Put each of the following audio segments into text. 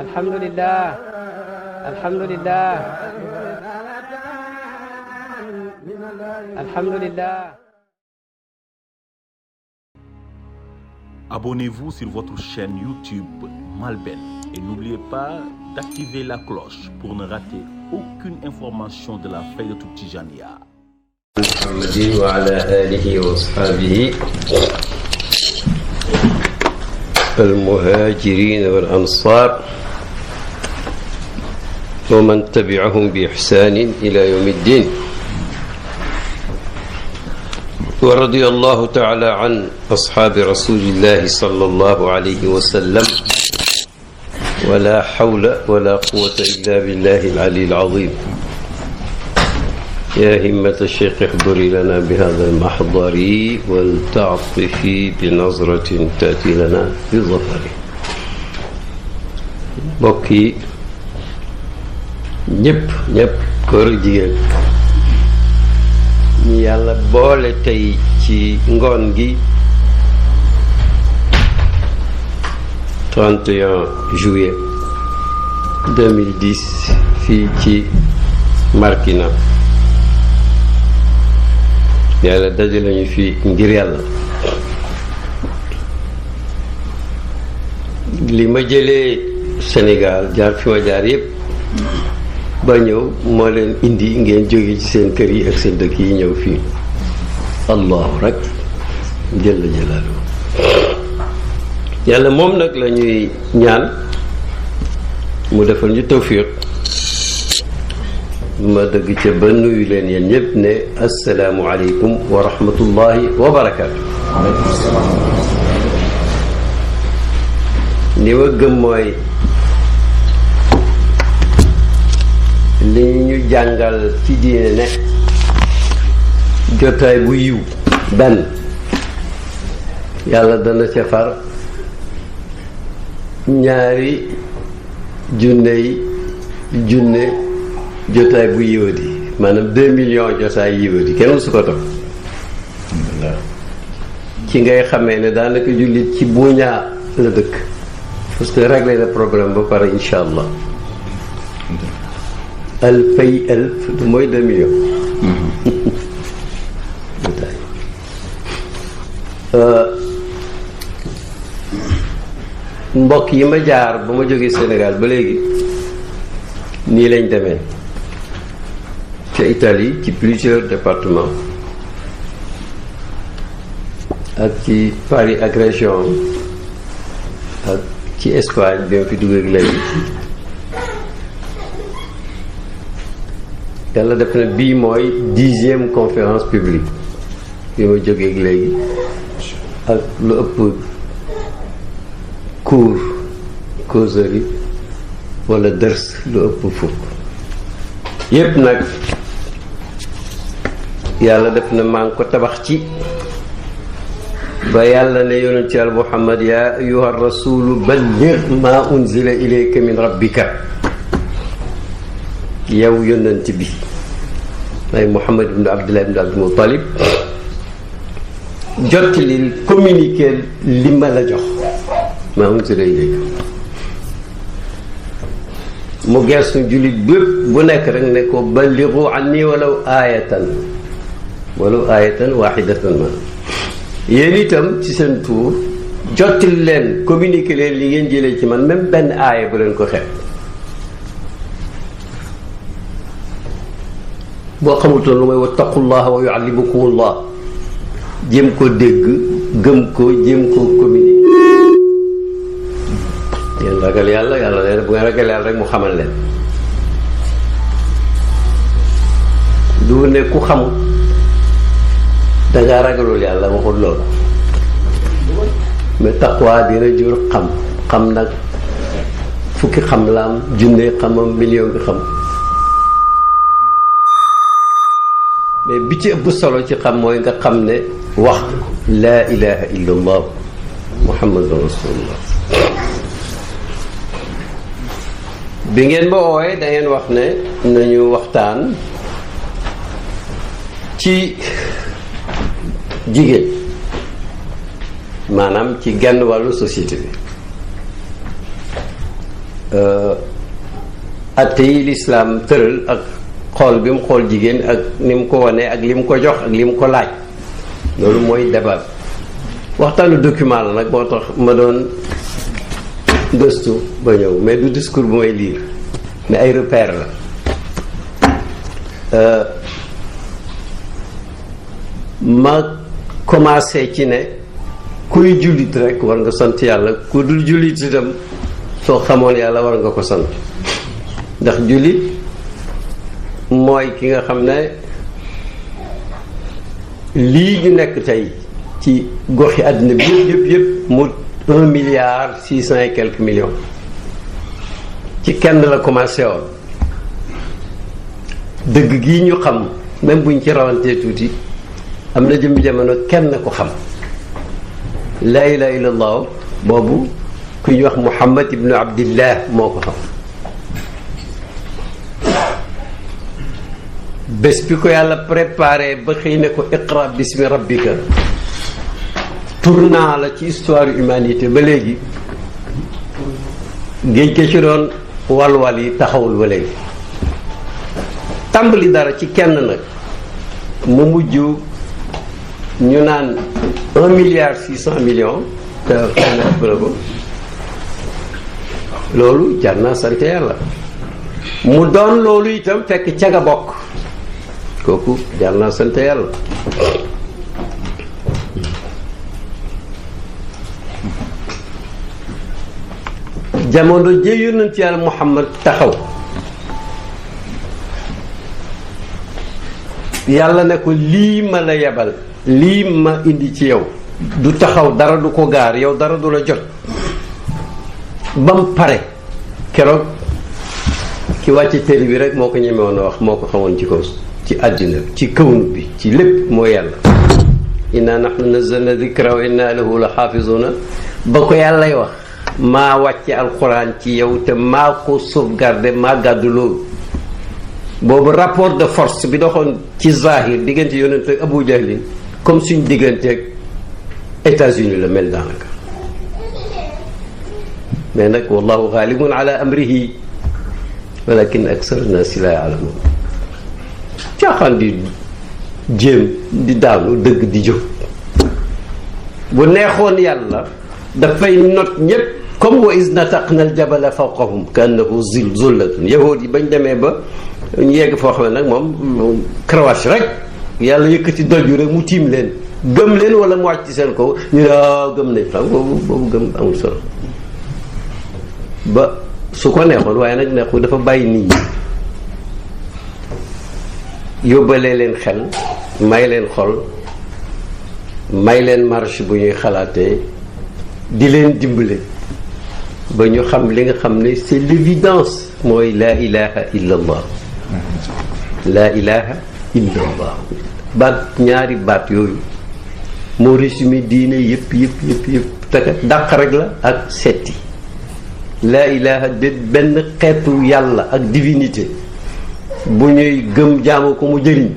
alhamdulilah alhamdulilah alhamdulilah. Abonnez-vous sur votre chaîne YouTube Malben et n'oubliez pas d'activer la cloche pour ne rater aucune information de la Fayda Tijaniya. muhammadin wa ala alihi wa asxaabihi almuhaajirina wal ansaar wa man tabiahum bi ixsaanin ila yawmi ddin wa radiya allahu taala an asxaabi rasulillahi sallallahu alayhi wa sallam wala xawla wala quwwata illa billahi al-ali al-azim yaa himmata sheikh ixduri lana bi hada almaxdari waltaatifi bi nazratin taati lana bi zafari mbokk yi ñépp ñépp góor ak jigéen ñi yàlla boole tey ci ngoon gi 31 juillet 2010 fii ci Markina yàlla daj ñu fi ngir yàlla li ma jëlee Sénégal jaar fi ma jaar yépp ba ñëw moo leen indi ngeen jóge ci seen kër yi ak seen dëkk yi ñëw fii allahu rek jëlla jëlaalu yàlla moom nag lañuy ñaan mu defal ñu tawfiq ma dëgg ca ba nuyu leen yéen ñëpp ne asalaamualeykum wa rahmatullahi wa barakaatu. li ma mooy li ñu jàngal ci diine ne jotaay bu yiw benn yàlla dana ca far ñaari junne yi junne jotaay bu yiwati maanaam deux millions jotaay yiwati kenn su ko topp ci ngay xame ne daanaka jullit ci buuñaa la dëkk parce que réglé na problème ba pare insha allah alfay alf mm-hmm. euh, mbokk yi ma jaar ba ma jógee Sénégal ba léegi nii lañ demee ca Italie ci plusieurs départements ak ci Paris ak région ak ci Espagne bi ma fi duggee léegi yàlla def na bii mooy dixième conference publique bi ma jógee léegi ak lu ëpp cours causerie wala dërs lu ëpp fukk yépp nag yàlla def na maa ngi ko tabax ci ba yàlla ne yonent yàlla muhammad yaa ayyuha rasulu balligh maa unzila ilayka min rabbika yow yonent bi may muhammad ibnu abdullah ibnu abdul muttalib jotti li communiqué li ma la jox maa unzila ilayka mu gersu jullit bépp bu nekk rek ne ko ballighu anni walaw aayatan walo aayatan waahidatan ma yéen itam ci seen tuur jottali leen communiquer leen li ngeen jëlee ci man même benn aaya bu leen ko xeeb boo xamutoon lu mooy wattaqullaha wa yuallimukumullah jéem ko dégg gëm ko jéem ko communiquer yéen ragal yàlla yàlla leen bu nga ragal yàlla rek mu xamal leen du ne xamut dangaa ragalul yàlla waxul loolu mais taqwa dina jur xam xam nag fukki xam laam junne xamam million bi xam mais bi ci ëpp solo ci xam mooy nga xam ne wax laa ilaha illa allah muhammadun bi ngeen ma woowee da wax ne nañu waxtaan ci jigéen maanaam ci genn wàllu société bi euh, atte yi lislaam tëral ak xool bi mu xool jigéen ak ni mu ko wanee ak li mu ko jox ak li mu ko laaj loolu mooy débat waxtaanu document la nag boo tax ma doon gëstu ba ñëw mais du discours bu may lire mais ay repère la euh, ma commencé ci ne kuy jullit rek war nga sant yàlla ku dul jullit itam soo xamoon yàlla war nga ko sant ndax jullit mooy ki nga xam ne lii ñu nekk tey ci goxi yi àddina bi yëpp yëpp mu un milliard six cent et quelques millions ci kenn la commencé woon dëgg gi ñu xam même buñ ci rawantee tuuti am na jëmmi jamono kenn ko xam laa ilaha illa allah boobu ku ñuy wax muhammad ibnu abdillah moo ko xam bés bi ko yàlla préparé ba xëy ne ko iqra bismi rabbika tournant la ci histoire humanité ba léegi géej ga ci doon walwal yi taxawul ba léegi tàmbali dara ci kenn nag mu mujj ñu naan un milliard six cent millions loolu jar naa sant yàlla mu doon loolu itam fekk ca nga bokk kooku jar naa sant yàlla jamono jee yonent yàlla Muhammad taxaw yàlla ne ko lii ma la yebal lii ma indi ci yow du taxaw dara du ko gaar yow dara du la jot ba mu pare keroog ki wàcc téere bi rek moo ko ñeme a wax moo ko xamoon ci ko ci àddina ci kawn bi ci lépp moo yàlla inna nahnu nazzalna dikra wa inna lahu la xaafizuna ba ko yàllay wax maa wàcce alxuraan ci yow te maa ko sauvegarde maa gàddu loolu boobu rapport de force bi doxoon ci zahir diggante yonent Abu Jahlin comme suñu digganteeg États-Unis la mel daanaka mais nag wallahu xaalibun ala amrihi walakin aksara naasi la yaalamuun caaxaan di jéem di daanu dëgg di jóg bu neexoon yàlla dafay not ñépp comme wa is nataqna al jabala fawqahum ka annahu zul zullatun yahuud yi bañ demee ba ñu yegg foo xam ne nag moom cravache rek yàlla yëkkati doju rek mu tiim leen gëm leen wala mu wàcc ci seen ko ñu ne ah, gëm nañ xam boobu boobu gëm amul solo ba su ko neexoon waaye nag neexul dafa bàyyi nit ñi yóbbalee leen xel may leen xol may leen marche bu ñuy xalaatee di leen dimbale ba ñu xam li nga xam ne c'est l'évidence mooy laa ilaha illa inna allahu baat ñaari baat yooyu moo résumé diine yëpp yëpp yëpp yëpp takat la ak setti laa ilaha dét benn xeetu yàlla ak divinité bu ñuy gëm jaamu ko mu jëriñ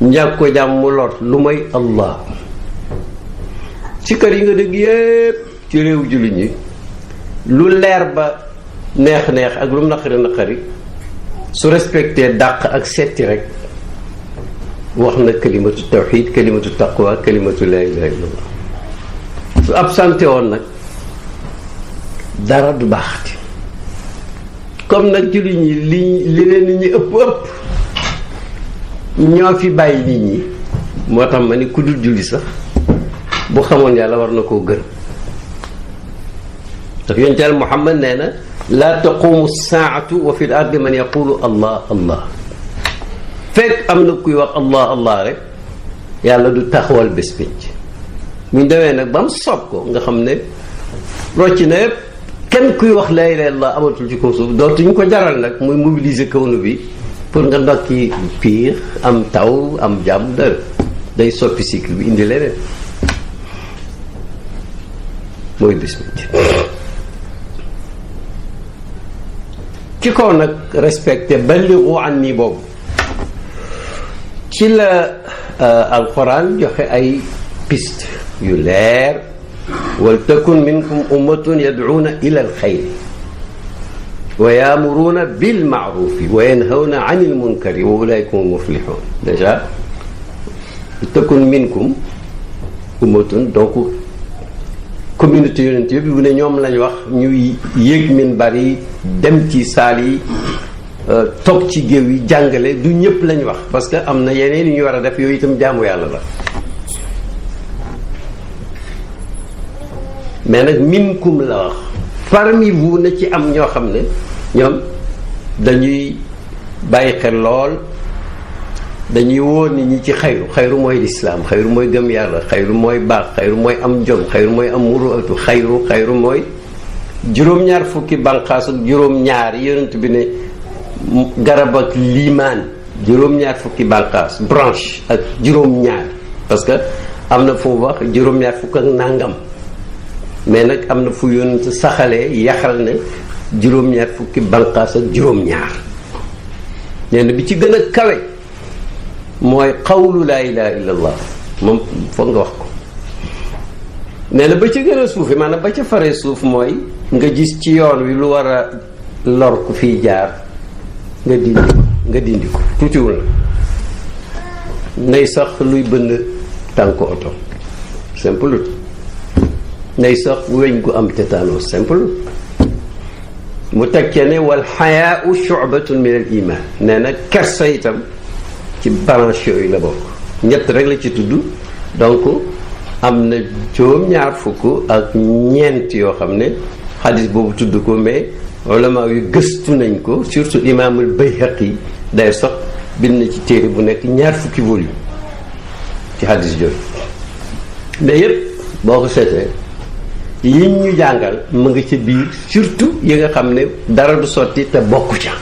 njàg ko jaam mu lor lu may allah ci kër yi nga dégg yépp ci réew jullit yi lu leer ba neex neex ak lu naqari naqari su respecté dàq ak setti rekk wax na kalimatu tawxid kalimatu taqwa kalimatu laa ilaha illallah su absenté woon nag dara du baaxati comme nag jullit ñi li li leen ñi ëpp ëpp ñoo fi bàyyi ni ñi moo tax ma ni ku dul julli sax bu xamoon yàlla war na koo gërëm ndax yonent Yàlla Muhammad nee na laa taqumu saatu wa fi l man yaqulu allah allah fekk am na kuy wax allah allah rek yàlla du taxawal bés pénc bu demee nag ba mu soob ko nga xam ne rocc na yëpp kenn kuy wax lay lay la amatul ci kaw suuf dootuñu ko jaral nag muy mobiliser kawnu bi pour nga ndokki piir am taw am jàmm day soppi cycle bi indi leneen mooy bés nag respecté balligu an nii boobu ci la euh, alxuraan joxe ay piste yu leer wal takun minkum ummatun yad'uuna ila alxayri wa yaamuruuna bilmaarufi wa yanhawna an ilmunkari wa ulaika hum muflixuun déjà takun minkum ummatun donc communauté yonent yëpp bu ne ñoom lañ wax ñuy yéeg min bari dem ci saal yi Euh, toog ci géew yi jàngale du ñëpp lañ wax parce que am na yeneen yu ñu war a def yooyu itam jaamu yàlla la mais nag minkum la wax parmi vous na ci am ñoo xam ne ñoom dañuy bàyyi xel lool dañuy wóor ni ñi ci xayru xayru mooy lislaam xayru mooy gëm yàlla xayru mooy baax xayru mooy am jom xayru mooy am muruatu xayru xayru mooy juróom-ñaar fukki banqaas ak juróom-ñaar yonent bi ne garab ak liimaan juróom-ñaar fukki bànqaas branche ak juróom-ñaar parce que am na fu wax juróom-ñaar fukk ak mais nag am na fu yoon saxalee yaxal ne juróom-ñaar fukki bànqaas ak juróom-ñaar nee bi ci gën a kawe mooy xawlu laa ilaha illa allah moom foog nga wax ko nee ba ca gën a suufi na ba ci faree suuf mooy nga gis ci yoon wi lu war a lor ku fiy jaar nga dindi nga dindi ko tuutiwul na nay sax luy bënn tànk oto simple nay sax weñ gu am tétanos simple mu teg ca ne wal xayaau shubatun min al iman nee na kersa itam ci branche yooyu la bokk ñett rek la ci tudd donc am na juróom-ñaar fukk ak ñeent yoo xam ne xadis boobu tudd ko mais ulama yu gëstu nañ ko surtout imaamul yi day sax bind na ci téere bu nekk ñaar fukki volume ci hadis jooju mais yépp boo ko seetee yi ñu jàngal mu ngi ci biir surtout yi nga xam ne dara du sotti te bokk ca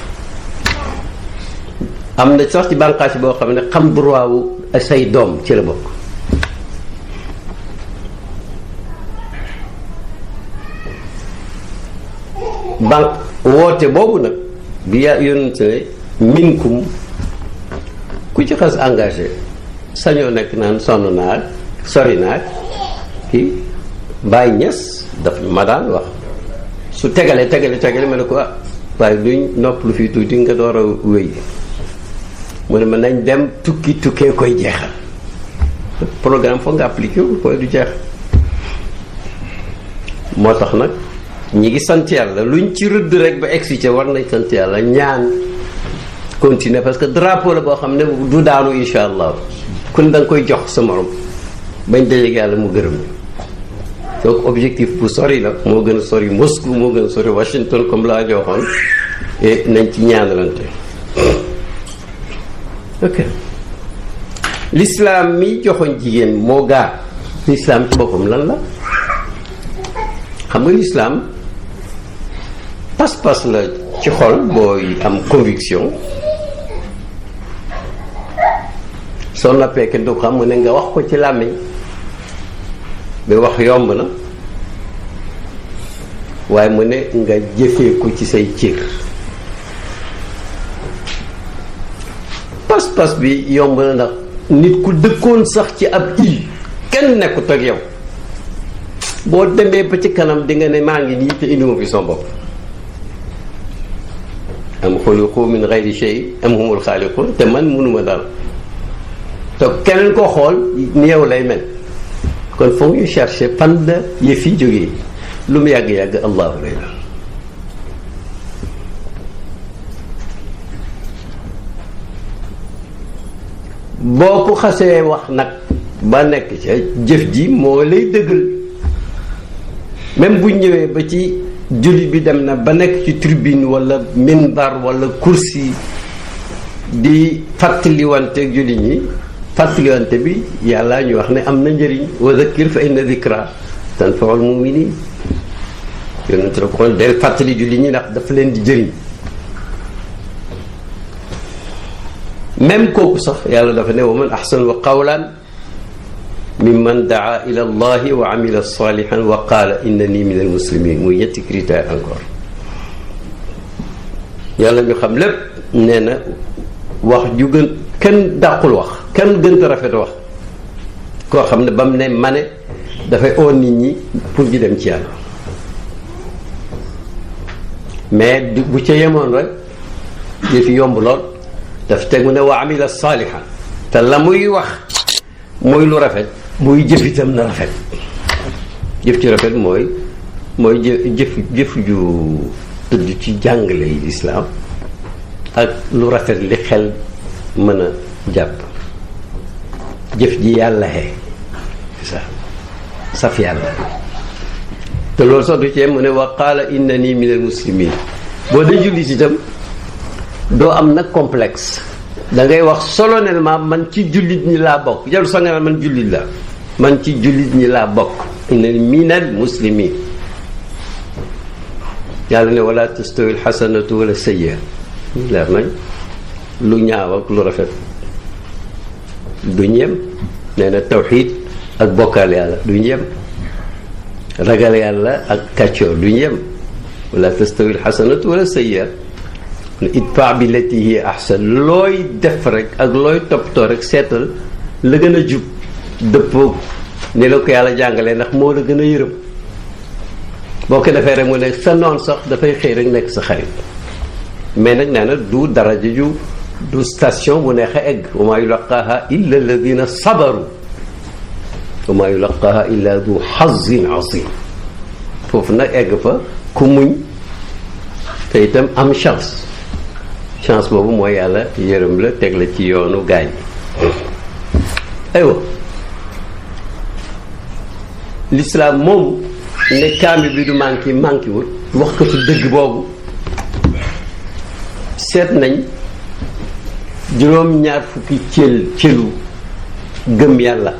am na sax ci bànqaas boo xam ne xam droit say doom ci la bokk ban woote boobu nag bi ya yonent minkum ku ci xas engagé sañoo nekk naan sonn naag sori naag ki bàyyi ñes daf ma daan wax su tegalee tegale tegale ma ne ko ah waaye duñ nopp lu fii tuuti nga door a wéy mu ne ma nañ dem tukki tukkee koy jeexal programme foog nga appliqué wu du jeex moo tax nag ñi ngi la lu luñ ci rëdd rek ba egsi war nañ sant yàlla ñaan continuer parce que drapeau la boo xam ne du daanu insha allah kun da koy jox sa moroom bañ dajeeg yàlla mu gërëm donc objectif bu sori la moo gën a sori Moscou moo gën a sori Washington comme laa joxoon nañ ci ñaanalante ok l'islam mi joxoon jigéen moo gaa l'islam ci boppam lan la xam nga l'islam pas-pas la ci xol booy am conviction soo noppee kenn du xam mu ne nga wax ko ci làmmiñ bi wax yomb na waaye mu ne nga jëfee ko ci say cër pas-pas bi yomb na ndax nit ku dëkkoon sax ci ab île kenn nekkut ak yow boo demee ba ci kanam di nga ne maa ngi nii te indiwuma fi sama bopp am xuliqu min gayri shay am humul xaaliqun te man mënuma dara te keneen ko xool néew lay mel kon foog ñu cherché fan la yëf yi jógee lu mu yàgg-yàgg allahu lay la boo ko xasee wax nag ba nekk ca jëf ji moo lay dëggal même bu ñëwee ba ci julli bi dem na ba nekk ci tribune wala minbar wala kursi di fàttaliwante julli ñi fàttaliwante bi yàlla ñu wax ne am na njëriñ wa zakkir fa inna zikra tanfaul muminin yonent la ko del fàttali julli ñi ndax dafa leen di jëriñ même kooku sax yàlla dafa ne wa man ahsanu qawlan mimman daa ila allahi wa amila salihan wa qaala innani min al muslimin muy ñetti critère encore yàlla ñu xam lépp nee na wax ju gën kenn dàqul wax kenn gënta rafet wax koo xam ne ba mu ne ma dafay oo nit ñi pour ñu dem ci yàlla mais bu ca yemoon rek yëfi yomb lool daf tegu ne wa amila salihan te la muy wax mooy lu rafet muy jëf itam na rafet jëf ci rafet mooy mooy jëf jëf ju tudd ci jàngale yi lislaam ak lu rafet li xel mën a jàpp jëf ji yàlla xee sa saf yàlla te loolu sax du cee mu ne wa qaala innani minal muslimin boo de jullit itam doo am nag complexe da ngay wax solennellement man ci jullit ñi laa bokk jarul sax nga naan man jullit laa man ci jullit ñi laa bokk inna minal muslimin yàlla ne wala tastawi alxasanatu wala sayya leer nañ lu ñaaw ak lu rafet du ñeem nee na ak bokkaal yàlla du ñeem ragal yàlla ak kàccoor du ñeem wala tastawi alxasanatu wala sayya itfa bi lati a ahsan looy def rek ak looy toppatoo rek seetal la gën a jub dëppoo ni la ko yàlla jàngalee ndax moo la gën a yërëm boo ko defee rek mu sa noon sax dafay xëy rek nekk sa xarit mais nag nee na du daraja ju du station bu neex a egg wa maa yulaqaaha illa alladina sabaru wa maa du xazin azim foofu nag egg fa ku muñ te itam am chance chance boobu mooy yàlla yërëm la teg la ci yoonu gaañ aywa l'islam moom ne kaamil bi du manqué manqué wul waxkatu dëgg boobu seet nañ juróom-ñaar fukki cël cëlu gëm yàlla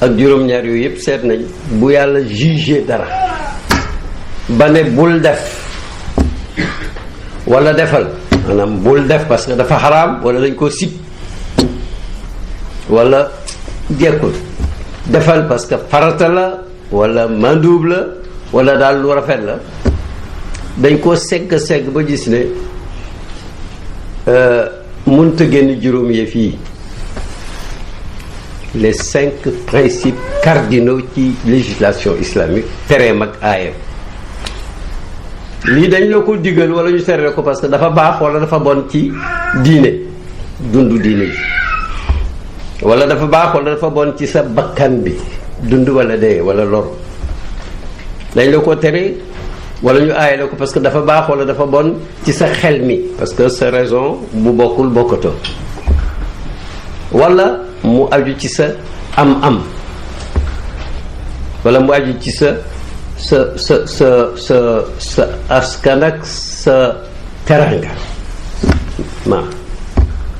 ak juróom-ñaar yooyu yëpp seet nañ bu yàlla jugé dara ba ne bul def walla defal maanaam bul def parce que dafa xaraam walla dañ koo sib wala jekkul defal parce farata la wala manduub la wala daal lu rafet la dañ koo segg segg ba gis ne euh, mënta génn juróom yëf yi les cinq principes cardinaux ci législation islamique tereem mag aayam lii dañ la ko digal wala ñu tere ko parce que dafa baax wala dafa bon ci diine dundu diine ji wala dafa baax wala dafa bon ci sa bakkan bi dund wala dee wala loru dañ la ko tere wala ñu aaye ko parce que dafa baax wala dafa bon ci sa xel mi parce que sa raison bu bokkul bokkatoo wala mu aju ci sa am-am wala mu aju ci sa sa sa sa sa sa askan ak sa teranga ma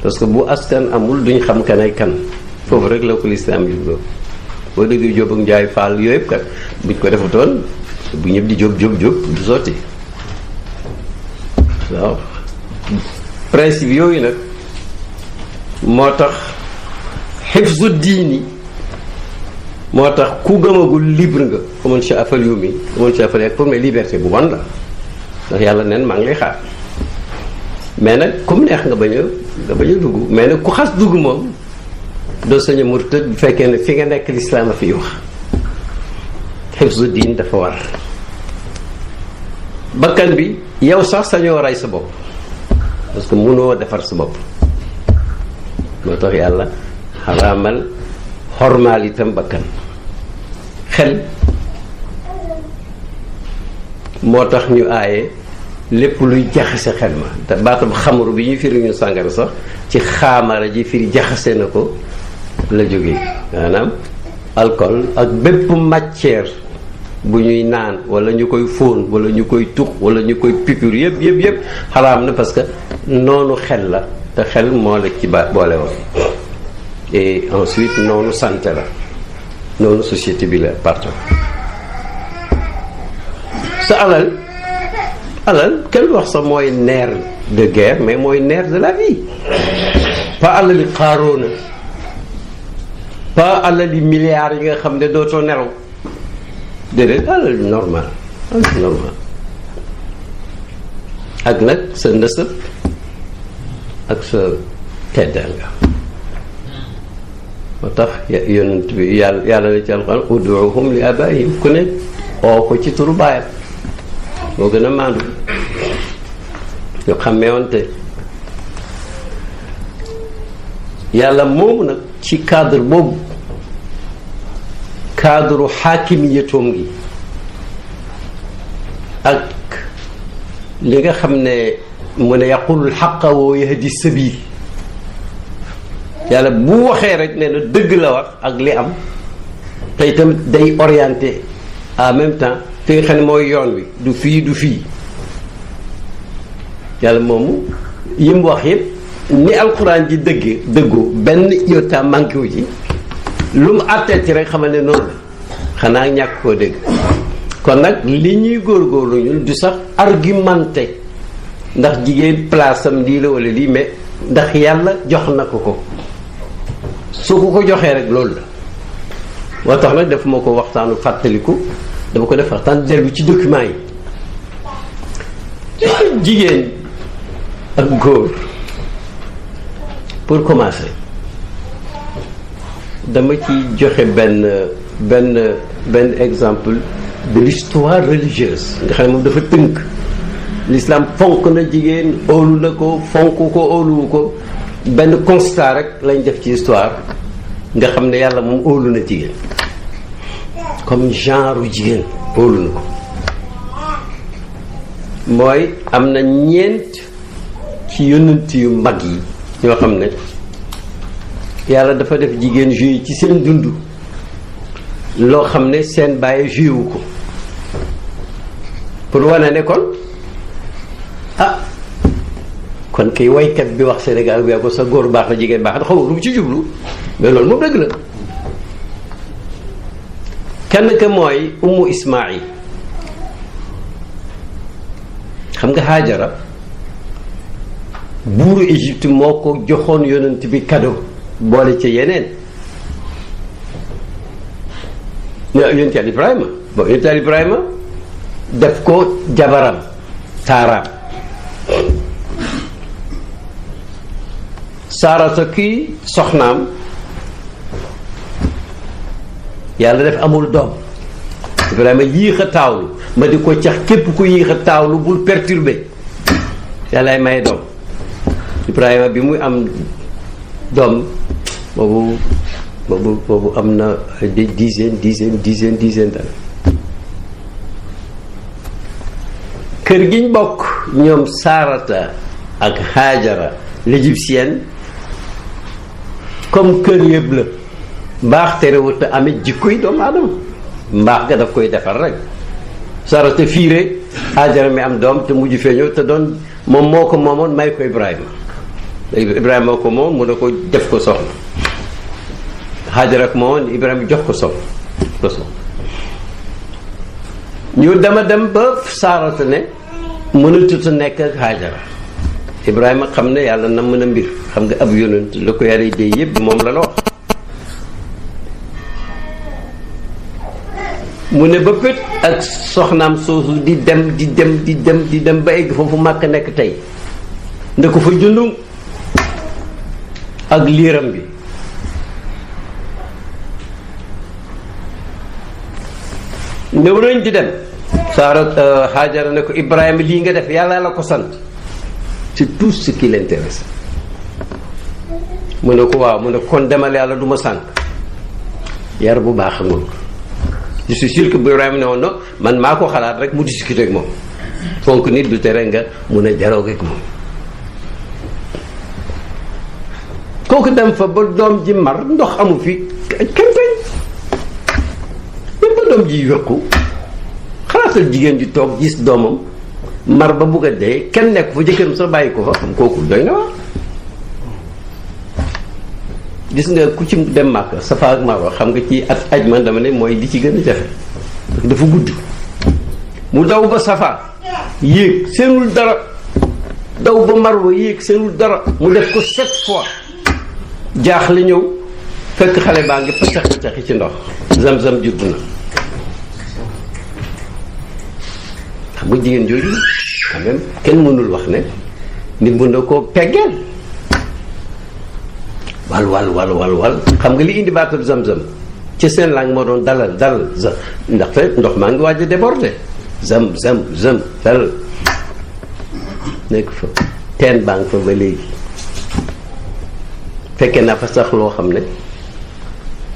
parce que bu askan amul duñ xam kan kan foofu rek la ko lislaam jubloo boo déggee Jóob ak Njaay Faal yooyu yëpp kat buñ ko defatoon bu ñëpp di jóob jóob jóob du sotti waaw principe yooyu nag moo tax xifzu diini moo tax ku gëmagul libre nga amoon si afal yu mi amoon si afal ak pour mais liberté bu bon la ndax yàlla neen maa ngi lay xaar mais nag comme neex nga bañ a nga bañ a dugg mais nag ku xas dugg moom doo sañ a murtad bu fekkee ne fi nga nekk lislaam a fiy wax xifzu diin dafa war bakkan bi yow sax sañoo rey sa bopp parce mënoo defar sa bopp moo tax yàlla xaraamal xormaal itam bakkan xel moo tax ñu aaye lépp luy jaxase xel ma te baatab xamaru bi ñuy firi ñu sàngara sax ci xaamara ji firi jaxase na ko la jógee maanaam alcool ak bépp matière bu ñuy naan wala ñu koy fóon wala ñu koy tux wala ñu koy piqûre yëpp yëpp yëpp xaraam na parce que noonu xel la te xel moo la ci ba boole woon et ensuite noonu santé la noonu société bi la pardon sa alal alal kenn wax sa mooy nerf de guerre mais mooy nerf de la vie pas alali xaaroona pas alali milliards yi nga xam ne dootoo nelaw déedéet alal normal alal normal ak nag sa ndësëb ak sa teddanga moo tax yonent bi yàlla yàlla na ci alxuraan uduuhum li abaihim ku ne oo ko ci turu baayam moo gën a maandu ñu xàmmeewante yàlla moomu nag ci cadre boobu cadre xaakimiyatoom gi ak li nga xam ne mu ne yaqulul xaqa woo yahdi sabil yàlla bu waxee rek ne na dëgg la wax ak li am te itam day orienté en même temps fi nga xam ne mooy yoon wi du fii du fii yàlla moomu yim wax yëpp ni alxuraan ji dëgge dëggoo benn iota manqué wu ci lu mu àttee ci rek xamal ne noonu la xanaa ñàkk koo dégg kon nag li ñuy góor góorgóorlu ñu du sax argumenté ndax jigéen place am lii la wala lii mais ndax yàlla jox na ko ko su ko ko joxee rek loolu la moo tax nag def ma ko waxtaanu fàttaliku dama ko def waxtaan dellu ci document yi jigéen ak góor pour commencer dama ci joxe benn benn benn exemple de l'histoire religieuse nga xam ne moom dafa tënk l'islam fonk na jigéen óolu na ko fonk ko óoluwu ko benn constat rek lañ def ci histoire nga xam ne yàlla moom óolu na jigéen comme genre jigéen óolu na ko mooy am na ñeent ci yonent yu mag yi ñoo xam ne yàlla dafa def jigéen joué ci seen dund loo xam ne seen bàyyi joué wu ko pour wane ne kon ah kon ki woykat bi wax Sénégal bee ko sa góor baax na jigéen baax na xaw lu ci jublu mais loolu moom dëgg la kenn ka mooy Ummu Ismaïl xam nga Haajara buur Égypte moo ko joxoon yonent bi cadeau boole ci yeneen yonent yàlla Ibrahima bon yonent Ibrahima def ko jabaram Saara Saara sa kii soxnaam yàlla def amul doom Ibrahima yéex a taawlu ma di ko cax képp ku yéex a taawlu bul perturbé yàllaay maye doom Ibrahima bi muy am doom boobu boobu boobu am na des dizaines dizaines dizaines dizaines d'années kër giñ bokk ñoom Sarata ak Hajara l'égyptienne comme kër yëpp la mbaax terewut a amit jikkoy doomu aadama mbaax ga daf koy defar rek Sarata fiire Hajara mi am doom te mujj feeñoo te doon moom moo ko moomoon may ko Ibrahima Ibrahima ko moom mu ne ko def ko soxna Haajara ak moom Ibrahima jox ko soxna ko ñu dema dem ba saarata ne mënatut a nekk ak Haajara Ibrahima xam ne yàlla na mën a mbir xam nga ab yonent la ko yàlla dee yëpp moom la la wax mu ne ba pét ak soxnaam soosu di dem di dem di dem di dem ba egg foofu màkk nekk tey nda ko fa jundum ak liiram bi ndem nañ di dem saara xaajara euh, ne ko Ibrahima lii nga def yàlla la ko sant c'est tout ci qui l'intéresse mu ne ko waaw mu ne kon demal yàlla du ma sànk yar bu baax amul je suis sûr que bu Ibrahima ne woon non man maa ko xalaat rek mu discuter ak moom fonk nit du tere nga mun a jaroo ak moom kooku dem fa ba doom ji mar ndox amu fi kempeñ dem ba doom ji wéqu xalaatal jigéen ji toog gis doomam mar ba bugg a dee kenn nekk fa jëkkëram sa bàyyi ko fa xam kooku doy gis nga ku ci dem màkk Safa ak xam nga ci at aj man dama ne mooy di ci gën a jafe dafa gudd mu daw ba Safa yéeg seenul dara daw ba Marwa yéeg seenul dara mu def ko sept fois jaax li ñëw fekk xale baa ngi pëcax pëcaxi ci ndox zam-zam judd na xam nga jigéen jooju quand même kenn mënul wax ne nit mën na koo peggeel wal wal wal wal wal xam nga li indi baatab zam-zam ci seen langue moo doon dalal dalal ndaxte ndox maa ngi waaj a déborder zam zam zam dal nekk fa teen baa ngi fa ba léegi fekkee naa fa sax loo xam ne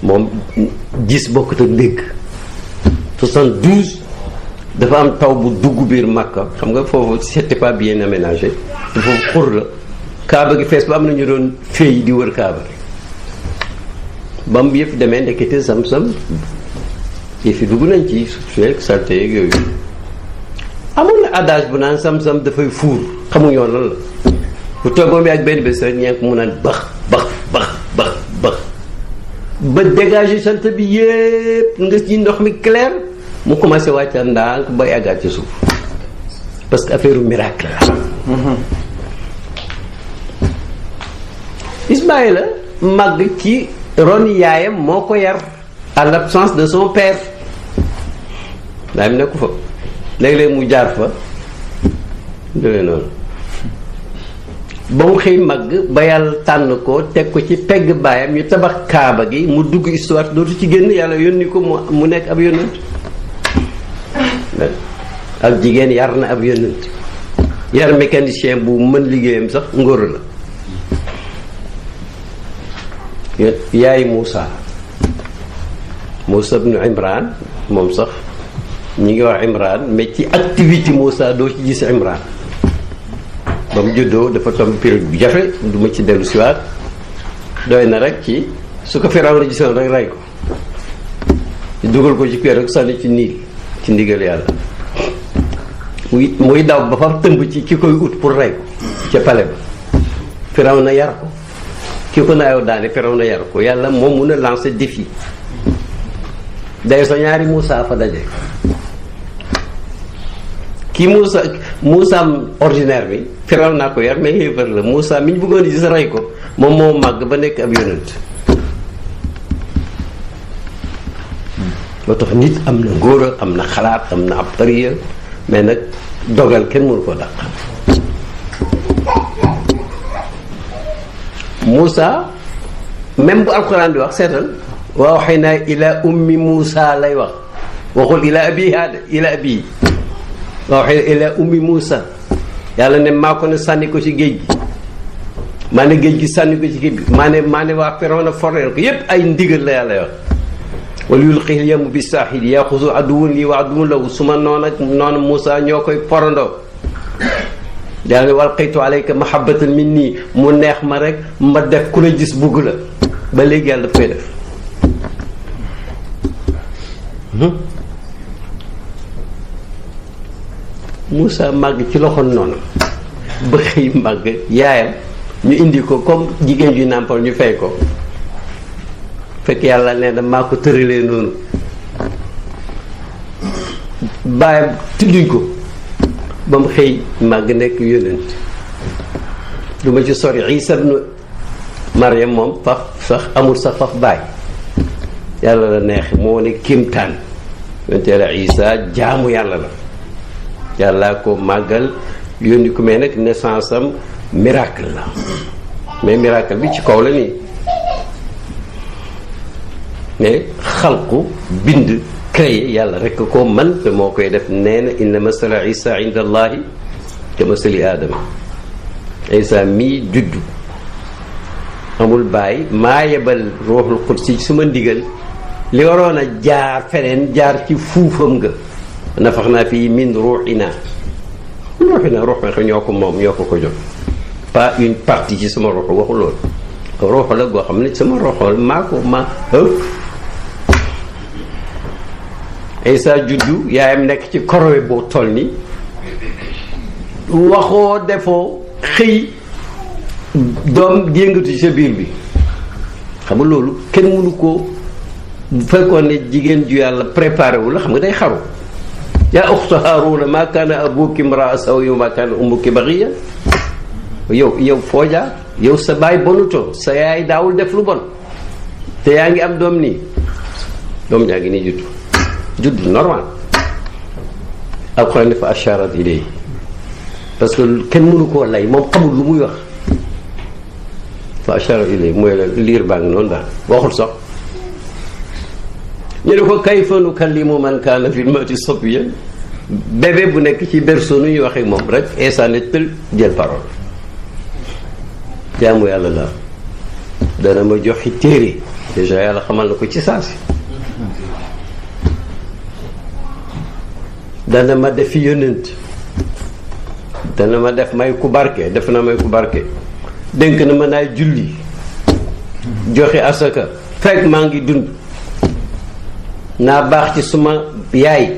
moom gis bokkut ak dégg 72 dafa am taw bu dugg biir Makka xam nga foofu c'était pas bien aménagé te xur la kaaba gi fees ba am na ñu doon féey di wër kaaba gi ba mu demee ndekete sam-sam dugg nañ ci feeg salte yeeg yooyu amoon na adage bu naan sam dafay fuur xamuñoon lan la bu toggoom bi ak benn bés rek ñeent mu naan bax bax bax bax ba dégager sant bi yépp nga ci ndox mi clair mu commencé wàccaat ndànk ba yàggaat ci suuf parce que affaire miracle la mm-hmm. Ismaïla màgg ci ron yaayam moo ko yar à l'absence de son père daa mi nekku fa léeg-léeg mu jaar fa dowee noonu ba mu xëy màgg ba yàlla tànn ko teg ko ci pegg baayam ñu tabax kaaba gi mu dugg histoire dootu ci génn yàlla yónni ko mu mu nekk ab yónnent ak jigéen yar na ab yónnent yar mécanicien bu mën liggéeyam sax ngóor la yaay Moussa Moussa ibn Imran moom sax ñi ngi wax Imran mais ci activité Moussa doo ci gis Imran ba mu juddoo dafa tomb période bu jafe du ma ci dellu siwaat doy na rek ci su ko Firawna gisoon rek rey ko dugal ko ci kër rek sànni ci nii ci ndigal yàlla muy muy daw ba fa tëmb ci ki koy ut pour rey ko ca pale ba Firawna yar ko ki ko naaw daane Firawna yar ko yàlla moom mun a lancer défi day sa ñaari Moussa fa daje kii Moussa Moussam ordinair bi firaw naa ko yar mais yéefar la Moussa mi ñu bëggoon gis rey ko moom moo màgg ba nekk ab yonent loo tax nit am na ngóora am na xalaat am na ab tariya mais nag dogal kenn mënu ko dàq muusa même bu alxuraan bi wax seetal waaw xëy naa ila ummi Moussa lay wax waxul ila abiha de ila abihi waxee ila ummi Moussa yàlla ne maa ko ne sànni ko ci géej gi maa ne géej gi sànni ko ci géej gi maa ne maa ne waa Firawna foreel ko yépp ay ndigal la yàlla yor wala yulqihil yamu bi saaxil yaxusu aduwun lii wa aduwun law su ma noon ak noonu Moussa ñoo koy porandoo yàlla ne walqitu alayka mahabbatan min nii mu neex ma rek ma def ku la gis bugg la ba léegi yàlla daf koy def hmm? Moussa màgg ci loxo noonu ba xëy màgg yaayam ñu indi ko comme jigéen ju nàmpal ñu fay ko fekk yàlla nee na maa ko tëralee noonu baayam tudduñ ko ba xëy màgg nekk yonent du ma ci sori Isa ibnu Maryam moom faf sax amul sax faf baay yàlla la neex moo ne kimtaan yonent yàlla Isa jaamu yàlla la yàllaa ko màggal yónni ko mais nag naissance am miracle la mais miracle bi ci kaw la nii mais xalqu bind créé yàlla rek ko man te moo koy def nee na inna masala isa inda allahi ka masali aadama isa mii juddu amul bàyyi maa yebal ruuxul qudsi ci suma ndigal li waroon a jaar feneen jaar ci fuufam nga naa fii min ruuxinaa ruuxinaa ruux ma xam ñoo ko moom ñoo ko ko jox pas une partie ci sama ruux waxu loolu ruux la goo xam ne sama ruuxool maako ko ma Isa juddu yaayam nekk ci korowe boo toll ni waxoo defoo xëy doom yëngatu ci sa biir bi xam loolu kenn mënu ko bu fekkoon ne jigéen ju yàlla préparé wu la xam nga day xaru yaa uxta haaruna maa kaana abuki mraa sawi maa kaana ummuki baxiya yow yow foo jaar yow sa baay bonutoo sa yaay daawul def lu bon te yaa ngi am doom nii doom ñaa ngi nii juddu juddu normal alxuraan dafa asharat ilay parce que kenn mënu koo lay moom xamul lu muy wax fa asharat ilay mooy la liir baa ngi noonu daal waxul sax ñu ne ko kayfa nukallimu man kaana fil mawti sabiyya bébé bu nekk ci berceau nu ñuy waxee moom rek instant ne tël jël parole jaamu yàlla la dana ma joxi téere déjà yàlla xamal na ko ci saa si dana ma def yónnent dana ma def may ku barke def na may ku barke dénk na ma naay julli joxe asaka fekk maa ngi dund naa baax ci suma yaay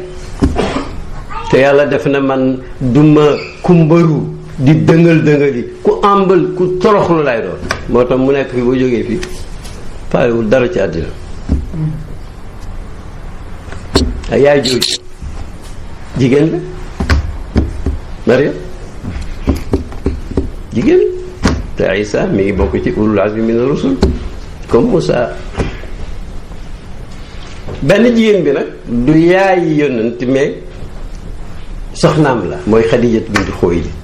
te yàlla def na man duma kumbaru di dëngal dëngali ku àmbal ku toroxlu lay doon moo tax mu nekk fi boo jógee fi faalewul dara ci àddina ay yaay jooju jigéen la Mariam jigéen te Isa mi ngi bokk ci ulul azmi min rusul comme Moussa benn jigéen bi nag du yaay yonent mais soxnaam la mooy Xadijat bintu Xuwaylid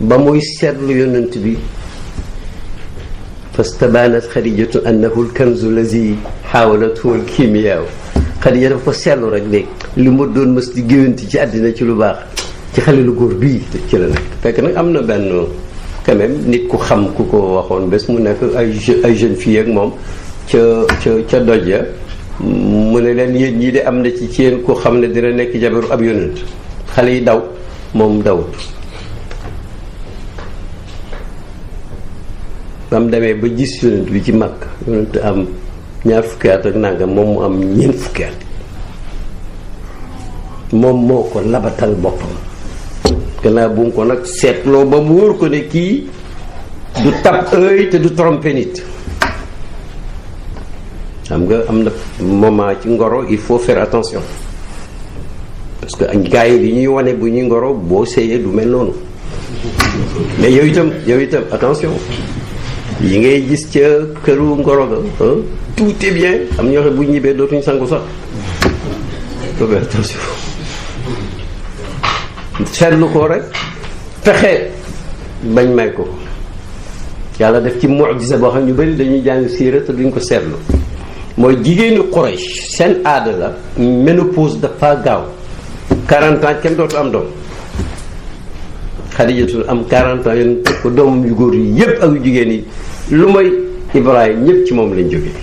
ba muy seetlu yonant bi fastabaanat Xadijatu annahu alkanzu lazi xaawalathu alkimiyaaw Xadija dafa ko seetlu rek léegi li mu doon mës di géwanti ci àddina ci lu baax ci xale lu góor bii ci la nag fekk nag am na benn quand nit ku xam ku ko waxoon bés mu nekk ay ay jeune fille ak moom ca ca ca doj ya mu ne leen yéen ñii de am na ci ci yéen ku xam ne dina nekk jabaru ab yonent xale yi daw moom dawut ba mu demee ba gis yonent bi ci mag yonent am ñaar fukki at ak nangam moom mu am ñeent fukki at moom moo ko labatal boppam gannaaw bu ko nag seetloo ba mu wóor ko ne kii du tab œil te du tromper nit xam nga am na moment ci ngoro il faut fair attention parce que gars yi li ñuy wane bu ñuy ngoro boo seeyee du mel noonu mais yow itam yow itam attention yi ngay gis ca këru ngoro ga tout est bien am ñoo xam bu ñibbee dootuñu sangu sax seetlu ko rek fexe bañ may ko yàlla def ci mucjisa boo xam ñu bëri dañuy jàng siira te duñ ko seetlu mooy jigéenu Quraysh seen aada la ménopause dafa gaaw 40 ans kenn dootu am doom Xadijatul am 40 ans yéen ko doomam yu góor yi yépp ak yu jigéen yi lu mooy Ibrahim ñëpp ci moom lañ jógee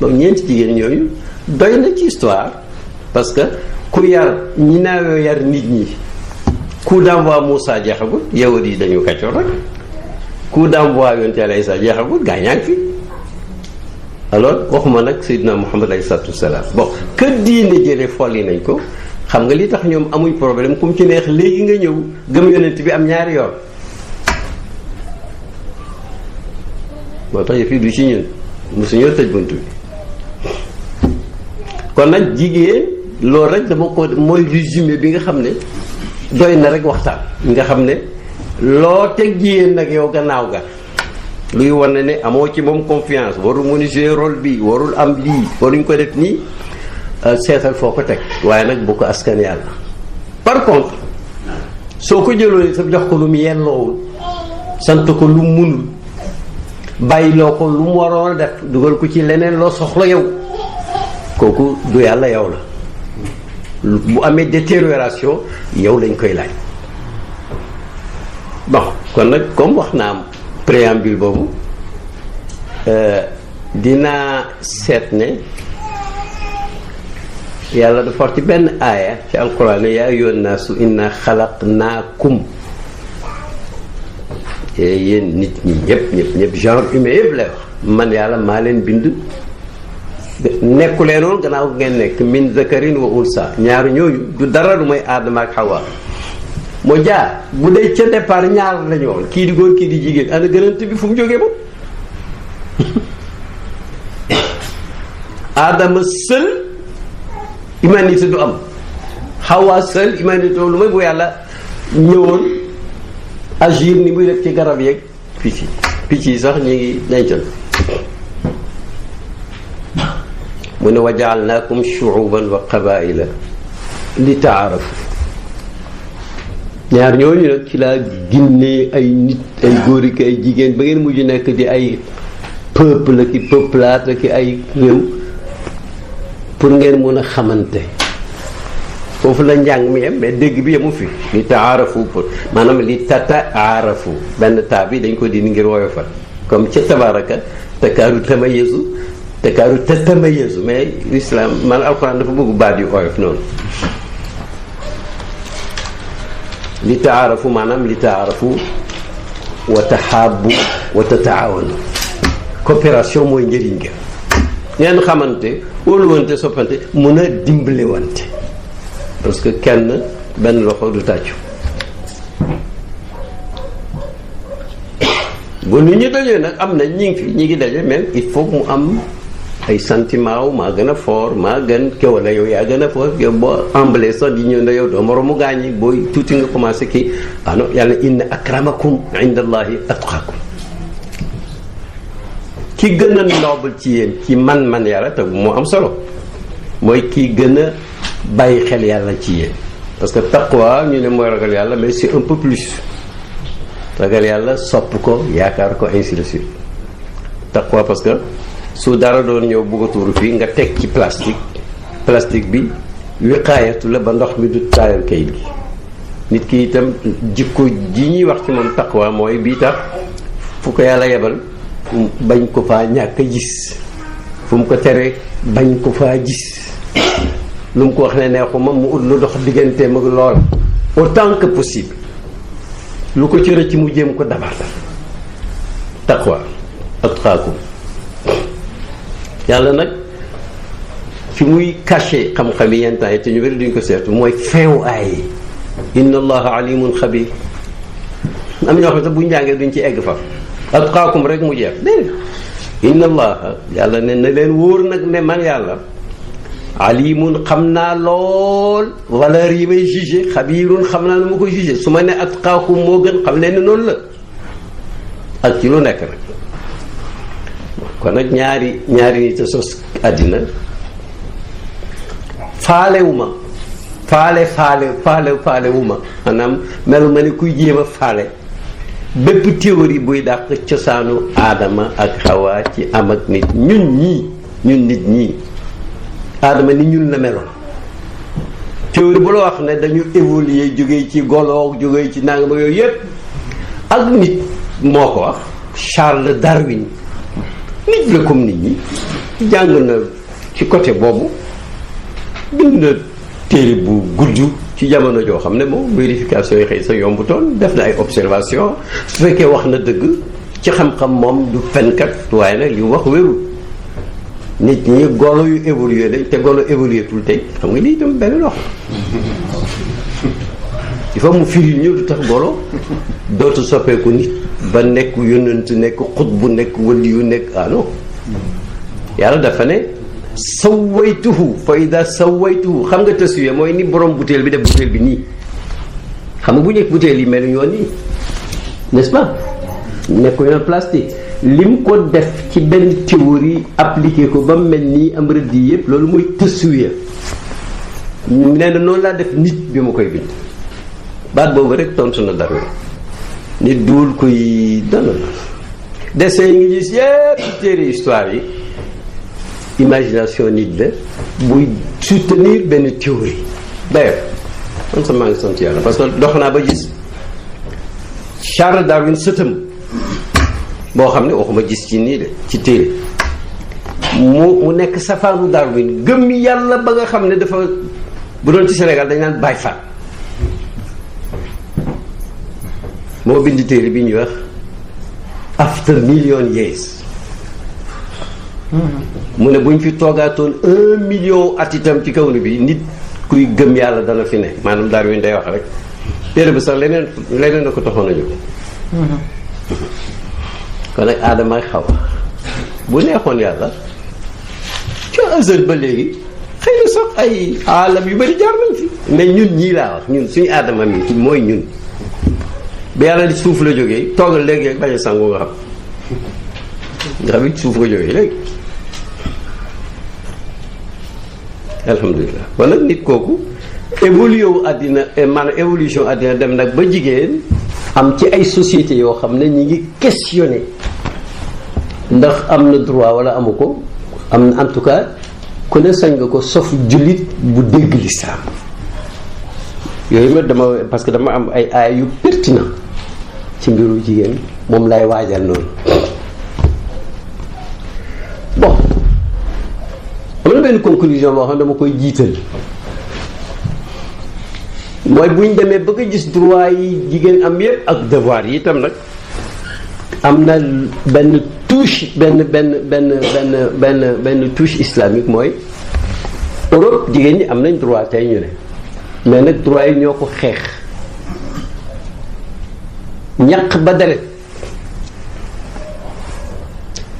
donc ñeenti jigéen ñooñu doy na ci histoire parce que ku yar ñi naawoo yar nit ñi ku coup d'envoi Moussa jeexagul yawut yi dañu kàccoor rek coup d'envoi yonent Yàlla Isa jeexagul gaa ñaa ngi fi alors waxuma nag Seydina Muhammad alayhi salaatu wasalaam bon que diine jëlee folli nañ ko xam nga li tax ñoom amuñ problème ku mu ci neex léegi nga ñëw gëm yonent bi am ñaari yoon moo tax yëf yi du ci ñun mosuñoo tëj bunt bi kon nag jigéen loolu rek dama ko mooy résumé bi nga xam ne doy na rek waxtaan nga xam ne loo teg jigéen nag yow gannaaw ga luy wane ne amoo ci moom confiance warul mun jouer bi warul am lii waruñ ko def nii euh, seetal foo ko teg waaye nag bu ko askan yàlla par contre soo ko jëloon sa jox ko lu mu yelloowul sant ko lu mu munul bàyyiloo ko lu mu waroon def dugal ko ci leneen loo soxla yow kooku du yàlla yow la bu amee détérioration yow lañ koy laaj bon kon nag comme wax naa am préambule boobu euh, dinaa seet ne yàlla dafa wax ci benn aaya ci alquran ne yaa ayyuhan naasu inna xalaqnaakum yéen nit ñi ñëpp ñëpp ñëpp genre humain yëpp lay wax man yàlla maa leen bind nekkulee noonu gannaaw ngeen nekk min zakarin wa unsa ñaari ñooñu du dara lu may aadama ak xawaa moo jaar bu dee ca départ ñaar lañu woon kii di góor kii di jigéen ana gënante bi fu mu jógee moom aadama sël humanité du am xawaa sël humanité lu may bu yàlla ñëwoon agir ni muy def ci garab yeeg picc yi picc yi sax ñu ngi dencal mu ne wajaalnaakum shuuban wa qabaila li taarafu ñaar ñooñu nag ci laa ginnee ay nit ay góor ak ay jigéen ba ngeen mujj nekk di ay peuple ki peuplade ak ay réew pour ngeen mën a xamante foofu la njàng mi yem mais dégg bi yemu fi li taarafu pour maanaam li tata aarafu benn taa bi dañ ko dindi ngir woyofal comme ca tabaraka takaaru tamayeesu takaaru tatamayeesu mais l'islam man alxuraan dafa bëgg baat yu oyof noonu li taarafu maanaam li taarafu wa taxaabu wa tataawanu coopération mooy njëriñ ga ngeen xamante wóoluwante soppante mun a dimbalewante parce que kenn benn loxo du tàccu bu nu ñu dajee nag am na ñi ngi fi ñi ngi daje mais il faut mu am ay sentiment wu maa gën a fort maa gën kéwala yow yaa gën a fort yow boo emballé sax yi ñëw ne yow doo moromu gaañi booy tuuti nga commencé kii ano yàlla inna akramakum indallahi atqakum ki gën a noble ci yéen ci man-man yàlla te moo am solo mooy kii gën a bàyyi xel yàlla ci yéen parce que taqwa ñu ne mooy ragal yàlla mais c'est un peu plus ragal yàlla sopp ko yaakaar ko ainsi de suite su dara doon ñëw bugg a fii nga teg ci plastique plastique bi wiqaayatu la ba ndox mi du taayal kay gi nit ki itam jikko ji ñuy wax ci moom taqwa mooy bii tax fu ko yàlla yebal bañ ko faa ñàkk a gis fu mu ko tere bañ ko faa gis lu mu ko wax ne neexuma mu ut lu dox digganteem ak loola autant que possible lu ko ci mu jëm ko dabaatal taqwa atqaakum yàlla nag fi muy kache xam-xam yi yenn temps yi te ñu bëri duñ ko seetu mooy feew aay inna allaha alimun xabir am ñoo xam sax buñ jàngee duñ ci egg fa atqaakum rek mu jeex dégg inna allaha yàlla ne na leen wóor nag ne man yàlla alimun xam naa lool valeur yi may jugé xabirun xam na lu ma ko jugé su ma ne atqaakum moo gën xam leen ne noonu la ak ci lu nekk nag kon nag ñaari ñaari nit a sos àddina faalewu ma faale faale faale faale wu ma maanaam melu ma ni kuy jéem a faale bépp théorie buy dàq cosaanu aadama ak xawaa ci am ak nit ñun ñii ñun nit ñii aadama ni ñun la meloon théorie bu la wax ne dañu évoluer jógee ci goloog jógee ci nangam ak yooyu yépp ak nit moo ko wax Charles Darwin nit la comme nit ñi jàng na ci côté boobu bind na téere bu gudd ci jamono joo xam ne moom vérification yi xëy sa yombutoon def na ay observation su fekkee wax na dëgg ci xam-xam moom du fenkat waaye nag li wax wérul nit ñi golo yu évolué lañ te golo évolué tul tey xam nga lii itam benn loxo il faut mu firi ñu du tax golo dootu soppeeku nit ba nekk yonent nekk bu nekk yu nekk ah non yàlla dafa ne sawaytuhu fa ida sawaytuhu xam nga taswiya mooy ni borom butéel bi def butéel bi nii xam nga bu njëkk butéel yi mel ñoo nii n'est-ce pas nekku yoon plastique lim ko def ci benn théorie appliqué ko ba mel nii am rëdd yi yëpp loolu mooy taswiya nee na noonu laa def nit bi ma koy bind baat boobu rek tontu na dara nit duul kuy dana dessin yi ngi gis yépp téere histoire yi imagination nit la buy soutenir benn théorie d'ailleurs man sax maa ngi sant yàlla parce que dox naa ba gis Charles Darwin sëtam boo xam ne waxuma gis ci nii de ci téere mu mu nekk safaanu Darwin gëm yàlla ba nga xam ne dafa bu doon ci Sénégal dañ naan Baay Faal moo bind téere bi ñuy wax after million years mu ne bu ñu fi toogaatoon un million at itam ci kaw ni bi nit kuy gëm yàlla dana fi ne maanaam Darwin day wax rek téere bi sax leneen leneen na ko taxoon nañu ko kon nag aadama ak xaw bu neexoon yàlla ca azal ba léegi xëy na sax ay alam yu bari jaar nañ fi mais ñun ñii laa wax ñun suñu aadama mi mooy ñun ba yàlla di suuf la jógee toogal léegi rek bañ a sangu nga xam nga xam it suuf nga jógee léegi alhamdulilah kon nag nit kooku évolué wu àddina eh, maanaam évolution àddina dem nag ba jigéen am ci ay société yoo xam ne ñi ngi questionné ndax am na droit wala amu ko am na en tout cas ku ne nga ko sof jullit bu dégg lislaam yooyu ma dama parce que dama am ay aay yu pertinent ci mbiru jigéen moom lay waajal noonu bon am na benn conclusion boo xam dama koy jiital mooy bu ñu demee bëgg a gis droit yi jigéen am yépp ak devoir yi itam nag am na benn touche benn benn benn benn benn benn touche islamique mooy Europe jigéen ñi am nañ droit tey ñu ne mais nag droit yi ñoo ko xeex ñaq ba deret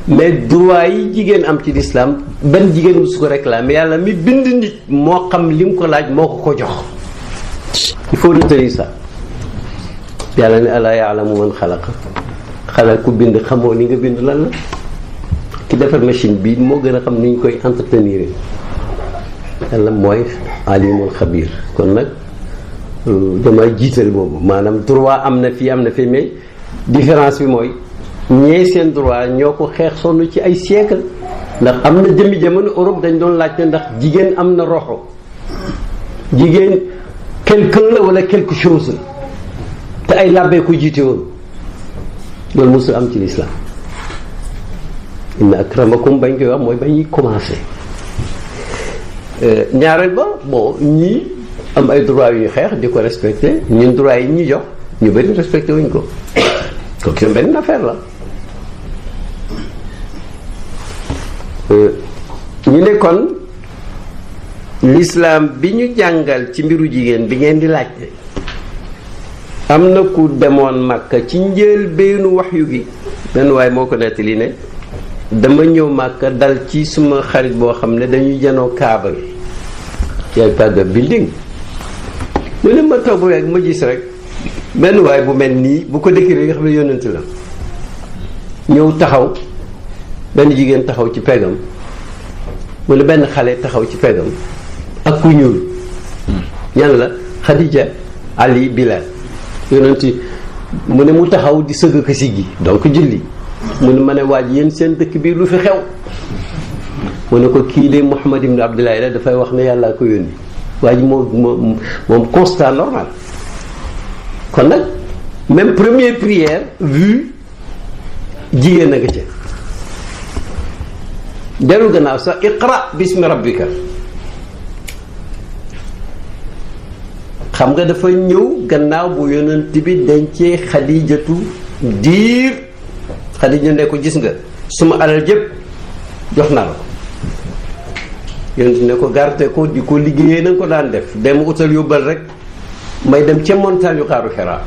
mais duwaay yi jigéen am ci lislaam benn jigéen mu su ko réclamer yàlla mi bind nit moo xam li mu ko laaj moo ko ko jox il faut retenir ça yàlla ne alaa yaalamu man xalaqa xalal ku bind xamoo ni nga bind lan la ki defar machine bi moo gën a xam ni ñu koy entretenir yàlla mooy alimul xabiir kon nag damay jiital boobu maanaam droit am na fii am na fii mais différence bi mooy ñee seen droit ñoo ko xeex sonn ci ay siècle ndax am na jëmmi jamono Europe dañ doon laaj laajte ndax jigéen am na roxo jigéen quelqu'un la wala quelque chose la te ay làbbee ko jiite woon loolu mosul am ci lislaam inna akramakum bañ koy am mooy bañ ñuy commencé euh, ñaareel ba bon ñii am ay droit yu ñu xeex di ko respecté ñun droit yi ñu jox ñu bari respecté wuñ ko kooku seen benn affaire la euh, ñu nekkoon lislaam bi ñu jàngal ci mbiru jigéen bi ngeen di laajte am na ku demoon màkka ci njël béynu wax yu gi benn waaye moo ko nettali ne dama ñëw màkka dal ci suma xarit boo xam ne dañuy janoo kaaba gi ci ay tàgga building léeg-léeg ma toog rek ma gis rek benn waay bu mel nii bu ko décrire nga xam ne yónnante la ñëw taxaw benn jigéen taxaw ci pegam wala benn xale taxaw ci pegam ak ku ñuul ñan la Khadija Ali Bilal yónnante mu ne mu taxaw di sëgg ko siggi donc julli mu ne ma ne waaj yéen seen dëkk bii lu fi xew mu ne ko kii de Muhammad ibn Abdullahi dafay wax ne yàllaa ko yónni waa ji moom moom moom constat normal kon nag même première prière vue jigéen a nga ca dellu gannaaw sax iqra bismi rabbika xam nga dafa ñëw gannaaw bu yonent dañ dencee xadijatu diir xadija ne ko gis nga suma alal jëpp jox naa la ko yonent ne ko garde ko di ko liggéeyee na ko daan def dem utal yóbbal rek may dem ca montagne yu xaaru xeraa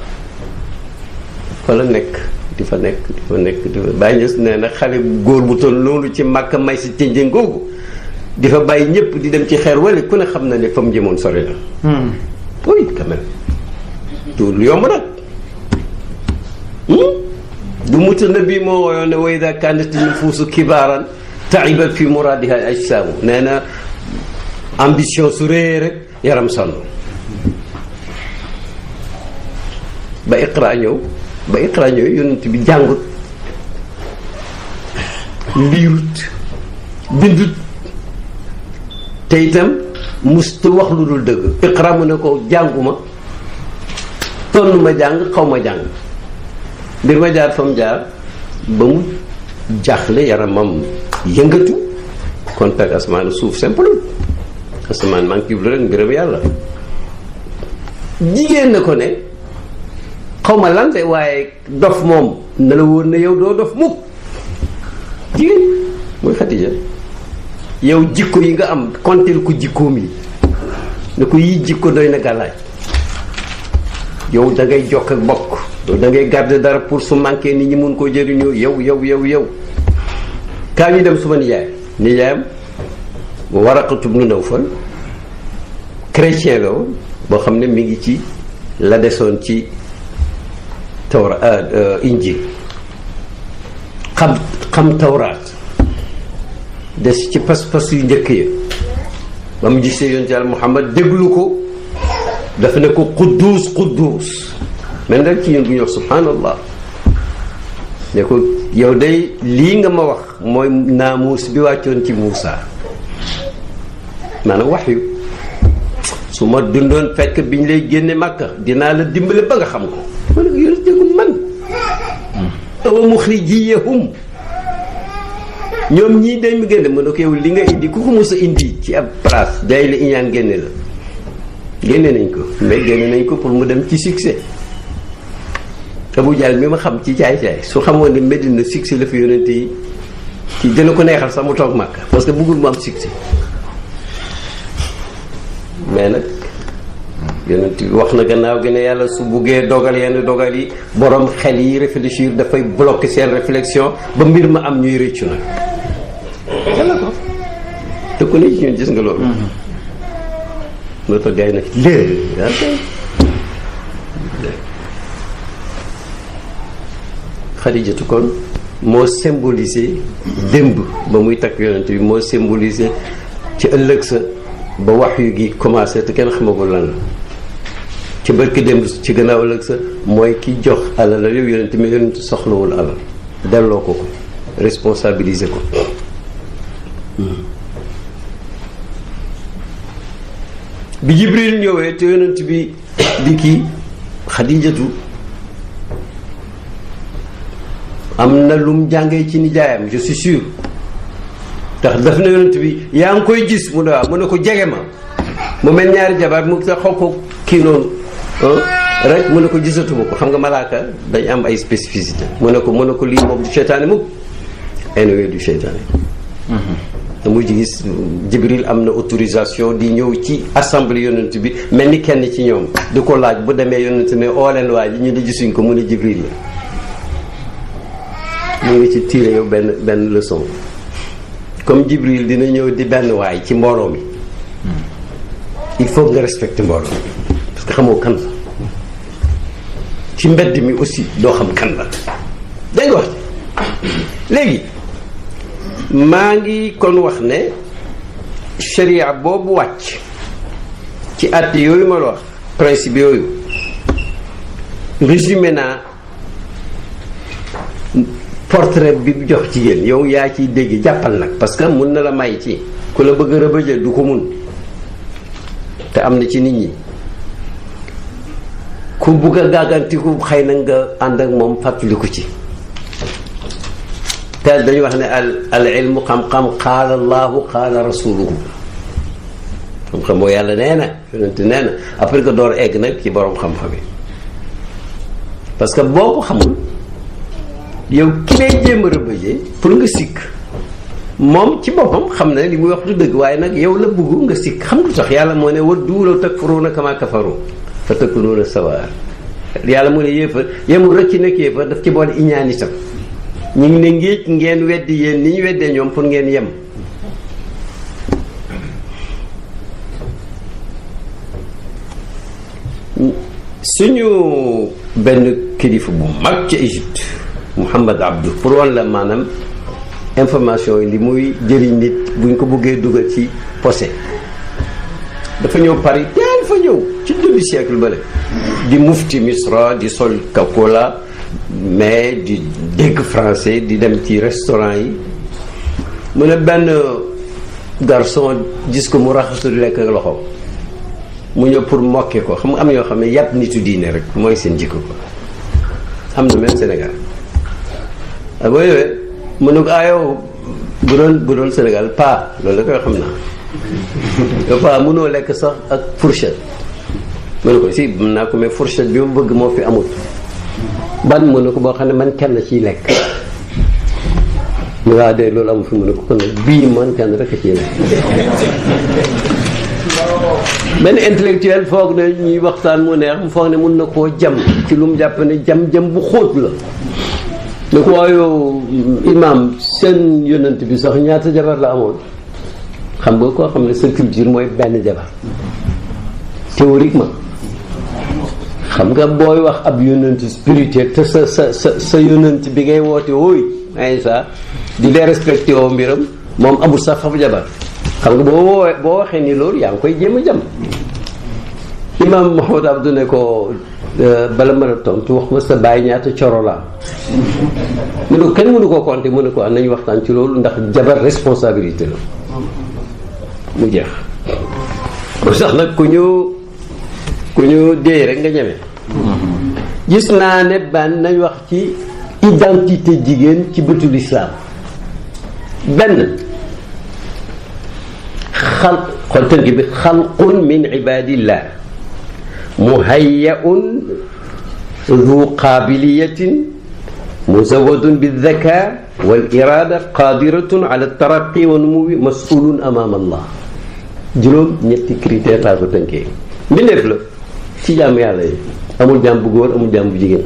fa la nekk di fa nekk di fa nekk di fa bàyyi góor bu toll loolu ci màkk may si cënjën googu ñëpp di dem ci xeer wala ku ne xam na ne fa mu jëmoon sori na hmm. oui quand même du lu yomb nag hmm? du muta na bii moo woyoon ne way daa kàndati nufuusu kibaaran taiba fi muraadiha ay saamu nee na ambition su réyee rek yaram sonn ba iqra ñëw ba iqra ñëw yonent bi jàngut liirut bindut te itam musta wax lu dul dëgg iqra mu ne ko jànguma tonn ma jàng xaw ma jàng mbir ma jaar fa mu jaar ba mu jaaxle yaramam yëngatu kon tag asamaan suuf simple asamaan maa ngi jublu rek ngërëm yàlla jigéen na ko ne xaw ma lan waaye dof moom na la wóor na yow doo dof mukk jigéen muy Xadija yow jikko yi nga am konteel ko jikkoom yi ne ko yi jikko doy na gàllaaj yow da ngay jokk ak bokk yow da ngay garder dara pour su manqué nit ñi mun koo jëriñoo yow yow yow yow kaa ngi dem suma nijaay nijaayam Waraqatu ibnu Nawfal chrétien la woon boo xam ne mi ngi ci la desoon ci tawra euh, euh, injil xam xam tawraat des ci pas-pas yu njëkk yi ba mu see yoon ci yàlla Muhammad déglu ko dafa ne ko quddus quddus mel nag ci ñun bu ñuy wax subhanallah ne ko yow day lii nga ma wax mooy naamuus bi wàccoon ci Muusa maanaam wax yu su ma dundoon fekk bi ñu lay génne Màkka dinaa la dimbale ba nga xam ko ma ne ko yow déggu man awa ñii dañ mu génne ko yow li nga indi ku ko mos indi ci ab place day la iñaan génne la génne nañ ko mais génne nañ ko pour mu dem ci succès te bu jaal mi ma xam ci caay-caay su xamoon ne Medina succès la fi yonent yi ci dina ko neexal sax mu toog Màkka parce que bëggul mu am succès mais nag yonent bi wax na gannaaw gi ne yàlla su buggee dogal yenn dogal yi borom xel yi réfléchir dafay bloquer seen réflexion ba mbir ma am ñuy rëccu nag yàlla ko te ne ci ñun gis nga loolu noo mm-hmm. tax gars nag léegi xadijatu kon moo symbolisé démb ba muy takk yonent bi moo symbolisé ci ëllëg sa ba wax yu gi commencé te kenn xamagul lan la ci barki démb ci gannaaw ëllëg sa mooy ki jox alal la yow yonent mi yonent soxlawul alal delloo ko ko responsabiliser ko hmm. bi jibril ñëwee te yonent bi di kii xadijatu am na lum jàngee ci nijaayam je suis sûr daf na yonent bi yaa ngi koy gis mu ne waaw mu ne ko jege ma mu mel ñaari jabar mu sa xaw ko kii noonu ah, rek mu ne ko gisatuma ko xam nga malaaka dañ am ay spécificité mu ne ko mu ne ko lii moom du seytaane mukk anyway du seytaane gis jibril am na autorisation di ñëw ci assemblée yonent bi mel ni kenn ci ñoom di ko laaj bu demee yonent ne oo leen waa ji ñu ne gisuñ ko mu a jibril yi mu ci tiré yow benn benn leçon comme Jibril dina ñëw di benn waay ci mbooloo mi il faut nga respecter mbooloo mi parce que xamoo kan la ci mbedd mi aussi doo xam kan la dégg nga wax léegi maa ngi kon wax ne sharia boobu wàcc ci at yooyu ma la wax principe yooyu résumé naa portrait bi jox jigéen yow yaa ciy dégg jàppal nag parce que mun na la may ci ku la bëgg a rëbëjal du ko mun te am na ci nit ñi ku bugg a gàggantiku xëy na nga ànd ak moom fàttaliku ci te dañu wax ne al al ilmu xam-xam qaala allahu qaala xam-xam boo yàlla nee na yonente nee après que door egg nag ci boroom xam-xam yi parce xamul yow ki lay jéem a rëbëjee pour nga sikk moom ci boppam xam na li muy wax du dëgg waaye nag yow la bëgg nga sikk xam lu tax yàlla moo ne waddu law takfuruuna kamaa kafaru fa takunuuna sawaa yàlla moo ne yéefar yemul rek ci nekk yéefar daf ci boole iñaan itam ñu ngi ne ngéej ngeen weddi yéen ni ñu weddee ñoom pour ngeen yem suñu benn kilifa bu mag ca Égypte Mouhamad Abdou pour wan la maanaam information yi li muy jëriñ nit buñ ko buggee dugal ci pose dafa ñëw Paris teel fa ñëw ci début siècle bale di mufti misra di sol kakola mais di dégg français di dem ci restaurant yi mu ne benn garçon gis ko mu raxasu di lekk loxo mu ñëw pour mokke ko xam nga am yoo xam ne yàpp yu diine rek mooy seen jikko ko am na même Sénégal ak boo ñëwee mu ne ko ah yow bu doon bu doon Sénégal paa loolu la koy xam naa yow paa mënoo lekk sax ak fourchette mu ne ko si mën naa ko mais fourchette bi mu bëgg moo fi amul ban mu ne ko boo xam ne man kenn ciy lekk mu ne ah, de loolu amul fi ne ko kon bii man kenn rek a ciy lekk benn foog ne ñuy waxtaan mu neex mu foog ne mun na koo jam ci lu mu jàpp ne jam jam bu xóot la ne ko waayu imam seen yonent bi sax ñaata jabar la amoon xam nga koo xam ne sa culture mooy benn jabar théoriquement xam nga booy wax ab yonent spirituel te sa sa sa sa yonent bi ngay woote wooy di lee respecté mbiram moom amul sax fab jabar xam nga boo boo waxee ni loolu yaa ngi koy jéem a jam imam Mahmoud Abdou ne ko Euh, bala mën a tontu wax ma sa baay ñaata coro la mu ne kenn mënu koo compter mu ne ko am nañu waxtaan ci loolu ndax jabar responsabilité la mu jeex bu sax nag ku ñu ku ñu dee rek nga ñeme gis naa ne ban nañ wax ci identité jigéen ci bëtu lislaam benn xal xol tënk bi xalqun min ibadillah muhayyaun du qabiliyatin muzawadun bidaka wal irada qadiratun ala taraqi wa numuwi masulun amama allah juróom ñetti critère laa ko tënkee mbindeef la ci jàmm yàlla yi amul jàmm bu góor amul jàmm bu jigéen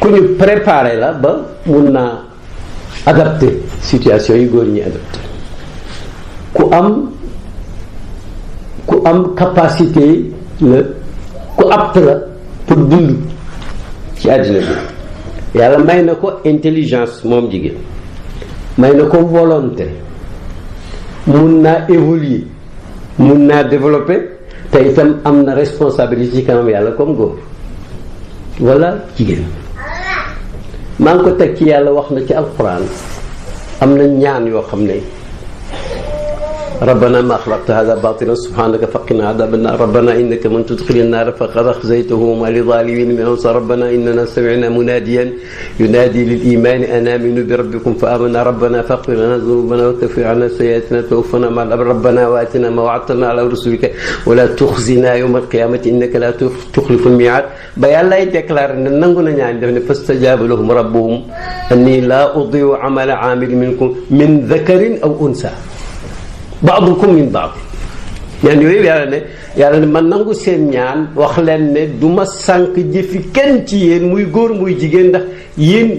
ku ñu préparé la ba mun na adapté situation yi góor ñi adapté ku am ku capacité la ku apt la pour dund ci àddina bi yàlla may na ko intelligence moom jigéen may na ko volonté mun naa évoluer mun naa développé te itam am na responsabilité ci kanam yàlla comme góor wala jigéen maa ngi ko teg ci yàlla wax na ci alxuraan am na ñaan yoo xam ne ربنا ما خلقت هذا باطلا سبحانك فقنا عذاب النار ربنا انك من تدخل النار فقد اخزيته وما للظالمين من انصار ربنا اننا سمعنا مناديا ينادي للايمان ان امنوا بربكم فامنا ربنا فاغفر لنا ذنوبنا وكفر عنا سيئاتنا توفنا مع الابرار ربنا واتنا ما وعدتنا على رسلك ولا تخزنا يوم القيامه انك لا تخلف الميعاد با يالا ديكلار نانغو نا نيان ديف فاستجاب لهم ربهم اني لا اضيع عمل عامل منكم من ذكر او انثى baadukum min baad ñaan yooyu yàlla ne yàlla ne man nangu seen ñaan wax leen ne du ma sànq jëfi kenn ci yéen muy góor muy jigéen ndax yéen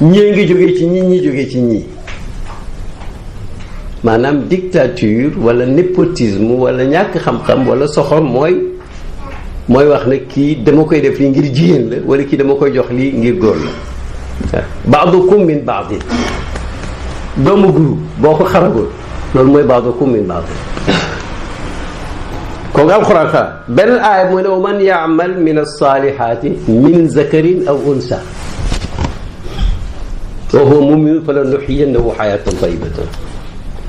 ñee ngi jógee ci ñi ñi jóge ci ñii maanaam dictature wala népotisme wala ñàkk xam-xam wala soxom mooy mooy wax ne kii dama koy def lii ngir jigéen la wala kii dama koy jox lii ngir góor la baadukum min baadin doomu guru boo ko xaragul loolu mooy baadukum min baad kon nga alxuraan ka beneen aaya mu ne wa man yaamal min alsaalihaati min zakarin aw unsa wa huwa muminun fa la nuxiyannahu xayaatan tayibatan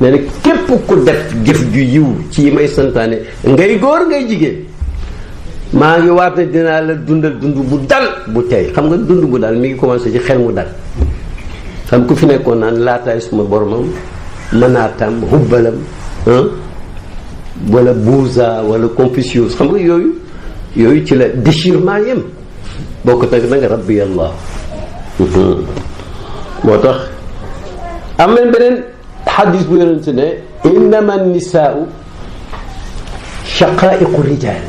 nee na képp ku def jëf ju yiw ci yi may ngay góor ngay jigéen maa ngi waat ne dinaa la dundal dund bu dal bu tey xam nga dundu bu dal mi ngi commencé ci xel mu dal xam ku fi nekkoon naan laataay suma boromam manaatam hubbalam wala buusa wala confucius xam nga yooyu yooyu ci la déchirement yem boo ko teg nag rabbi allah hmm. moo tax am nañ beneen xadis bu yonent ne innama nisaau shaqaiqu rijal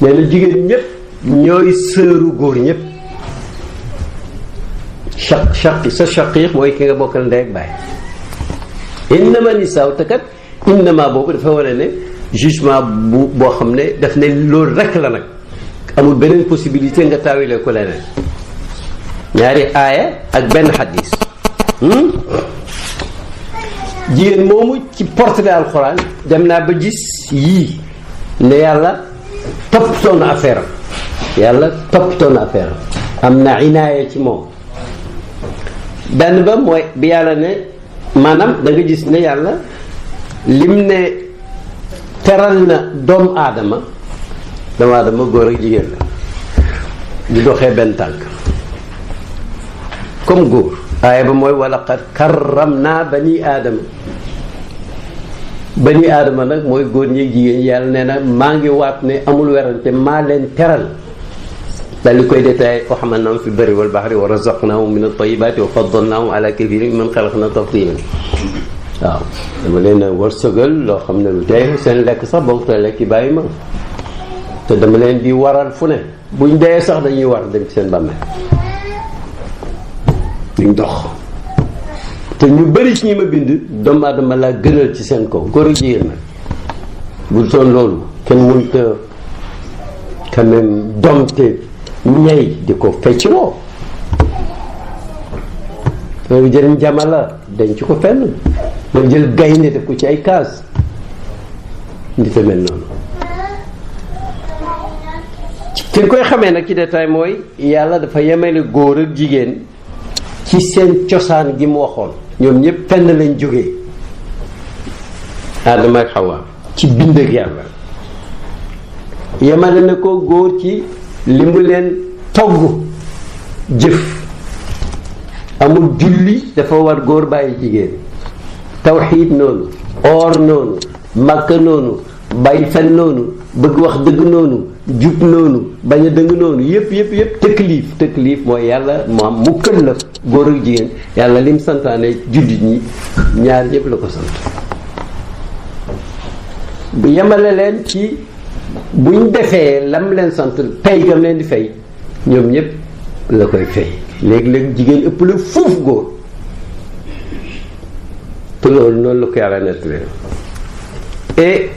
nee na jigéen ñëpp ñooy sëru góor ñëpp shaq shaq sa shaqiq mooy ki nga bokkal ndey ak baay innama nisaaw te kat innama boobu dafa wane ne jugement bu boo xam ne daf ne loolu rekk la nag amul beneen possibilité nga taawile ko leneen ñaari aaya ak benn xadis hmm? jigéen moomu ci portrait alxuraan dem naa ba gis yii ne yàlla toppatoo na affaire yàlla toppatoo na affaire am na inaaya ci moom benn ba mooy bi yàlla ne maanaam da gis ne yàlla lim ne teral na doomu aadama doomu aadama góor ak jigéen la di doxee benn tànk comme góor aaya ba mooy wala qad karram naa bani aadama bani aadama nag mooy góor ñi jigéen yàlla ne na maa ngi waat ne amul werante maa leen teral daal di koy détaillé wa hamalnaahum fil barri wal bahri wa razaqnaahum min at-tayyibaati wa faddalnaahum ala kathiirin mimman khalaqnaa tafdiilaa waaw dama leen a wërsëgal loo xam ne lu tey seen lekk sax ba mu tooy lekk yi bàyyi ma te dama leen di waral fu ne buñ dee sax dañuy war dem ci seen bàmmeel duñ dox te ñu bëri ci ñi ma bind doomu aadama laa gënal ci seen kaw góor ak jigéen nag bu toon loolu kenn mënta quand même dompter ñay di ko feccoo loolu jëriñ jamala denc ko fenn loolu jël gaynde def ko ci ay kaas ndi te noonu fi nga koy xamee nag ci détail mooy yàlla dafa yemale góor ak jigéen ci seen cosaan gi mu waxoon ñoom ñëpp fenn lañ jógee Adama ak Hawa ci bind ak yàlla yemale na ko góor ci li mu leen togg jëf amul julli dafa war góor bàyyi jigéen tawxiid noonu oor noonu màkka noonu bàyyi fen noonu bëgg wax dëgg noonu jub noonu bañ a dëng noonu yëpp yëpp yëpp tëkliif tëkliif mooy yàlla am mu kën la góor ak jigéen yàlla lim santaane jullit ñi ñaar yépp la ko sant yemale leen ci buñ defee lam leen sant pay gam leen di fay ñoom ñëpp la koy fay léegi-léegi jigéen ëpp la fuuf góor te loolu noonu la ko yàlla nettalee et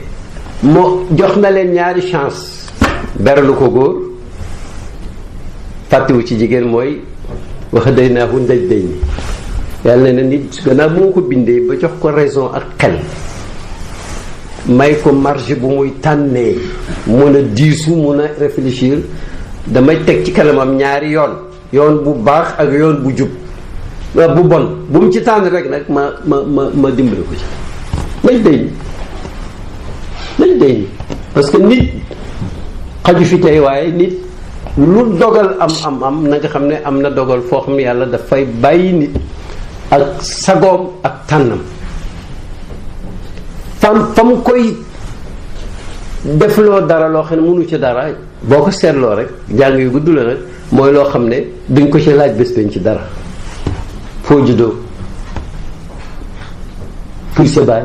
moo jox na leen ñaari chance beralu ko góor fàttewu ci jigéen mooy wax day naa fu ndaj day ni yàlla na nit gannaaw bu ma ko bindee ba jox ko raison ak xel may ko marge bu muy tànnee mun a diisu mun a réfléchir damay teg ci kanamam ñaari yoon yoon bu baax ak yoon bu jub bu bon bu mu ci tànn rek nag ma ma ma ma dimbali ko ci nañ dey nañ dey parce que nit xaju fi tey waaye nit lu dogal am am am na nga xam ne am na dogal foo xam yàlla dafay bàyyi nit ak sagoom ak tànnam fa mu koy defloo dara loo xam ne mënu ci dara boo ko seetloo rek jàng yu gudd la nag mooy loo xam ne duñ ko ci laaj bés dañ ci dara foo juddoo kuy sa baay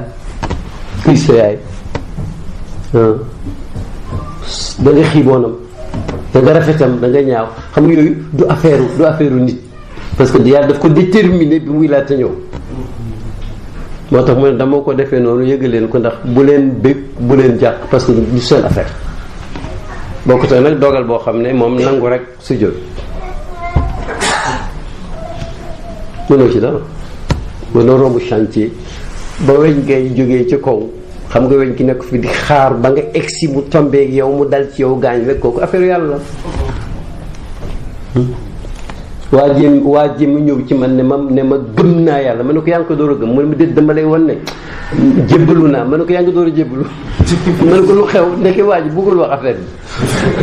kuy sa yaay ah, da nga xiiboonam da nga rafetam da ñaaw xam nga yooyu du affaire du affaire nit parce que yàlla daf ko déterminer bi muy laata ñëw moo tax mu ne dama ko defee noonu yëg leen ko ndax bu leen bég bu leen jàq parce que du seen affaire bokkut nag dogal boo xam ne moom nangu rek su jóg mënoo si dara mënoo romb chantier ba weñ ngay jógee ci kaw xam nga weñ ki nekk fi di xaar ba nga egsi mu tombeeg yow mu dal ci yow gaañ rek kooku affaire yàlla la waa jéem waa jéem ñëw ci man ne ma ne ma gëm naa yàlla ma ne ko yaa ko door a gëm mu ne ma déet dama lay wan ne jébbalu naa ma ne ko yaa ngi door a jébbalu ma ne ko lu xew nekkee waa ji bëggul wax affaire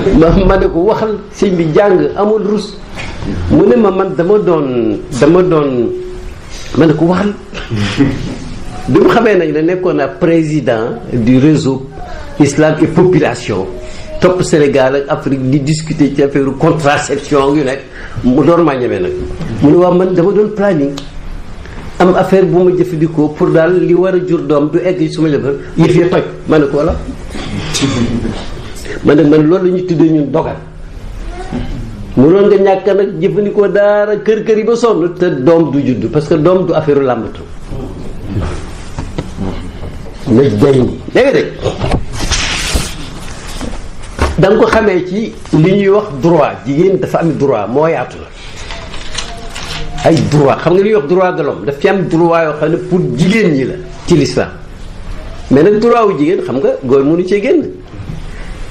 bi ma ma ne ko waxal sëñ bi jàng amul rus mu ne ma man dama doon dama doon ma ne ko waxal bi mu xamee nañ ne nekkoon naa président du réseau islam et population topp Sénégal ak Afrique di discuter ci affaire contraception yu nekk mu doon maa ñemee nag mu ne waaw man dama doon planning am affaire bu ma jëfandikoo pour daal li war a jur doom du egg su ma jëfandikoo yëf ya toj ma ne ko wala man nag man loolu la ñu tuddee ñun dogal mënoon nga ñàkk nag jëfandikoo daara kër kër yi ba sonn te doom du judd parce que doom du affaire làmbatu. na jëriñ dégg da ko xamee ci li ñuy wax droit jigéen dafa am droit moo yaatu la ay droit xam nga li ñuy wax droit de daf ci am droit yoo xam ne pour jigéen ñi la ci l'islam mais nag droit wu jigéen xam nga góor mënu cee génn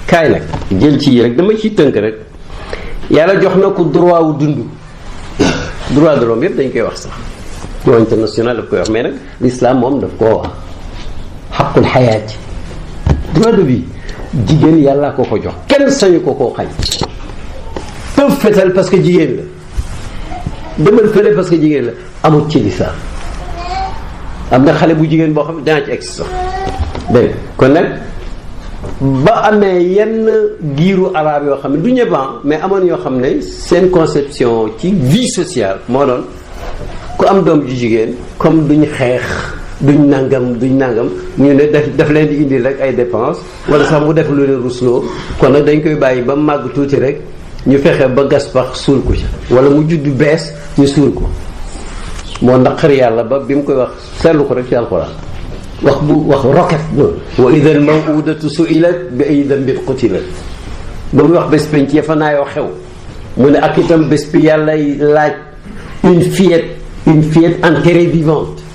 kaay nag jël ci yi rek dama ciy tënk rek yàlla jox na ko droit wu dund droit de yëpp dañ koy wax sax droit international daf koy wax mais nag l'islam moom daf koo wax xaqul xayaat droit de vie jigéen yàllaa ko ko jox kenn sañu ko koo xaj tëb fetal parce que jigéen la demal fële parce que jigéen la amul ci lislaam am na xale bu jigéen boo xam ne danaa ci egg sax kon nag ba amee yenn giiru araab yoo xam ne du ñëpp ah, mais amoon yoo xam ne seen conception ci vie sociale moo doon ku am doom ju jigéen comme duñ xeex duñ nangam duñ nangam ñu ne daf daf leen di indi rek ay dépense walla sax mu def lu leen rusloo kon nag dañ koy bàyyi ba màgg tuuti rek ñu fexe ba gas pax suul ko ci wala mu judd bees ñu suul ko moo naqar yàlla ba bi mu koy wax seetlu ko rek ci alxuraan wax bu wax roket na wa idal mawudatu suilat bi ay dambin qutilat ba muy wax bés penc ya fa naayoo xew mu ne ak itam bés bi yàllay laaj une fillette une fillette enterrée vivante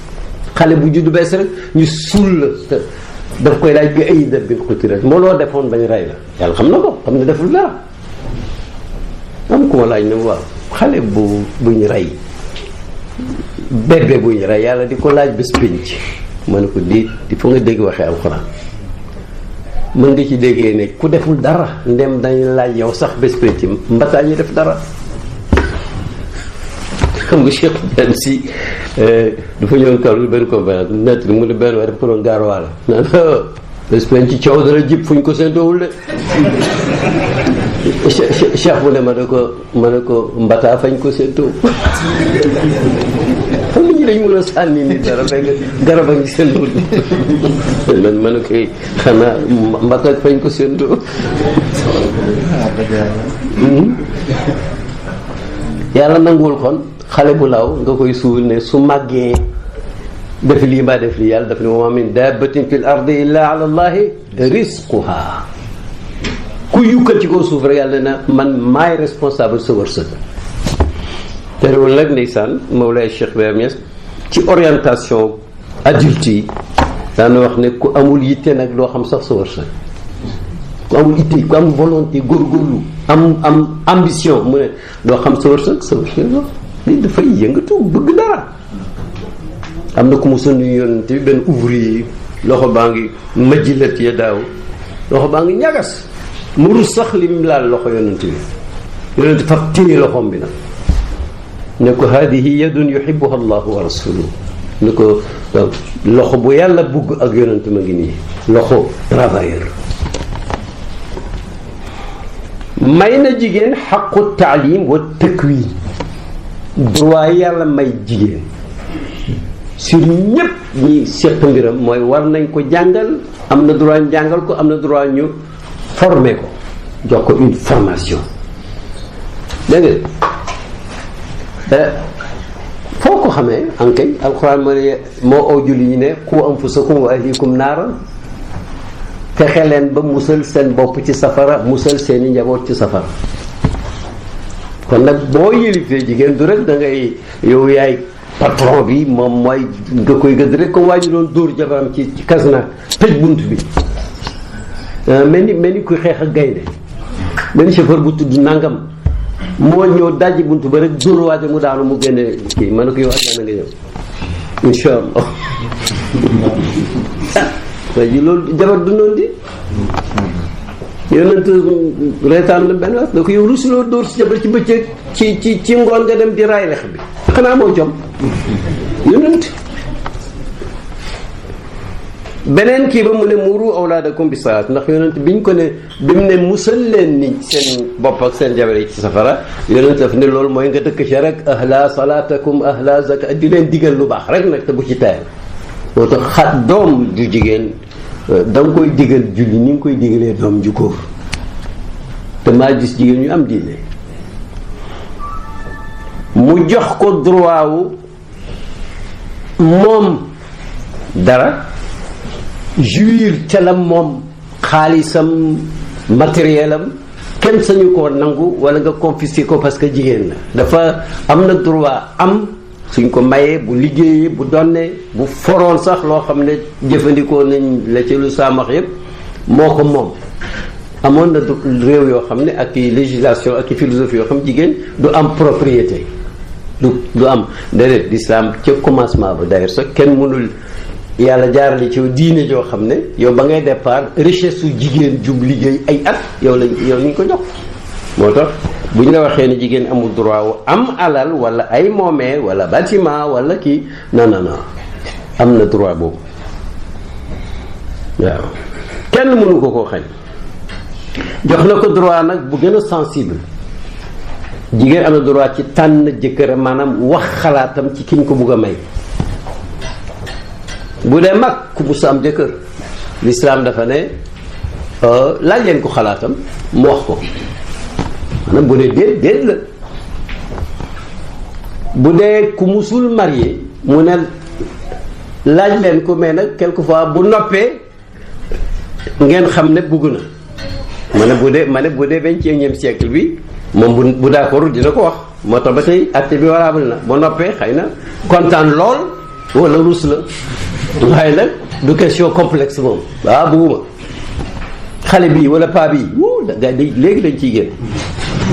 xale bu juddu bees rek ñu suul la daf koy laaj bi ay def bi xutira moo loo defoon bañ rey la yàlla xam na ko xam ne deful dara am ku laaj ne waaw xale bu bu ñu rey bébé buñ ñu rey yàlla di ko laaj bés pénc ma ne ko di di fa nga dégg waxee alxuraan mën nga ci déggee ne ku deful dara ndem dañu laaj yow sax bés pénc mbataa ñu def dara xam nga Cheikh Tidiane si euh, dafa ñëwoon Kaolack benn conférence nett li mu ne benn waaye dafa ko doon gaarwaale naan Espagne ci coow dana jib fu ñu ko séentoowul de Cheikh bu ne ma ne ko ma ne ko mbataa fañ ko séentoo xam nga ñi dañ mën a sànni ni dara ko eh, séentoo hmm? yàlla nanguwul kon xale bu law nga koy suul ne su màggee def lii mbaa def lii yàlla daf ne wa ma min dabbatin fil ardi illa ala allahi risquha ku yukkal ci kaw suuf rek yàlla na man maay responsable sa wërsëg terewul ci orientation adulte daana wax ne ku amul yitte nag doo xam sax sa wërsëg ku amul yitte ku am volonté góorgóorlu am am ambition mu ne doo xam sa wërsëg sa wërsëg nit dafay yëngatu bëgg dara am na ku mu sënd yonent bi benn ouvrier loxo baa ngi majjilat ya daaw loxo baa ngi ñagas mu rus li mu laal loxo yonent bi yonent fab téye loxoom bi nag ne ko hadihi yadun yuhibbuha allahu wa rasuluhu ne ko loxo bu yàlla bugg ak yonent ma ngi nii loxo travailleur may na jigéen xaqu taalim wa takwin droit yàlla may jigéen sur ñépp ñi séq mbiram mooy war nañ ko jàngal am na droit ñu jàngal ko am na droit ñu former ko jox ko une formation euh, foo ko xamee ankay alxuraan moo ne moo aw julli ñi ne ku anfusakum wa ahlikum naara fexe leen ba musal seen bopp ci safara musal seeni njaboot ci safara kon nag boo yëlifee jigéen du rek da ngay yow yaay patron bi moom mooy nga koy gëdd rek comme waa ñu dóor jabaram ci ci kas na tëj bunt bi euh, mel ni mel ni kuy xeex ak gaynde mel ni chauffeur bu tudd nangam moo ñëw dajji bunt ba rek dóor waaja mu daanu mu génne kii ma ne ko yow àjjana nga ñëw incha allah waa loolu jabar du noonu di yonent reetaan la benn wax na ko yow rusuloo dóor si jabar ci bëccëg ci ci ci ngoon nga dem di raay lex bi xanaa moo jom yonent beneen kii ba mu ne muru awlaadakum bi salaat ndax yonent bi ñu ko ne bi mu ne musal leen ni seen bopp ak seen jabar yi ci safara yonent daf ne loolu mooy nga dëkk ci rek ahla salaatakum ahla zaka di leen digal lu baax rek nag te bu ci tayal moo tax xat doom ju jigéen da koy digal julli ni nga koy digalee doom ju góor te maa gis jigéen ñu am diine mu jox ko droit wu moom dara jouir ca la moom xaalisam matériel am kenn sañu koo nangu wala nga confisquer ko parce que jigéen la dafa am na droit am suñ ko mayee bu liggéeyee bu donnee bu foroon sax loo xam ne jëfandikoo nañ la ci lu saamax yépp moo ko moom amoon na du réew yoo xam ne ak i législation ak i philosophie yoo xam jigéen du am propriété du du am déedéet l'islam ca commencement ba d'ailleurs sax kenn mënul yàlla jaarale ci diine joo xam ne yow ba ngay départ richesse su jigéen jub liggéey ay at yow lañ yow lañ ko jox moo tax bu ñu la waxee ne jigéen amul droit wu am alal wala ay moomee wala bâtiment walla kii non non non am na droit boobu waaw kenn mënu ko koo xañ jox na ko droit nag bu gën a sensible jigéen am na droit ci tànn jëkkër a maanaam wax xalaatam ci kim ko bugg a may bu dee mag ku bu sa am jëkkër lislaam dafa ne euh, laaj leen ko xalaatam mu wax ko maanaam bu dee déet déet la bu dee ku musul marié mu ne laaj leen ko mais nag quelquefois bu noppee ngeen xam ne bugg na ma ne bu dee ma ne bu dee vingt-et-unième siècle bi moom bu bu d'accord dina ko wax moo tax ba tey acte bi valable na ba noppee xëy na kontaan lool wala ruus la waaye nag du question complex moom waaw ah, bugguma xale bii wala paa bii wuu léegi lañ ci génn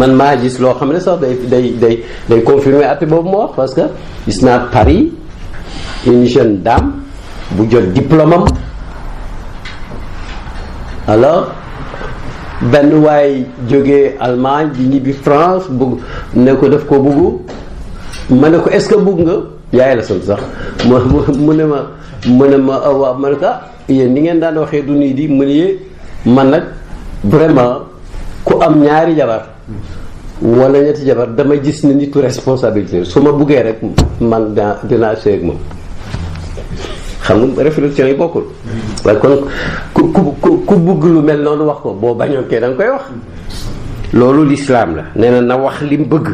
man maa gis loo xam ne sax day day day day confirmer at boobu ma wax parce que gis naa Paris une jeune dame bu jot diplôme am benn waay jóge Allemagne di ñibbi France bugg ne ko daf ko bugg ma ne ko est-ce que bugg nga yaay la sant sax mu ne ma mu ne ma ah waaw ma ne ah, yéen ni ngeen daan waxee du nii di mu ne man nag vraiment ku am ñaari jabar wala ñetti jabar dama gis ni nitu responsabilité su ma buggee rek man daa dinaa sëy ak moom xam nga réflexion yi bokkul waaye kon ku ku ku bugg lu mel noonu wax ko boo bañoon kay da koy wax loolu lislaam la nee na na wax li bëgg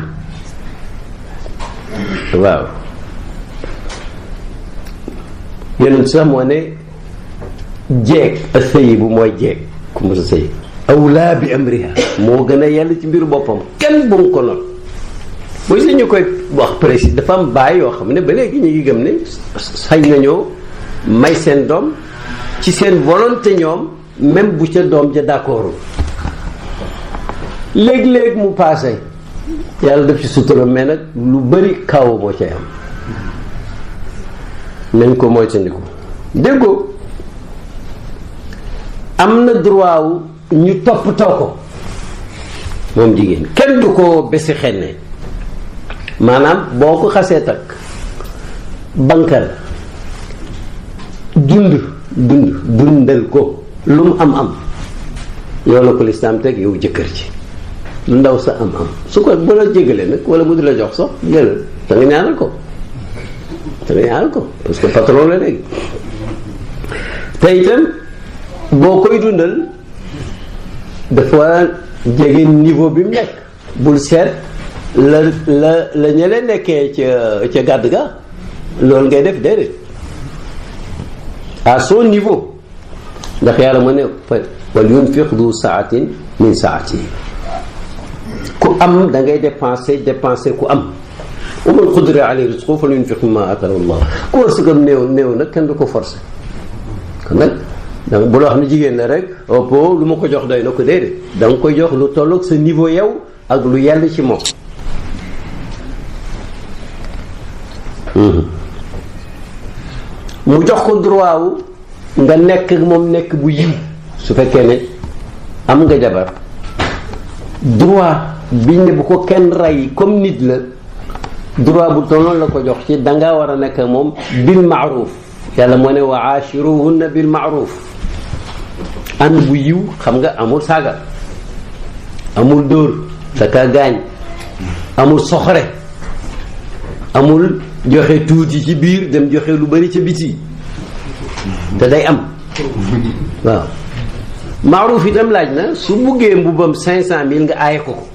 waaw yeneen sax moo ne jeeg a sëyi bu mooy jeeg ku mës a sëy awlaa bi amriha moo gën a yàlla ci mbiru boppam kenn bu mu ko noon mooy si ñu koy wax précis dafa am baay yoo xam ne ba léegi ñu ngi gëm ne sañ nañoo may seen doom ci seen volonté ñoom même bu ca doom ja d'accordul léeg-léeg mu paase yàlla def ci sutura mais nag lu bari kaw moo cay am nañ ko moytandiku déggoo am na droit ñu topp toppatoo ko moom jigéen kenn du ko bési xenne maanaam boo ko xasee takk bankal dund dund dundal ko lu mu am am yow la ko lislaam teg yow jëkkër ci ndaw sa am am su ko bu la jégale nag wala mu di la jox sax jëlal da ñaanal ko da ñaanal ko parce patron la léegi te itam boo koy dundal dafa jege niveau bi mu nekk bul set la la la nekkee ca ca gàdd ga loolu ngay def déedéet à son niveau ndax yàlla ma ne wal yunfiq du saatin min ku am da ngay dépenser dépenser ku am wa man qudira alayhi rizquhu fal yunfiq mimma aataahu Allah ku wërsëgam néew kenn du ko forcer donc bu loo xam ne jigéen la rek po lu ma ko jox day na ko déedéet da nga koy jox lu tollook sa niveau yow ak lu yell ci moom mhm. mu jox ko droit wu nga nekk moom nekk bu yiw su fekkee ne am nga jabar droit biñ ne bu ko kenn rey comme nit la droit bu tolloon la ko jox ci da ngaa war a nekk moom bil maaruf yàlla moo ne wa aachiruhunna bil maaruf ànd bu yiw xam nga amul saaga amul dóor saka gaañ amul soxore amul joxe tuuti ci biir dem joxe lu bari ci biti te day am waaw maaruuf itam laaj na su buggee mbubam cinq cent mille nga aaye ko ko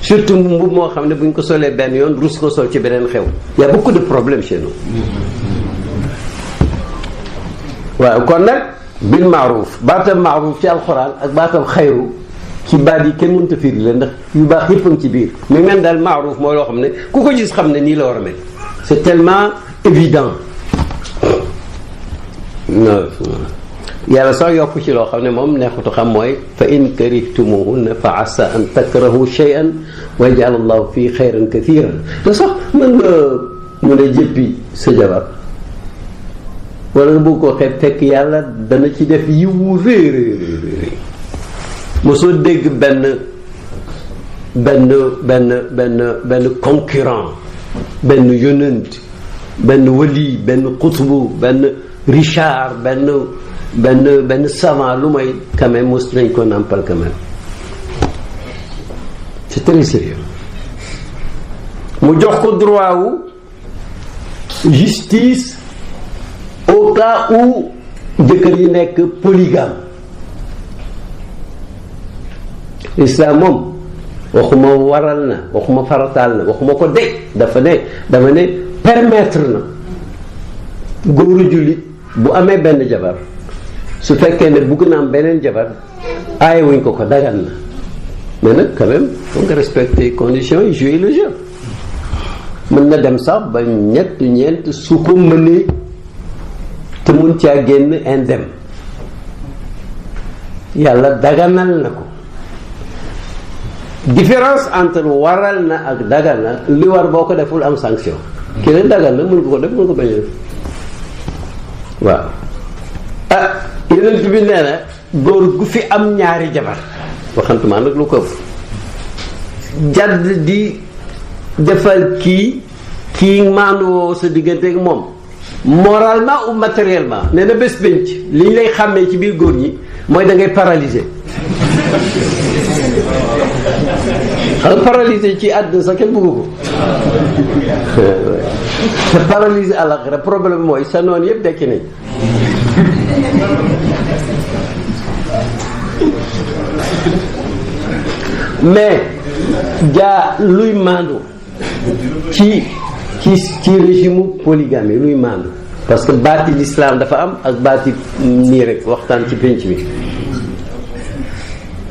surtout mbub moo xam ne bu ñu ko solee benn yoon rus ko sol ci beneen xew y a beaucoup de problèmes chez waaw kon nag bil maaruuf baatam maaruuf ci alxuraan ak baatam xayru ci baat yi kenn mënta firi la ndax yu baax yëpp a ngi ci biir mais même daal maaruuf mooy loo xam ne ku ko gis xam ne nii la war a mel c'est tellement évident yàlla sax yokk ci loo xam ne moom neexutu xam mooy fa in karihtumuhunna fa asa an takrahu shay'an wa yaj'al allahu fii xayran kathiran te sax mën nga mën a jëppi sa jabar wala nga bëgg koo xeeb fekk yàlla dana ci def yiwu rëy rëy rëy mosoo dégg benn benn benn benn benn concurrent benn yonent benn wali benn xutbu benn Richard benn benn savant lu may quand même mos nañ ko nàmpal quand même mu jox ko droit wu justice au cas où jëkkër yi nekk polygame islam moom waxuma waral na waxuma farataal na waxuma ko de dafa ne dafa ne permettre na góoru jullit bu amee benn jabar su fekkee ne bugg na am beneen jabar aaye wuñ ko ko dagan na mais nag quand même nga respecter conditions yi jouer le mën na dem sax ba ñett ñeent su ko mënee te mun caa génn indem yàlla daganal na ko différence entre waral na ak daganal li war boo ko deful am sanction ki leen dagan na mun ko ko def mun ko bañ def waaw ah yeneen bi nee na góor gu fi am ñaari jabar waxantuma nag lu ko ëpp di defal kii kii maandu woo sa diggante ak moom moralement ou matériellement nee na bés pénc li ñu lay xàmmee ci biir góor ñi mooy da ngay paralysé xam paralysé ci àdduna sax kenn bëggu ko te paralysé àlaxira problème mooy sa noon yëpp dekki nañ mais jaa luy maandu ci ci ci régime polygamie luy maandu parce que baati l'islam dafa am ak baati nii rek waxtaan ci pénc bi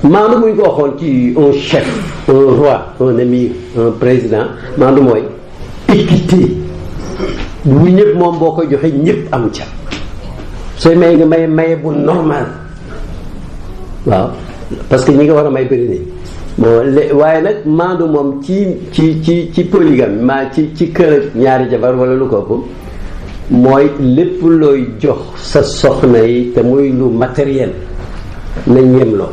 maandu buñ ko waxoon ci un chef un roi un émir un président maandu mooy équité bu ñëpp moom boo koy joxee ñëpp am ca sooy may nga may maye bu normal waaw parce que ñu ngi war a may bëri nañ bon lé waaye nag maandu moom ci ci ci ci polygame maa ci ci kër ñaari jabar wala lu ko ëpp mooy lépp looy jox sa soxna yi te muy lu matériel nañ yem loo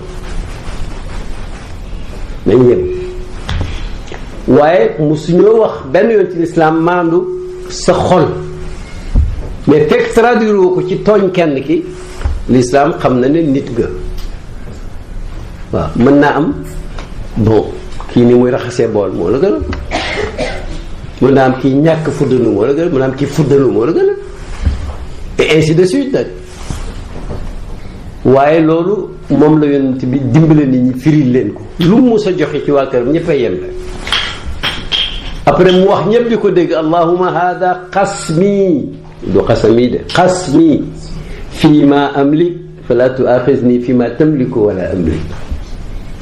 nañ yem waaye musuñoo wax benn yoon ci lislaam maandu sa xol mais fekk traduire ko ci tooñ kenn ki lislaam xam na ne nit ga waaw mën naa am bon kii ni muy raxasee bool moo la gën a mën naa am kii ñàkk fuddanu moo la gën a mën naa am kii fuddanu moo la gën a et ainsi de suite nag waaye loolu moom la yonent bi dimbale nit ñi firil leen ko lu mu mës a joxe ci waa këram ñëpp a yem après mu wax ñëpp di ko dégg allahuma hada xasmi du xasami de xasmi fii ma amlik fala tuaxisni fii ma tamliku wala amlik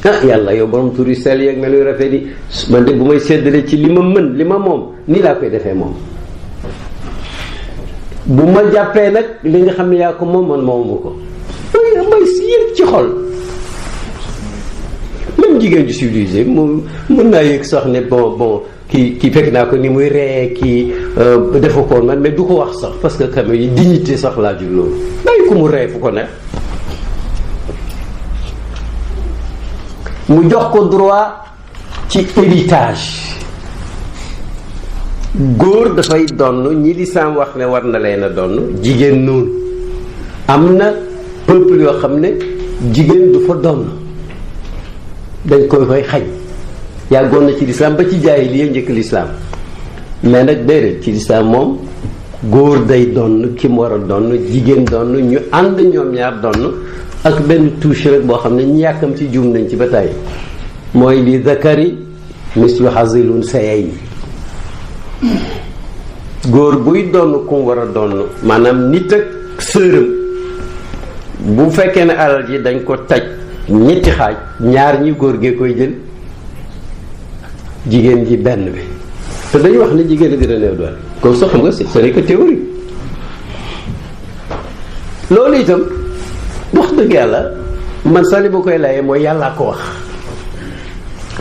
ah yàlla yow borom tur yu sell yeeg melu yu rafet yi man de bu may séddale ci li ma mën li ma moom nii laa koy defee moom bu ma jàppee nag li nga xam ne yaa ko moom man moomu ko may may yëg ci xol même jigéen ju civilisé moom mën naa yëg sax ne bon bon kii kii fekk naa ko ni muy ree kii euh, defu ko man mais du ko wax sax parce que quand même dignité sax laa jug bàyyi ko mu ree fu ko nekk mu jox ko droit ci héritage góor dafay donn ñi lislaam wax ne war na leen a donn jigéen noonu am na peuple yoo xam ne jigéen du fa donn dañ koy koy xañ yàggoon na ci lislaam ba ci jaahiliya njëkk lislaam mais nag déedéet ci lislaam moom góor day donn ki mu war a donn jigéen donn ñu ànd ñoom ñaar donn ak benn touche rek boo xam ne ñu yàkkam ci juum nañ ci ba tey mooy li zakari mislu hazilun sayayni góor buy donn kum war a donn maanaam nit ak sëram bu fekkee ne alal yi dañ ko taj ñetti xaaj ñaar ñi góor gee koy jël jigéen ji benn bi te dañu wax ne jigéen a gën a néew doole comme soo xam nga c'est que théorie loolu itam wax dëgg yàlla man sax li koy layee mooy yàllaa ko wax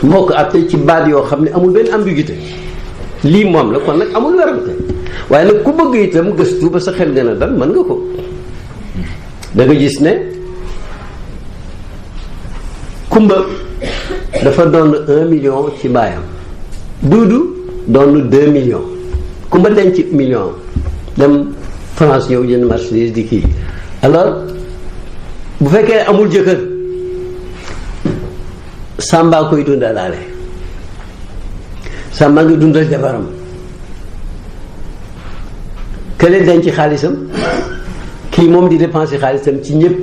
moo ko àtte ci baat yoo xam ne amul benn ambiguïté lii moom la ko nag amul werante waaye nag ku bëgg itam gëstu ba sa xel gën a dal mën nga ko da gis ne kumba dafa doon un million ci baayam duudu doon deux millions kumba denc million dem France ñëw jënd marchandise di kii alors bu fekkee amul jëkkër sàmbaa koy dundalaale sàmbaa ngi dundal jabaram kële denc xaalisam kii moom di dépenser xaalisam ci ñëpp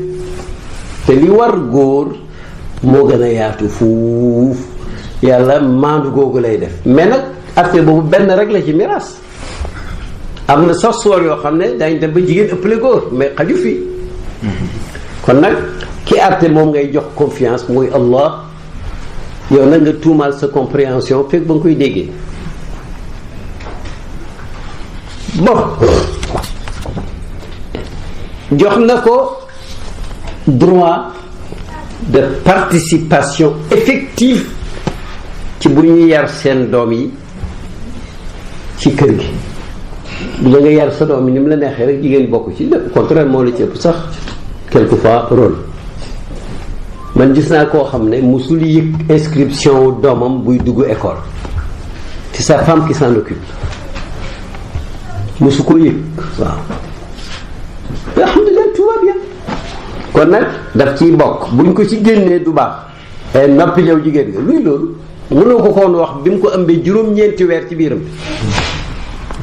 te li war góor moo gën a yaatu fuuf yàlla maandu googu lay def mais nag affaire boobu benn rek la ci miraas am na sax soor yoo xam ne dañ dem ba jigéen ëppale góor mais xaju fii kon nag ki àtte moom ngay jox confiance mooy Allah yow nag nga tuumaal sa compréhension fekk ba nga koy déggee bon jox na ko droit de participation effective ci bu ñu yar seen doom yi ci kër gi bu la nga yar sa doom yi ni mu la neexee rek jigéen bokk ci lépp contraire moo la ci ëpp sax quelque quelquefois rôle man gis naa koo xam ne musul yëg inscription doomam buy dugg école ci sa femme qui s'en occupe musu ko yëg waaw alhamdulilah tout va bien kon nag daf ci bokk buñ ko ci génnee du baax e noppi yow jigéen nga luy loolu mënoo ko koon wax bi mu ko ëmbee juróom-ñeenti weer ci biiram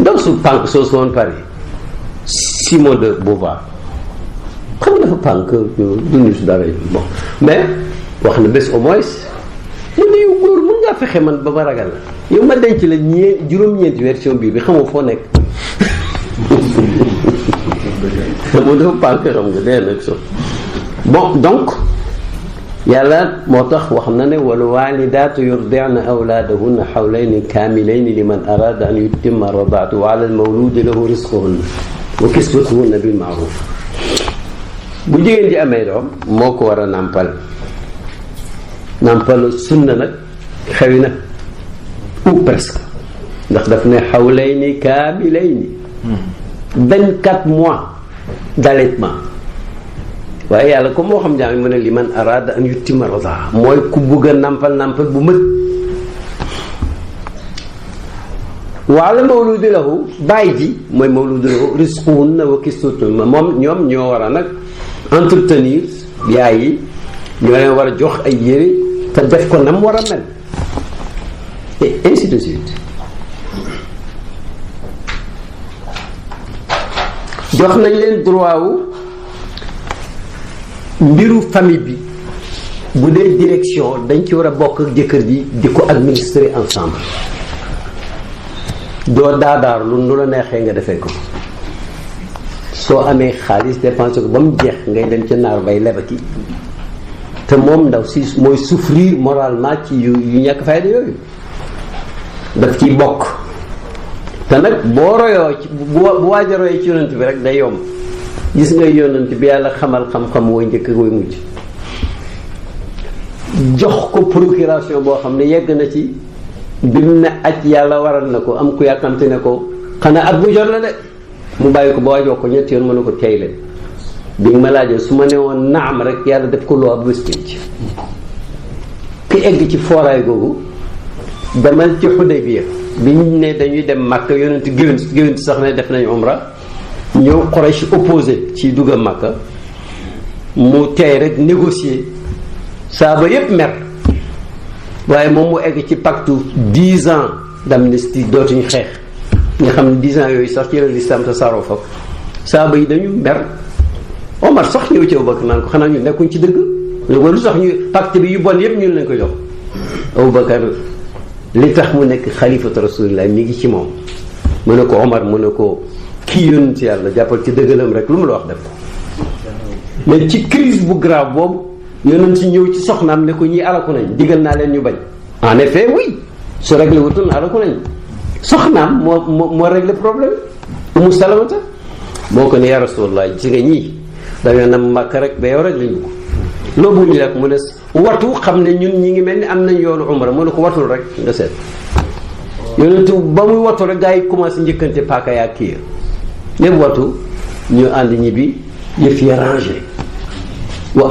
ndaw su pànk soo su woon Paris Simone de Beauvoir xam dafa pànk duñu si dara bon mais wax na bés au moins mu yow góor mën ngaa fexe man ba ba ragal la yow ma denc la ñee juróom-ñeenti version bii bi xamoo foo nekk moom dafa pànk xam nga donc yàlla moo tax wax na ne wal walidaatu yurdi'na awlaadahunna xawlayni kaamilayni liman araada an yutimma radaatu wa ala almawluudi lahu risquhunna wa kiswatuhunna bil maaruf bu jigéen ji amee doom moo ko war a nàmpal nàmpalu sunna nag xewi na ou presque ndax daf ne xawlayni kaamilayni vingt quatre mois d'allaitement waaye yàlla comme moo xam jaam mu ne li man araada an yutima rida mooy ku bugg nàmpal nàmpal bu mët waala mawludu lahu baay ji mooy mawludu lahu risquhunna wa kiswatuhunna moom ñoom ñoo war a nag entretenir yaay yi ñoo leen war a jox ay yére te def ko nam war a mel et ainsi jox nañ leen droit wu mbiru famille bi bu dee direction dañ ci war a bokk ak jëkkër ji di ko administrer ensemble doo daadaar lu nu la neexee nga defee ko soo amee xaalis dépensé ko ba mu jeex ngay dem ca naar bay lebati te moom ndaw si mooy souffrir moralement ci yu yu ñàkk fayda yooyu daf ciy bokk te nag boo royoo ci bu waaj ci yonent bi rek day yomb gis ngay yonent bi yàlla xamal xam-xam wooy njëkk wooy mujj jox ko procuration boo xam ne yegg na ci bi mu ne aj yàlla waral na ko am ku yàkkamti ne ko xanaa at bu jot la de mu bàyyi ko ba waajoo ko ñetti yoon mën na ko tey leen bi nga ma laajee su ma nee woon naam rek yàlla def ko loo ab bés ci ki egg ci fooraay googu demal ci Xudaybiya bi ñu ne dañuy dem màkk yonent géwén géwén sax ne def nañu umra ñëw Quraysh opposé ci dugga màkk mu tey rek négocier saaba yépp mer waaye moom mu egg ci pacte dix ans d'amnistie dootuñu xeex nga xam ne dix yooyu sax ci la lislaam tasaaroo fa saaba yi dañu mer Omar sax ñëw ci Abubakar naan ko xanaa ñu nekkuñ ci dëgg lu ko lu sax ñu pacte bi yu bon yëpp ñun lañ ko jox Abubakar li tax mu nekk xalifatu rasulillah mi ngi ci moom mu ne ko Omar mu ne ko kii yoon ci yàlla jàppal ci dëggalam rek lu mu la wax def mais ci crise bu grave boobu yonent si ñëw ci soxnaam ne ko ñii alaku nañ diggal naa leen ñu bañ en effet oui su réglé wutoon alaku nañ soxnaam moo moo moo réglé problème umu salamata moo ko ne yaa rasulallah jigéen ñi ñii danga nam rek ba rek lañu ko loo bëgg ñu rek mu ne watu xam ne ñun ñi ngi mel ni am nañ yoonu umra mu ne ko watul rek nga seet yonentu ba muy watu rek gaa yi commencé njëkkante paaka yaa kii lépp watu ñu ànd ñibbi yëf ya rangé wa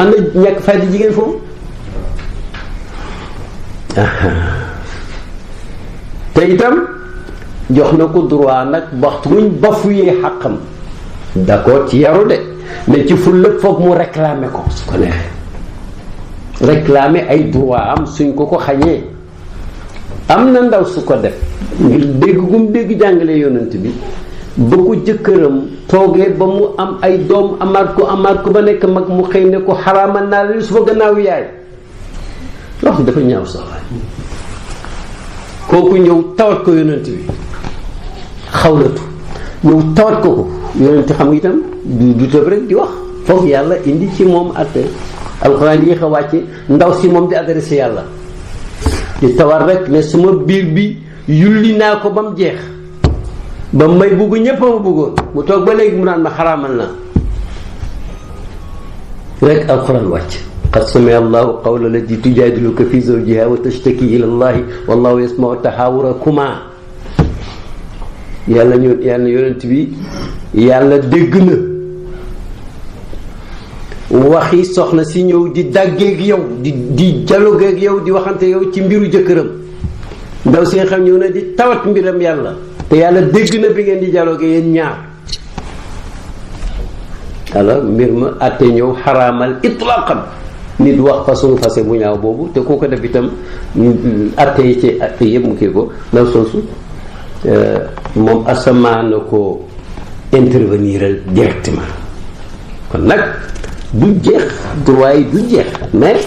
te itam jox na ko droit nag waxtu wuñ bafuyee xàqam d'accord ci yaru de mais ci fulla foog mu réclamer ko su ko neexee réclamer ay droit am suñ ko ko xañee am na ndaw su ko def ngir dégg gum dégg jàngale yonent bi ba ko jëkkëram toogee ba mu am ay doom amaat ko amaat ko ba nekk mag mu xëy ne ko xaraama naa la su fa gannaaw yaay wax dafa ñaaw soxla kooku ñëw tawat ko yonent bi xawlatu ñëw tawat ko ko yonente xam itam du du tëb rek di wax foofu yàlla indi ci moom atte alxuraan yi yéex a wàcce ndaw si moom di adressé yàlla di tawar rek ne suma biir bi yulli naa ko ba jeex ba may bugg ñépp ma bëggoon mu toog ba léegi mu ma xaraamal na rek alxuraan wàcc qad samia allahu qawla lati tujadiluka fi zawjiha wa tashtaki ila allahi tahawurakuma yàlla ñu yàlla yonent bi yàlla dégg na waxi soxna si ñëw di dàggeeg yow di di dialogueeg yow di waxante yow ci mbiru jëkkëram ndaw si xam ñëw na di tawat mbiram yàlla te yàlla dégg na bi ngeen di dialogué yéen ñaar alors mbir ma àtte ñëw xaramal itlaqan nit wax façon fase bu ñaaw boobu te koo ko def itam àtte ci àtte yëpp mu kii ko ndaw soosu euh, moom asamaan na ko interveniral directement kon nag du jeex droit yi du jeex mais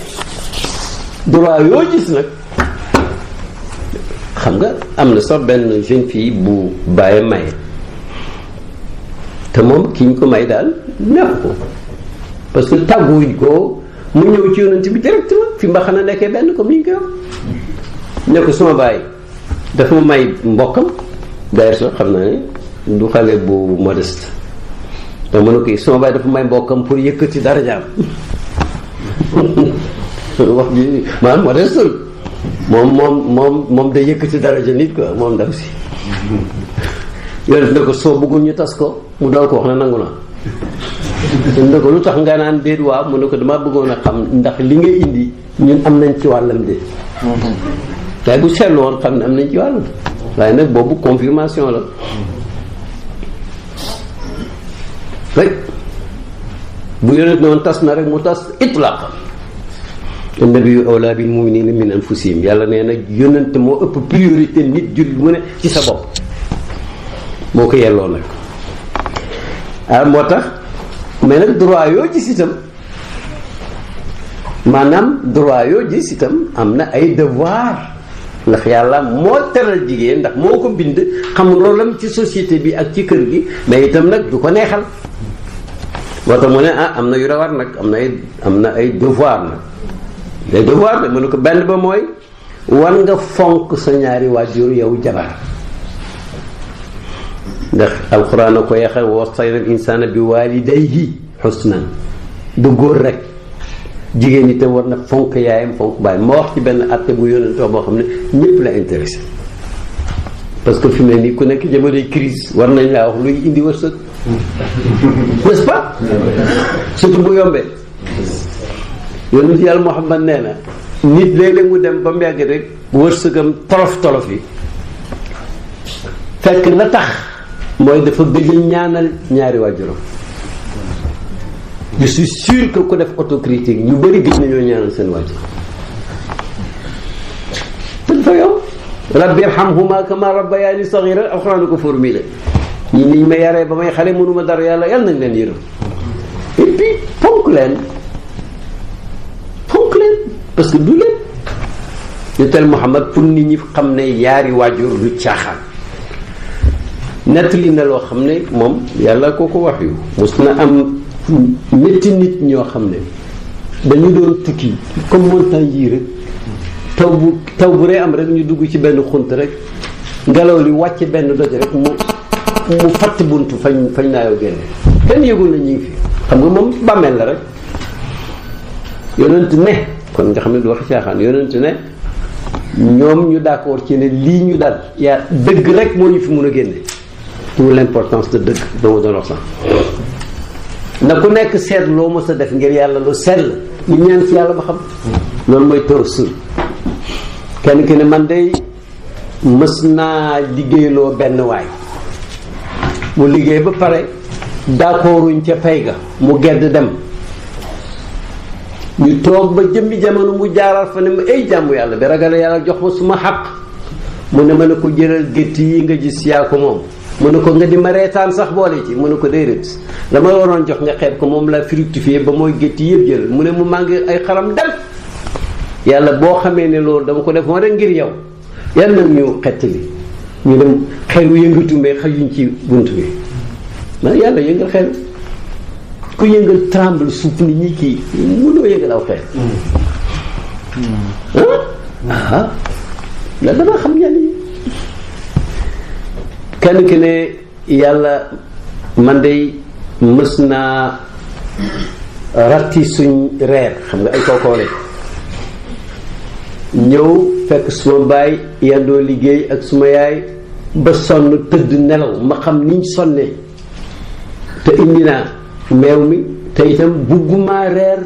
droit yoo gis nag xam nga am na sax benn jeune fille bu bàyyi maye te moom ki ñu ko may daal neex ko parce que tàgguwuñ ko mu ñëw ci yonent bi directement fi mba xanaa nekkee benn ko ni ñu koy wax ne suma bàyyi dafa may mbokkam d'ailleurs sax xam naa ne du xale bu modeste te mu a ko sama baay dafa may mbokkam pour yëkkati dara jaam wax bi maanaam modeste moom moom moom moom day yëkkati daraja nit quoi moom ndaw si yonent na ko soo bëggul ñu tas ko mu dool ko wax na nangu na yonent na ko lu tax nga naan déet waaw mu ne ko dama bëggoon a xam ndax li nga indi ñun am nañ ci wàllam de mm-hmm. waaye bu seetlu woon xam ne am nañ ci wàllam waaye nag boobu confirmation la rek bu yonent noonu tas na rek mu tas itlaqan annabiyu awlaa bil muminina min anfusihim yàlla nee nag yonent moo ëpp priorité nit jullit mu ne ci sa bopp moo ko yelloo nag ah moo tax mais nag droit yoo gis itam maanaam droit yoo gis itam am na ay devoir ndax yàlla moo teral jigéen ndax moo ko bind xam rôlam ci société bi ak ci kër gi mais itam nag du ko neexal moo tax mu ne ah am na yu la war nag am na ay am na ay devoir nag day devoir nag mu ne ko benn ba mooy war nga fonk sa ñaari waajur yow jabar ndax alxuraan a ko yaxe wasaynal insaana bi waalidayhi xusnan du góor rek jigéen ñi te war na fonk yaayam fonk baay ma wax ci benn atte bu yónnentoo boo xam ne ñëpp la intéressé parce que fi ne nii ku nekk jamonoy crise war nañ laa wax luy indi wërsëg n'est-ce pas surtout bu yombee yonent yàlla Muhammad nee na nit léeg-léeg mu dem ba mu yàgg rek wërsëgam tolof tolof yi fekk na tax mooy dafa gëj ñaanal ñaari waajuram je suis sûr que ku def autocritique ñu bëri gis nañoo ñaanal seen wàcc te dafa yow rabbi irhamhuma kama rabbayani saghira alxuraan ko formulé ñi niñ ma yaree ba may xale mënuma dara yàlla yàlla nañ leen yërëm et puis ponk leen ponk leen parce que du lépp ñu Muhammad pour nit ñi xam ne yaari waajur du caaxaan nettali na loo xam ne moom yàlla koo ko wax yu mos na am ñetti nit ñoo xam ne dañu doon tukki comme montagne yii rek taw bu taw bu rey am rek ñu dugg ci benn xunt rek ngelaw li wàcc benn doj rek mu mu fatt bunt fañ fañ naayoo génne kenn yëgul na ngi fi xam nga moom bàmmeel la rek yonent ne kon nga xam ne du wax caaxaan yonent ne ñoom ñu d'accord ci ne lii ñu daal yaa dëgg rek moo ñu fi mun a génne tout l'importance de dëgg dama doon wax sax na ku nekk seet loo mos a def ngir yàlla lu sell ñu ñaan ci yàlla ba xam loolu mooy torosu kenn ki ne man dey mës naa liggéeyloo benn waay mu liggéey ba pare d'accorduñ ca fay ga mu gedd dem ñu toog ba jëmmi jamono mu jaaral fa ne ma ay jàmm yàlla bi ragal yàlla jox ma suma xaq mu ne ma ne ko jëlal gétt yi nga gis yaa ko moom mu ne ko nga di ma reetaan sax boole ci mu ne ko déedéet la ma waroon jox nga xeeb ko moom laa fructifier ba mooy gétt yëpp jël mu ne mu màngi ay xaram dem yàlla boo xamee ne loolu dama ko def moo rek ngir yow yàlla nag ñu xettali ñu dem xelu yëngatu mais xajuñ ci bunt bi ma yàlla yëngal xel ku yëngal tremble suuf nit ñi kii mënoo yëngal aw xel mm. ah mm. ah la dama xam kenn ki ne yàlla man de mës naa ratti suñ reer xam nga ay kookoole ñëw fekk suma baay doo liggéey ak suma yaay ba sonn tëdd nelaw ma xam niñ sonne te indi naa meew mi te itam bugguma reer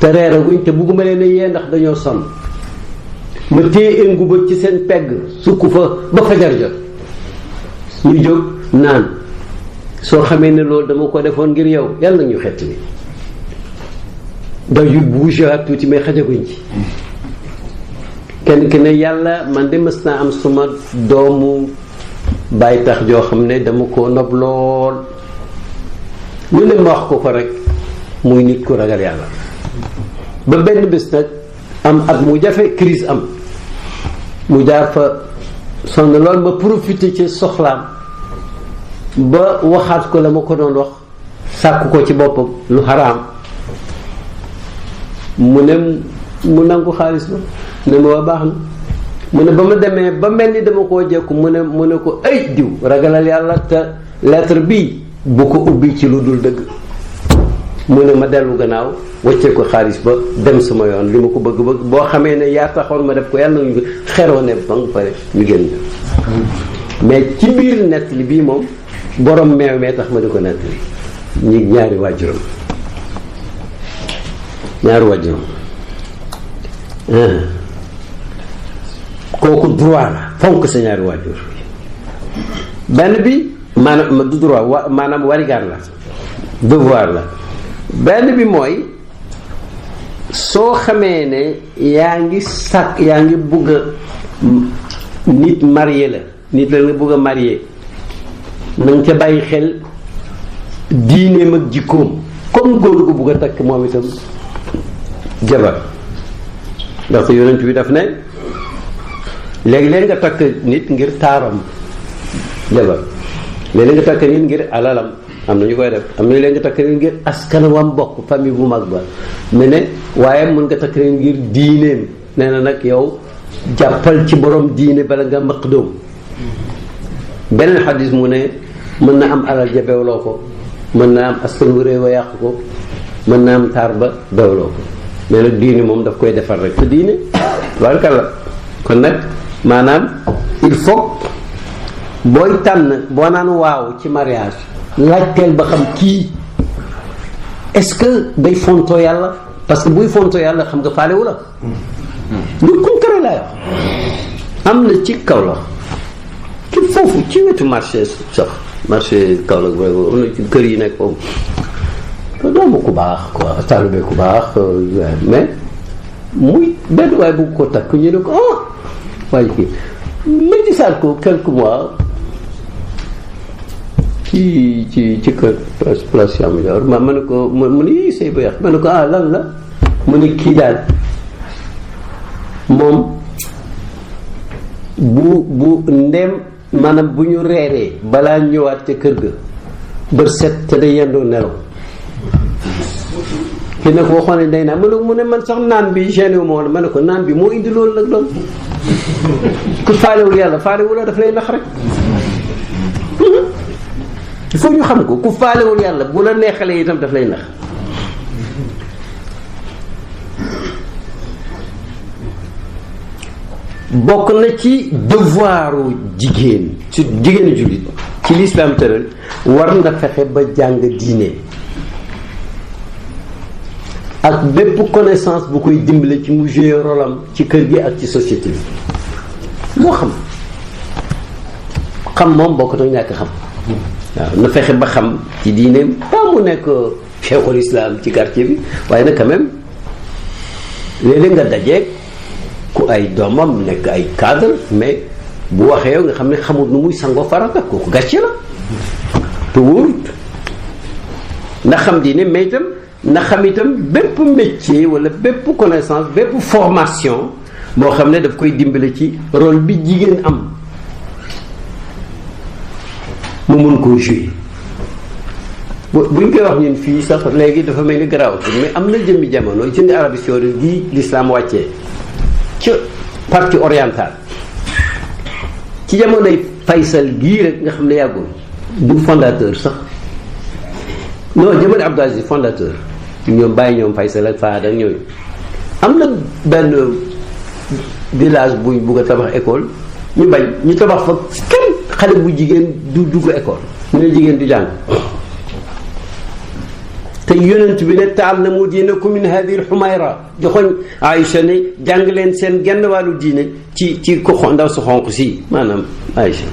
te reeraguñ te bugguma leen a yee ndax dañoo sonn ma téye éngu ci seen pegg sukk fa ba fajar jot mu jóg naan soo xamee ne loolu dama ko defoon ngir yow yàlla na ñu xett li doyul bougé waat tuuti mais xajaguñ ci kenn ki ne yàlla man de mës naa am suma doomu bàyyi tax joo xam ne dama ko nob lool lu ne ma wax ko ko rek muy nit ku ragal yàlla ba benn bis nag am ak mu jafe crise am mu jaar fa sonn lool ma profité ci soxlaam ba waxaat ko la ma ko doon wax sàkk ko ci boppam lu xaraam mu ne mu nangu xaalis ba ne ma waa baax na mu ne ba ma demee ba mel ni dama koo jekku mu ne mu ne ko ay diw ragalal yàlla te lettre bii bu ko ubbi ci lu dul dëgg mu ne ma dellu gannaaw wàccee ko xaalis ba dem sama yoon li ma ko bëgg bëgg boo xamee ne yaa taxoon ma def ko yàlla ñu xeroo ne ba nga pare ñu génn mais ci biir nettali bii moom borom meew mee tax ma di ko nettali ñi ñaari waajuram ñaari waajuram ah. kooku droit la fonk sa ñaari waajur benn bi maanaam du droit maanaam warigar la devoir la benn bi mooy soo xamee ne yaa ngi sàkk yaa ngi bugg nit marie la nit la nga bugg a marié nañ ca bàyyi xel diineem ak jikkoom comme góor gu bugg a takk moom itam jabar ndax yonent bi daf ne léegi leen nga takk nit ngir taaram jabar léeg-léeg nga takk nit ngir alalam am na ñu koy def am na léeg nga takk nit ngir askan wam bokk famille bu mag ba mu ne waaye mën nga takk nit ngir diineem nee na nag yow jàppal ci boroom diine bala nga maq doom beneen xadis mu ne mën na am alal ja bewloo ko mën naa am askan wu réew a yàqu ko mën naa am taar ba bewloo ko mais nag moom daf koy defar rek te diine barkalla kon nag maanaam il faut booy tànn boo naan waaw ci mariage laajteel ba xam kii est-ce que day fontoo yàlla parce que buy fontoo yàlla xam nga faalewu la lu hmm. concret laay wax am na ci kaw la ci foofu ci wetu marché sax marché Kaolack vraiment am na ci kër yi nekk foofu doomu ku baax quoi taalibe ku baax euh, mais muy benn waaye bu ko takk ñu ne ko ah waaye kii ma gisaat ko quelques mois ci ci ci kër place Yamadior ma ma ne ko mu ni sëy ba yàq ma ne ko ah lan la mu ne kii daal moom bu bu ndem maanaam bu ñu reeree balaa ñëwaat ca kër gi bët set ca day yendoo nelaw ki ne ko waxoon ne day naan ma ne mu ne man sax naan bi gêné wu ma woon ma ne ko naan bi moo indi loolu nag doom ku faalewul yàlla faalewul la daf lay nax rek il ñu xam ko ku faalewul yàlla bu la neexalee itam daf lay nax bokk na ci devoiru jigéen ci jigéenu jullit ci lislaam tëral war nga fexe ba jàng diine ak bépp connaissance bu koy dimbale ci mu jouer rolam ci kër gi ak ci société bi moo xam xam moom bokk na ñàkk xam waaw na fexe ba xam ci diineem pas mu nekk cheikhul islam ci quartier bi waaye nag quand même nga dajeeg ku ay doomam nekk ay cadre mais bu waxee yow nga xam ne xamul nu muy sangoo farata kooku gàcce la te wóorut na xam di ne mais itam na xam itam bépp métier wala bépp connaissance bépp formation moo xam ne daf koy dimbale ci rôle bi jigéen am mu mun koo bu buñ koy wax ñun fii sax léegi dafa mel ni garaaw mais am na jëmmi jamono ci ni Arabie gi l'islam wàccee ca partie orientale ci jamonoy Faysal gii rek nga xam ne yàggul du fondateur sax non jamono Abdou Aziz fondateur ñoom bàyyi ñoom Faysal ak Fahad ak ñooñu am na benn village buñ bugg a tabax école ñu bañ ñu tabax fa kenn xale bu jigéen du dugg école ñu ne jigéen du jàng te yonent bi ne taalamu diinakum min hadihi lxumayra joxoñ ay ne jàng leen seen genn wàllu diine ci ci ko ndaw su xonq si maanaam Aïcha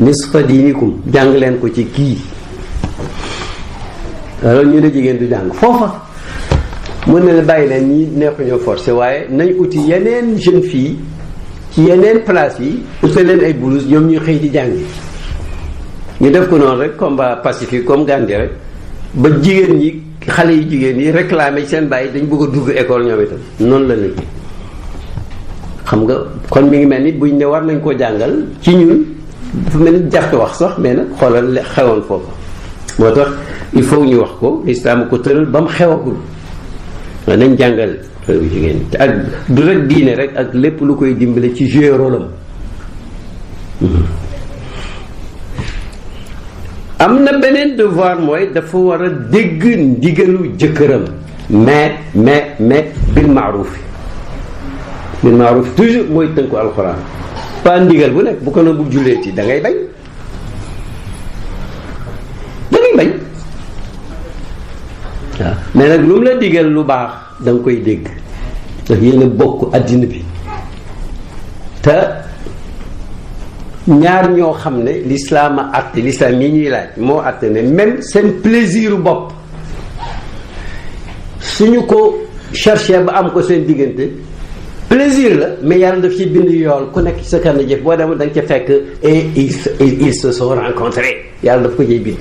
nisfa diinikum jàng leen ko ci kii alors ñu ne jigéen du jàng foofa mën na la bàyyi leen ñi neexuñoo force waaye nañ uti yeneen jeune fii ci yeneen place yi utal leen ay blouse ñoom ñuy xëy di jàng ñu def ko noonu rek combat pacifique comme Gandhi rek ba jigéen ñi xale yi jigéen yi réclamé seen bàyyi dañ bëgg a dugg école ñoom itam noonu la léegi xam nga kon mi ngi mel ni buñ ne war nañ koo jàngal ci ñun dafa mel ni jaxte wax sax mais nag xoolal xewoon foofu moo tax il faut ñu wax ko lislaam ko tëral ba mu ma nañ jàngal xale jigéen ñi ak du rek diine rek ak lépp lu koy dimbale ci jouer am na beneen devoir mooy dafa war a dégg ndigalu jëkkëram mais mais mais bil maaruf bil maaruf toujours mooy tënku alxuraan pas ndigal bu nekk bu ko na bu jullee ci da ngay bañ da bañ waaw mais nag lu mu la digal lu baax danga koy dégg ndax yéen bokk addina bi te ñaar ñoo xam ne lislaam a àtte lislaam yi ñuy laaj moo àtte ne même seen plaisir bopp suñu ko cherché ba am ko seen diggante plaisir la mais yàlla daf ci bind yool ku nekk sa kanam jëf boo demee da nga ca fekk et ils se sont rencontrés yàlla daf ko jëy bind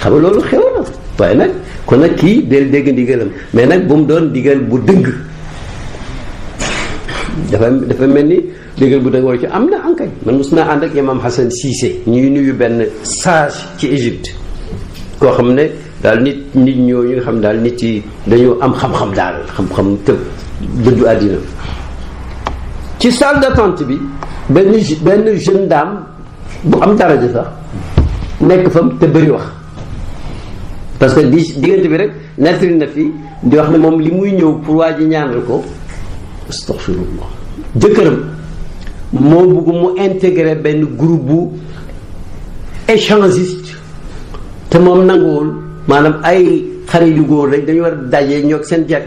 xam nga loolu xew na waaye nag kon nag kii del dégg ndigalam mais nag bu mu doon digal bu dëng dafa dafa mel ni dëggal bu dëgg war ci am na ankay man mos naa ànd ak imam Hassan Cissé ñuy nuyu benn sage ci Égypte koo xam ne daal nit nit ñooñu nga xam daal nit yi dañoo am xam-xam daal xam-xam tëb dëddu àddina ci salle d'attente bi benn benn jeune dame bu am daraja sax nekk fa te bëri wax parce que di diggante bi rek nettali na fi di wax ne moom li muy ñëw pour waa ji ñaanal ko jëkkëram moo bëgg mu intégré benn group bu échangiste te moom nanguwul maanaam ay xarit yu góor rek dañu war daje ñoog seen ja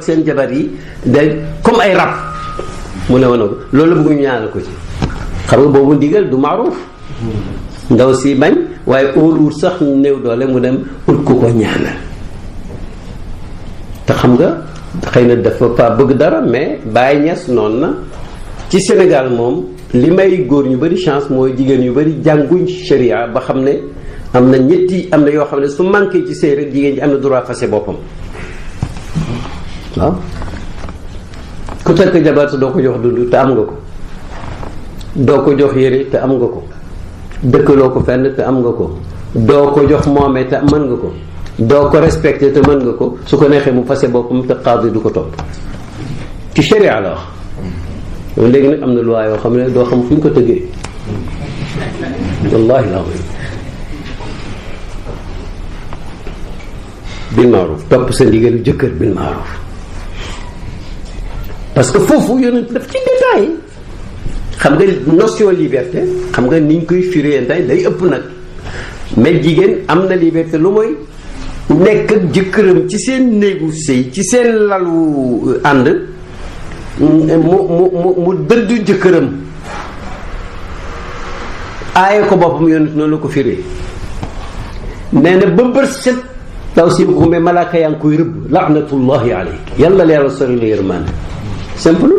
seen jabar yi da comme ay rab mu ne woon na ko loolu la bëgg ñu ko ci xam nga boobu diggal du maaruuf ndaw si bañ waaye óoluwul sax néew doole mu dem ut ku ko ñaanal te xam nga xëy na dafa pas bëgg dara mais Baye Niass noon na ci Sénégal moom li may góor ñu bari chance mooy jigéen ñu bari jànguñ sharia ba xam ne am na ñetti am na yoo xam ne su manqué ci sëy rek jigéen ji am na droit fase boppam waaw ah? ku takk jabar te doo ko jox dund te am nga ko doo ko jox yére te am nga ko dëkkaloo ko fenn te am nga ko doo ko jox moomee te mën nga ko doo ko respecté te mën nga ko su ko neexee mu fase boppam te xaadi du ko topp ci sharia la wax loolu léegi nag am na loi yoo xam ne doo xam fu ñu ko tëggee wallahi la bil maaruf topp sa ndigalu bil maaruf que foofu yonent nga notion liberté xam nga niñ koy firee nday day ëpp nag mais jigéen am na liberté lu mooy nekk ak jëkkëram ci seen néegu sëy ci seen lalu euh, ànd mu mu mu mu dëddu jëkkëram aaye ko boppam yonent noonu la ko firee nee na ba bër set daw si ko mais malaaka yaa ngi koy rëbb laxnatullahi aleyk yàlla leeral sori la yërmaane simple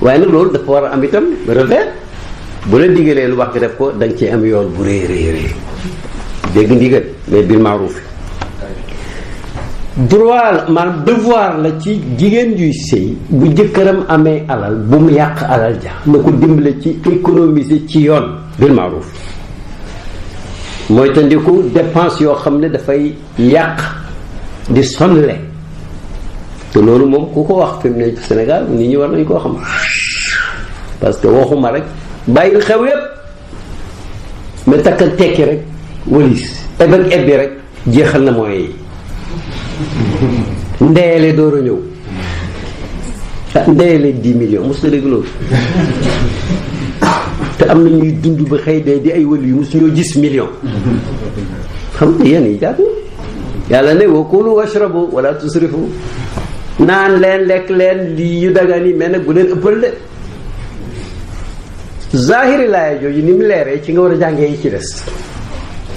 waaye na loolu dafa war a am itam revers bu la digalee lu wax nga def ko da nga ci am yoon bu rëy rëy rëy dégg ndigal mais bil maaruf droit la maanaam devoir la ci jigéen juy sëy bu jëkkëram amee alal bu mu yàq alal ja na ko dimbale ci économiser ci yoon bil maaruf mooy tandiku dépense yoo xam ne dafay yàq di sonle te loolu moom ku ko wax fi mu Sénégal nit ñi war nañ koo xam parce que waxuma rek bàyyil xew yépp mais takkal tekki rek walis ebak ebbi rek jeexal na mooy ndeele door a ñëw ah ndeele dix millions mos na dégg loolu te am na ñuy dund ba xëy dee di ay wël yu mos ñoo gis million xam nga yéen yi jaaduwul yàlla ne wa kulu washrabu wala naan leen lekk leen lii yu dagan yi mais nag bu leen ëppal de zahiri laaya jooju ni mu leeree ci nga war a jàngee yi ci des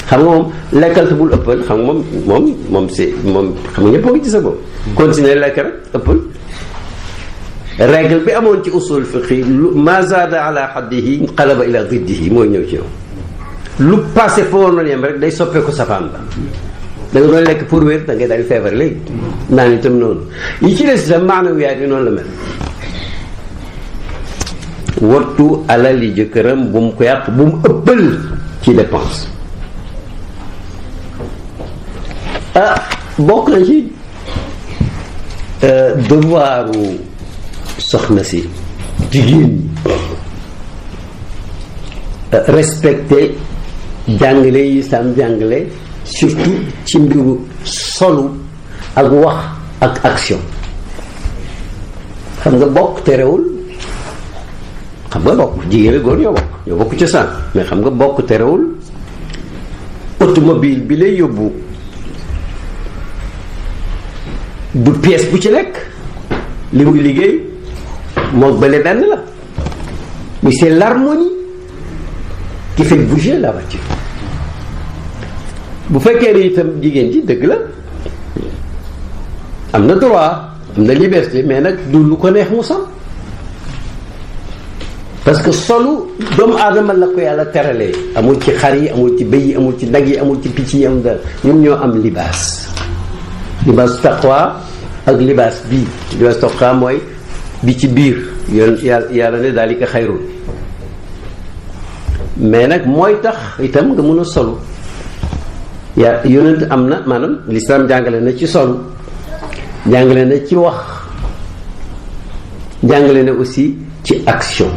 xam nga moom lekkal te bul ëppal xam nga moom moom moom moom xam nga ci sa bopp. continuer lekk rek bi amoon ci usul fiqi lu ma zaada ala xaddihi qalaba ila ziddihi mooy ñëw ci yow lu passé foo waroon yem rek day soppeeku safaan ba da nga lekk pour wér da ngay daal di feebar léegi naan itam noonu yi ci des itam maanaam yaay bi noonu la mel wattu alal yi jëkkëram bu mu ko yàq bu mu ëppal ci dépense ah bokk na ci euh, devoiru soxna si jigéen ñi euh, jàngale yi islam jàngale surtout ci mbiru solu ak wax ak action xam nga bokk terewul xam nga bokk jigéen a góor ñoo bokk ñoo bokk cosaan mais xam nga bokk terewul automobile bi lay yóbbu du pièce bu ci nekk li muy liggéey moo bële benn la mais c'est l'harmonie qui fait bouger la voiture bu fekkee ni itam jigéen ji dëgg la am na droit am na liberté mais nag du lu ko neex mu sol parce que solu doomu aadama la ko yàlla teralee amul ci xar yi amul ci bëy yi amul ci nag yi amul ci picc yi amul dara ñoom ñoo am libaas libaas taqwa ak libaas bi libaas toqa mooy bi ci biir yoon yàlla yàlla ne daal di ko xayrul mais nag mooy tax itam nga mën a solu yaa yonent am na maanaam lislaam jàngale na ci solu jàngale na ci wax jàngale na aussi ci action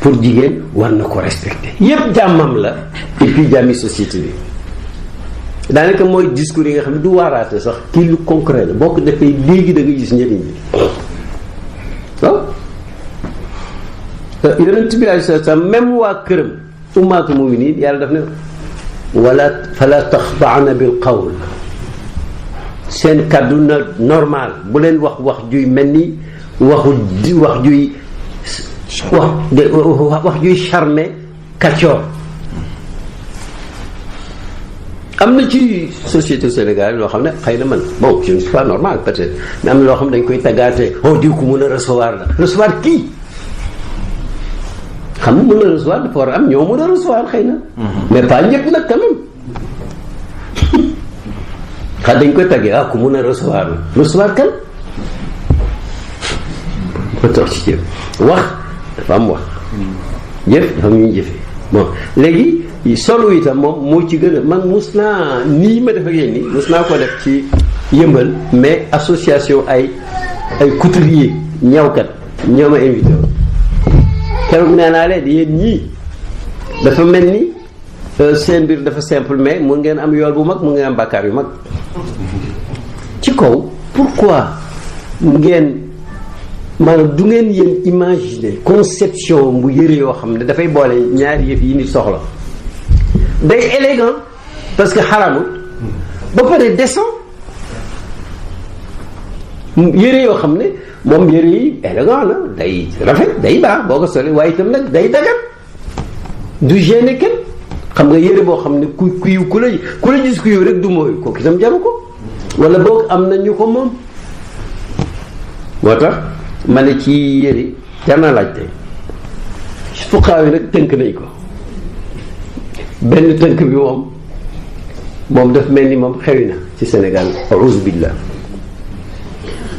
pour jigéen war na ko respecter yépp jàmmam la et jàmmi société bi daanaka mooy discours yi nga xam ne du waaraate sax kii lu concret la boo ko defee léegi da nga gis njëriñ bi waaw yonent bi aleyhi salaatu salaam même waa këram ummaatu muminin yàlla daf ne wala fala taxdaana bil qawl seen kàddu na normal bu leen wax wax juy mel ni waxu wax juy wax wax juy charme kaccoor am na ci société sénégalaise loo xam ne xëy na man bon je ne suis pas normal peut-être mais am na loo xam ne dañ koy taggaate oh diw ko mën a recevoir la recevoir kii xam nga mën a recevoir dafa war a am ñoo mën a recevoir xëy na mhm. mais pas ñëpp nag quand même xam dañ koy taggee ah ku mën a recevoir la recevoir kan ma toog ci jëf wax dafa am wax mhm. jëf dafa am ñuy jëfee bon léegi solo itam moom moo ci gën a man mus naa nii ma def ak yéen nii mus naa ko def ci yëmbal mais association ay ay couturier ñawkat ñoo ma invité woon keroog nee leen yéen ñii dafa mel ni euh, seen mbir dafa simple mais mun ngeen am yool bu mag mun ngeen am bàkkaar yu mag ci kaw pourquoi ngeen maanaam du ngeen yéen imaginer conception bu yëre yoo xam ne dafay boole ñaari yëpp yi nit soxla day élégant parce que xaraamul ba pare décent yére yoo xam ne moom yére yi élégant la day rafet day baax boo ko solee waaye itam nag day dagan du gêner kenn xam nga yére boo xam ne ku ku yiw ku la ku ku yiw rek du mooy kooku itam jaru ko wala boog am na ñu ko moom moo mane ci yére jar naa laaj tey nag tënk nañ ko benn tënk bi moom moom daf mel ni moom xewi na ci Sénégal auzu billah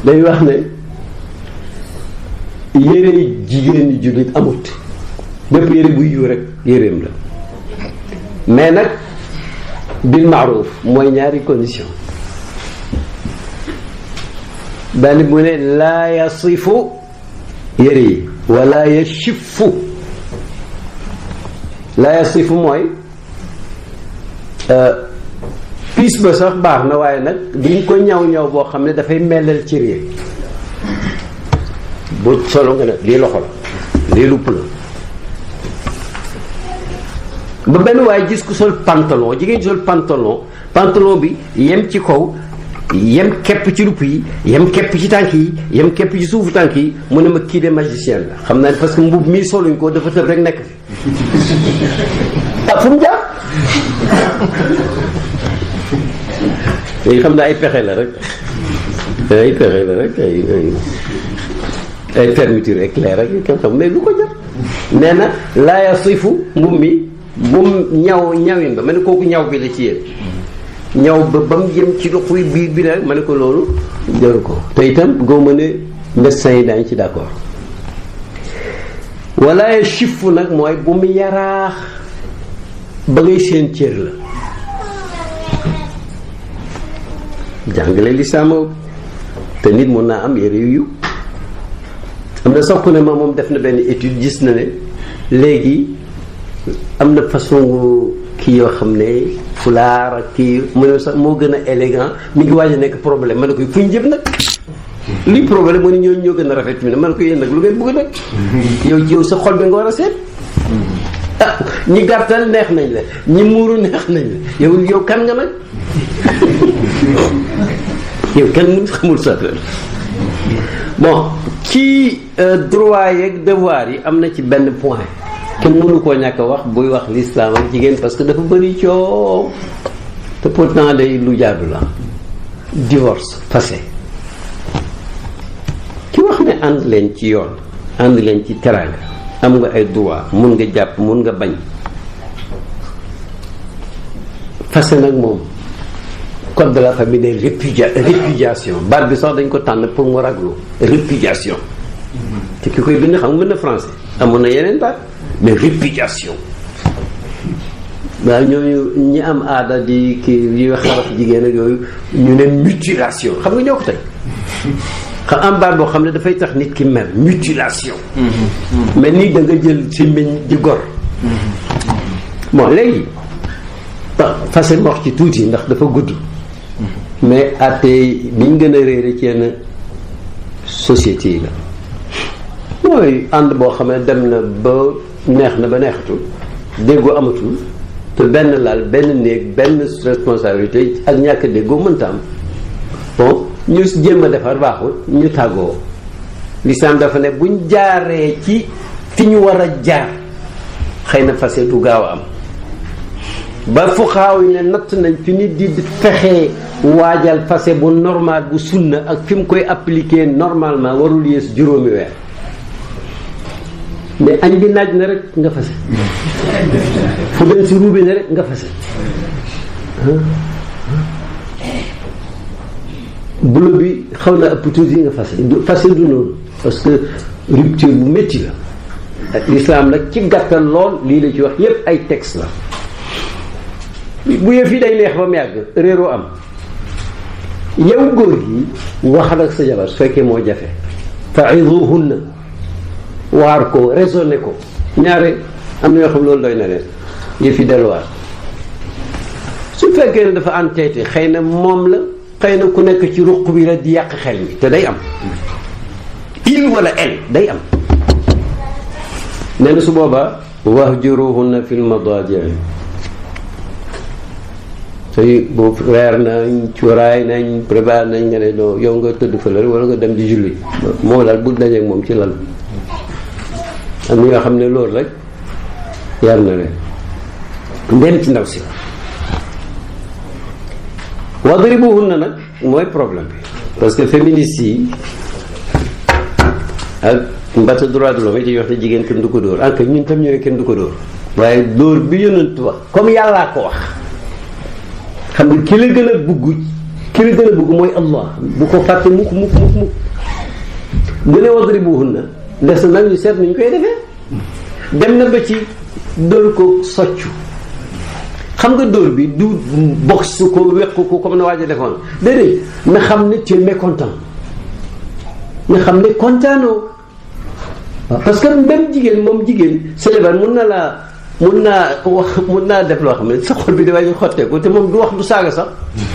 dañuy wax ne yére jigéen yi jullit amut bépp yére buy yiw rek yéreem la mais nag bil maaruf mooy ñaari condition daani mu ne laa yasifu yére yi wala yashifu laa yasifu mooy Euh, piis ba sax baax na waaye nag diñ ko ñaw ñaw boo xam ne dafay melal ci réer bu solo nga nag lii loxo la lii lupp la ba benn waaye gis ku sol pantalon jigéen sol pantalon pantalon bi yem ci kaw yem kepp ci lupp yi yem kepp ci tànk yi yem kepp ci suufu tànk yi mu ne ma kii de magicien la xam naa ne parce que mbub mii soluñ ko dafa tëb rek nekk fi ah fu léegi xam naa ay pexe la rek ay pexe la rek ay ay fermeture éclair rek kenn lu ko jar nee na laaya sifu mbub mi bum ñaw ñawin ba ma ne kooku ñaw bi la ci yéen ñaw ba ba mu jëm ci luxuy biir bi la ma ne ko loolu jaru ko te itam góoma ne médecins yi daañu ci d'accord wala chifu nag mooy bu mu yaraax ba ngay seen cër la jàngale lislaam te nit mun naa am yére yu yiw am na sax ne ma moom def na benn étude gis na ne léegi am na façon kii yoo xam ne fulaar ak kii mu ne sax moo gën a élégant mi ngi waaj a nekk problème ma ne ko fu ñu jëm nag lii problème mu ne ñooñu ñoo gën a rafet mi ne ma ne ko yéen nag lu ngeen bëgg nag yow yow sa xol bi nga war a seet ñi gàttal neex nañ la ñi muuru neex nañ la yow yow kan nga nag yow kenn xamul sa bon ci euh, droit yeeg devoir yi am na ci benn point kenn mënu koo ñàkk wax buy wax l'islam ak jigéen parce que dafa bëri coow te pourtant day lu jaadu la divorce passé ki wax ne ànd leen ci yoon ànd leen ci teraanga am nga ay droit mun nga jàpp mun nga bañ fase nag moom code de la famille day répudia répudiation baat bi sax dañ ko tànn pour mu raglu répudiation te ki koy bind xam nga mën na français amoon na yeneen baat mais répudiation waaw ñooñu ñi am aada di kii yi xaraf jigéen ak yooyu ñu ne mutilation xam nga ñoo ko tey xa am baat boo xam ne dafay tax nit ki mer mutilation mel nii da nga jël si meñ di gor bon léegi fase wax ci tuuti ndax dafa gudd mais atte biñ gën a réere ci yenn société yi la mooy ànd boo xam ne dem na ba neex na ba neexatul déggoo amatul te benn laal benn néeg benn responsabilité ak ñàkk déggoo mënta am bon ñu jéem a defar baaxul ñu tàggoo lislaam dafa ne buñ jaaree ci fi ñu war a jaar xëy na fase du gaaw a am ba fu xaw yi ne natt nañ fi nit di fexee waajal fase bu normal bu sunna ak fi mu koy appliquer normalement warul yées juróomi weer mais añ bi naaj na rek nga fase fu dem si ruubi na rek nga fase boulot bi xaw na ëpp tuuti nga fase fase du noonu parce que rupture bu metti la l'islam nag ci gàttal lool lii la ci wax yépp ay texte la bu yëf day neex ba mu yàgg réeroo am yow góor gi waxal ak sa jabar su fekkee moo jafe fa'iduhunna waar ko raisonné ko ñaare am na yoo xam loolu doy na leen yëf yi su fekkee ne dafa entêté xëy na moom la xëy na ku nekk ci ruq bi la di yàq xel mi te day am il wala el day am nee su boobaa wahjuruhunna fil madaaji tey bu reer nañ cuuraay nañ préparé nañ nga ne yow nga tëdd fële wala nga dem di julli daal bu dajeeg moom ci lal am na yoo xam ne loolu rek yar na leen dem ci ndaw si wadribuhunna nag mooy problème bi parce que féministes yi ak mbata droit de l'homme yi dañuy wax ne jigéen kenn du ko dóor anka ah, ñun tam ñooy kenn du ko dóor waaye dóor bi yonent wax comme yàllaa ko wax xam nga ki la gën a bugg ki gën a bugg mooy allah bu ko fàtte mukk mukk mukk mukk bu ne wadribuhunna des nag ñu seet nañ koy defee dem na ba ci dóor ko soccu xam nga dóor bi du box ko weq ko comme na waaj a defoon déedéet na xam ne tu es mécontent na xam ne kontaanoo waaw parce que même jigéen moom jigéen célibataire mun na laa mun naa wax mun naa def loo xam ne sa xol bi dafay ko te moom du wax du saaga sax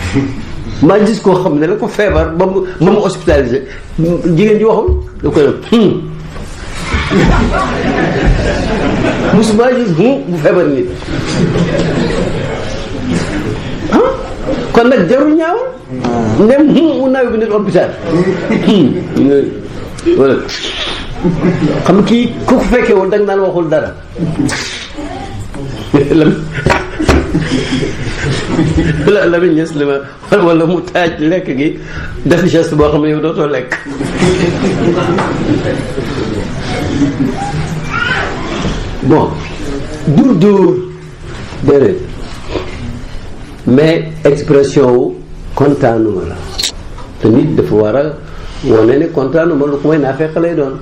maa gis koo xam ne la ko feebar ba mu ba jigéen ji waxul da koy hmm. musuma gis mu bu feebar nit kon nag jarul ñaaw ndem mu nawe bi nit hôpital xam kii ku fekkee woon da nga naan waxul dara la la ñes li ma wala mu taaj lekk gi def geste boo xam ne yow dootoo lekk bon dur dur déedéet mais expression wu la te nit dafa war a wane ne kontaanuma lu ko may naa fekk lay doon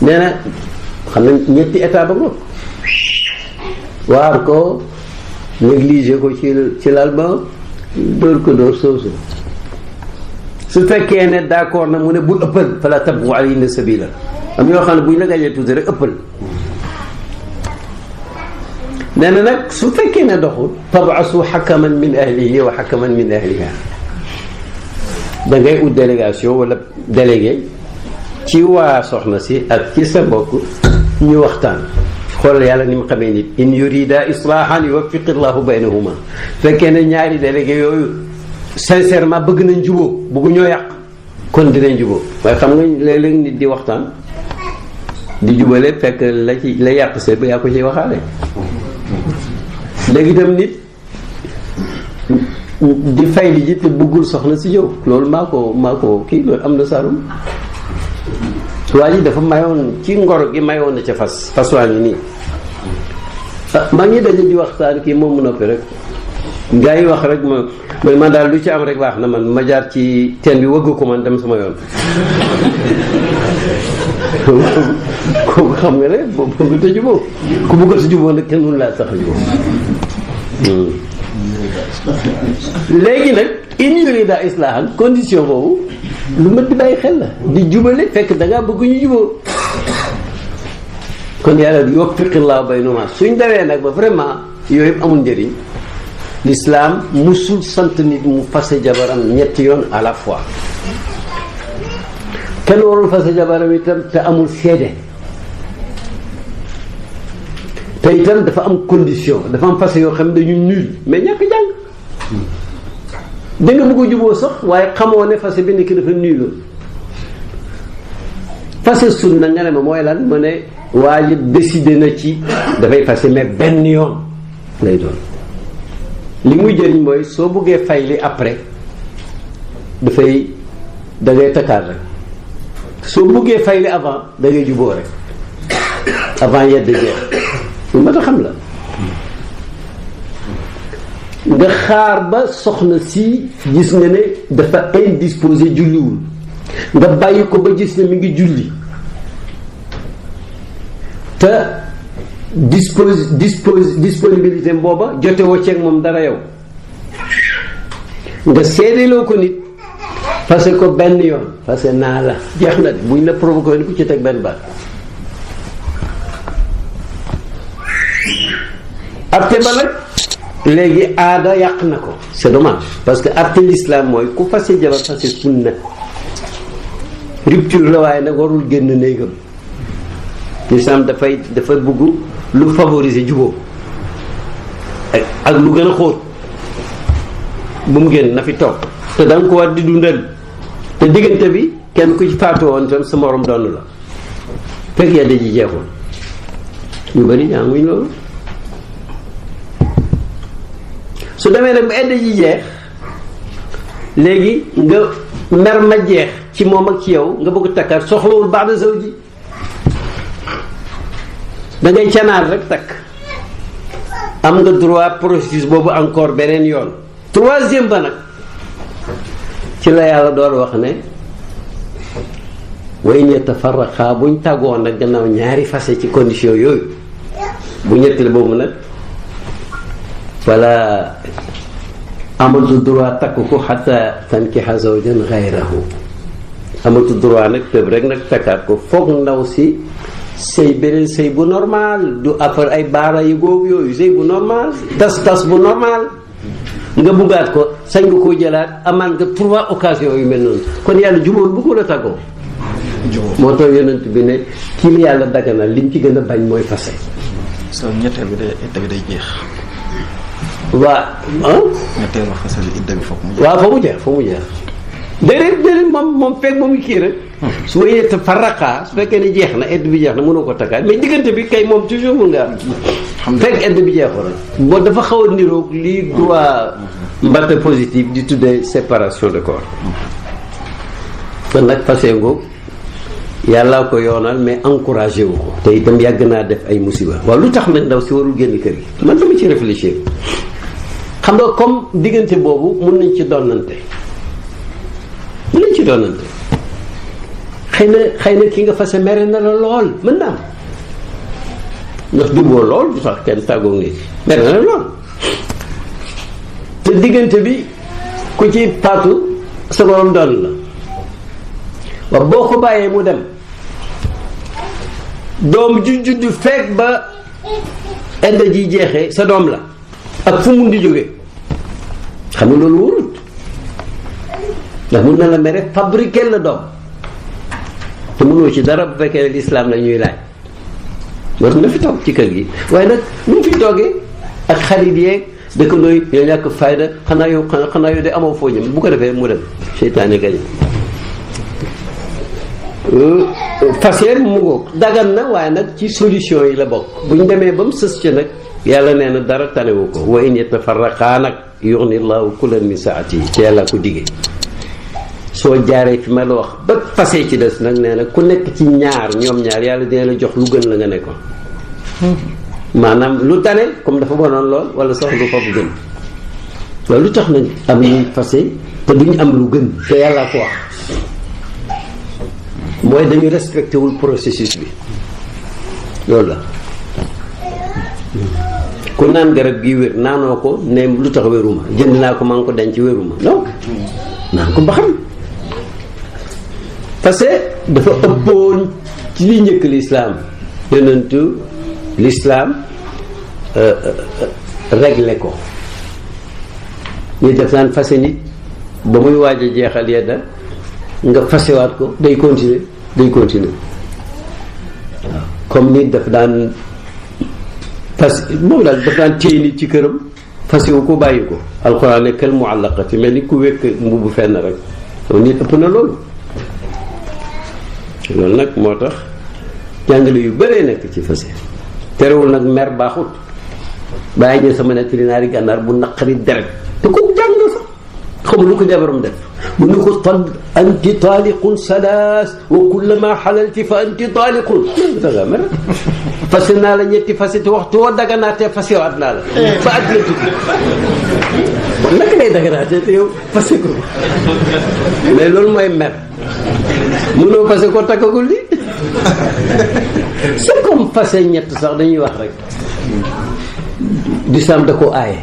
nee na xam ne ñetti état ko waar ko négliger ko ci ci lal ba dóor ko dóor soosu su fekkee ne d'accord na mu ne bu bul ëppal fala tabghu alayhinna sabila am yoo xam ne bu ñu la gàjee tuuti rek ëppal nee na nag su fekkee ne doxul tabasu xakaman min ahlihi wa xakaman min ahliha da ngay ut délégation wala délégué ci soxna si ak ci sa mbokk ñu waxtaan xoolal yàlla ni mu xamee nit in yurida islahan yuwaffiqillahu baynahuma fekkee ne sincèrement bëgg nañ jubóo bëggu ñoo yàq kon dinañ jubóo waaye xam nga léeg-léeg nit di waxtaan di jubale fekk la ci la yàq sëy ba yaa ko ci waxaale léegi itam nit di fay li ji te bëggul soxna si yow loolu maa ko maa ko kii loolu am na saalum waa dafa mayoon ci ngoro gi mayoon na ca fas fas waa nii ah, maa ngi daje di waxtaan kii moom mu noppi rek gaa yi wax rek ma man man daal lu ci am rek baax na man ma jaar ci teen bi wëgg ko man dem sama yoon kooku xam nga ne boobu mënut a jubóo ku bëgg si jubóo nag kenn mënu laa sax a jubóo hmm. léegi nag in yurida islaahan condition boobu lu mat di bàyyi xel la di jubale fekk da ngaa bëgg ñu jubóo kon yàlla yokk laa bay numaa suñ dawee nag ba vraiment yooyu yëpp amul njëriñ lislaam musul sant nit mu fase jabaram ñetti yoon à la fois kenn warul fase jabaram itam te amul seede te itam dafa am condition dafa am fase yoo xam ne dañu nul mais ñàkk jàng da nga juboo sax waaye xamoo ne fase bi ki dafa nuloon fase sunna nga ne ma mooy lan ma ne waa ji na ci dafay fase mais benn yoon lay doon li muy jëriñ mooy soo buggee fay li après dafay da ngay takkaar rek soo buggee fay li avant da ngay juboo rek avant yedd jeex lu mat a xam la nga xaar ba soxna si gis nga ne dafa indisposé julliwul nga bàyyi ko ba gis ne mi ngi julli te dispose dispose disponibilité booba jotewoo ceeg moom dara yow nga seedeeloo ko nit parce que benn yoon parce que naa la jeex na buñ la provoqué ni ku ci teg benn baat arte ba nag léegi aada yàq na ko c'est dommage parce que arte l'islam mooy ku fase jabar fase sunna rupture la waaye nag warul génn néegam l'islam dafay dafa bugg lu favorise jubóo ak lu gën a xóot bu mu génn na fi toog te da ko war di dundal te diggante bi kenn ku ci faatu woon tam sa moroom donn la fekk yedda ji jeexul ñu bëri jànguñ loolu su demee nag bu edda ji jeex léegi nga mer ma jeex ci moom ak ci yow nga bëgg takkaat soxlawul baax na saw ji da ngay canaar rek takk am nga droit processus boobu encore beneen yoon troisième ba nag ci la yàlla doon wax ne way ne tafarraqa buñ tàggoon nag gannaaw ñaari fase ci condition yooyu bu ñetteel boobu nag wala amatul droit takk ko xata tankiha zawjan ghayrahu amatul droit nag tëb rek nag takkaat ko foog ndaw si sëy beneen sëy bu normal du affaire ay baara yu góob yooyu sëy bu normal tas tas bu normal nga buggaat ko sañ nga koo jëlaat amaan nga trois occasions yu mel noonu kon yàlla jubóol bu ko la moo tax yonent bi ne kii la yàlla daganal liñ ci gën a bañ mooy fase so ñetteel day idda waa ah mu jeex waaw mu jeex déedéet déedéet moom moom fekk moom kii rek. Hmm. su wéyee te farraqaa su fekkee ne jeex na edd bi jeex na mënoo ko takkaat mais diggante bi kay moom toujours mun nga am. fekk edd bi jeexoo rek. dafa xaw a niroog lii hmm. droit mbate positif di tuddee séparation de corps. Hmm. man nag fase ngoog yàllaa ko yoonal mais encouragé wu ko. te itam yàgg naa def ay musiba. waaw lu tax nag ndaw si warul génn kër gi. man dama ci réfléchir xam nga comme diggante boobu mun nañ ci donnante. luñ ci doonante xëy na xëy na ki nga fase mere na la lool mën naa am ndax juboo lool du tax kenn tàggoo nit mere na la lool te diggante bi ku ci paatu sa borom doon la boo ko bàyyee mu dem doom ju judd fekk ba inde ji jeexee sa doom la ak fu mun di jóge xam nga loolu wóorut ndax mun na la mere fabriquer la doom te mënoo ci dara bu fekkee lislaam la ñuy laaj war na fi toog ci kër gi waaye nag ñu fi toogee ak xarit yeeg dëkkandoo yi ñoo ñàkk fayda xanaa yow xanaa yow de amoo foo jëm bu ko defee mu dem seytaane gañ euh, faseer mu ngoog dagan na waaye nag ci solution yi la bokk bu ñu demee ba mu sës ci nag yàlla nee na dara tanewu ko wa in yatafarraqaa nag yuxni llahu kullan min saatihi te yàlla ko digee soo jaaree fi ma la wax ba fasee ci des nag nee nag ku nekk ci ñaar ñoom ñaar yàlla dina la jox lu gën la nga nekkoon maanaam lu tane comme dafa bonoon lool wala sax lu foofu gën lu tax nañ am ñuy fase te duñ am lu gën te yàlla ko wax mooy dañu respecté wul processus bi loolu la ku naan garab gi wér naanoo ko ne lu tax wéruma jënd naa ko man ko denc wéruma donc naan ko ba xam parce que dafa ëppoon ci li njëkk lislaam yonentu lislaam euh, euh, réglé ko ñu def daan fase nit ba muy waaj a jeexal yedda nga fasewaat ko day continuer day continuer comme nit daf daan fas moom daal daf daan téye nit ci këram fasewu ko bàyyi ko alxuraan ne kal muallaqati mel ni ku wékk mbubu fenn rek nit ëpp na loolu loolu nag moo tax jàngale yu bëree nekk ci fase terewul nag mer baaxut bàyyi ñu sama nettali naari gànnaar bu naqari deret te ko jàng sax xamul lu ko jabaram def mu ne ko tal anti taaliqun salaas wa kullama xalalti fa anti taaliqun danga mer fase naa la ñetti fase te waxtu woo daganaatee fase waat naa la fa at la tudd naka lay daganaatee te yow fase ko mais loolu mooy mer mënoo fase ko takkagul li c'est comme fase ñett sax dañuy wax rek lislaam da ko aaye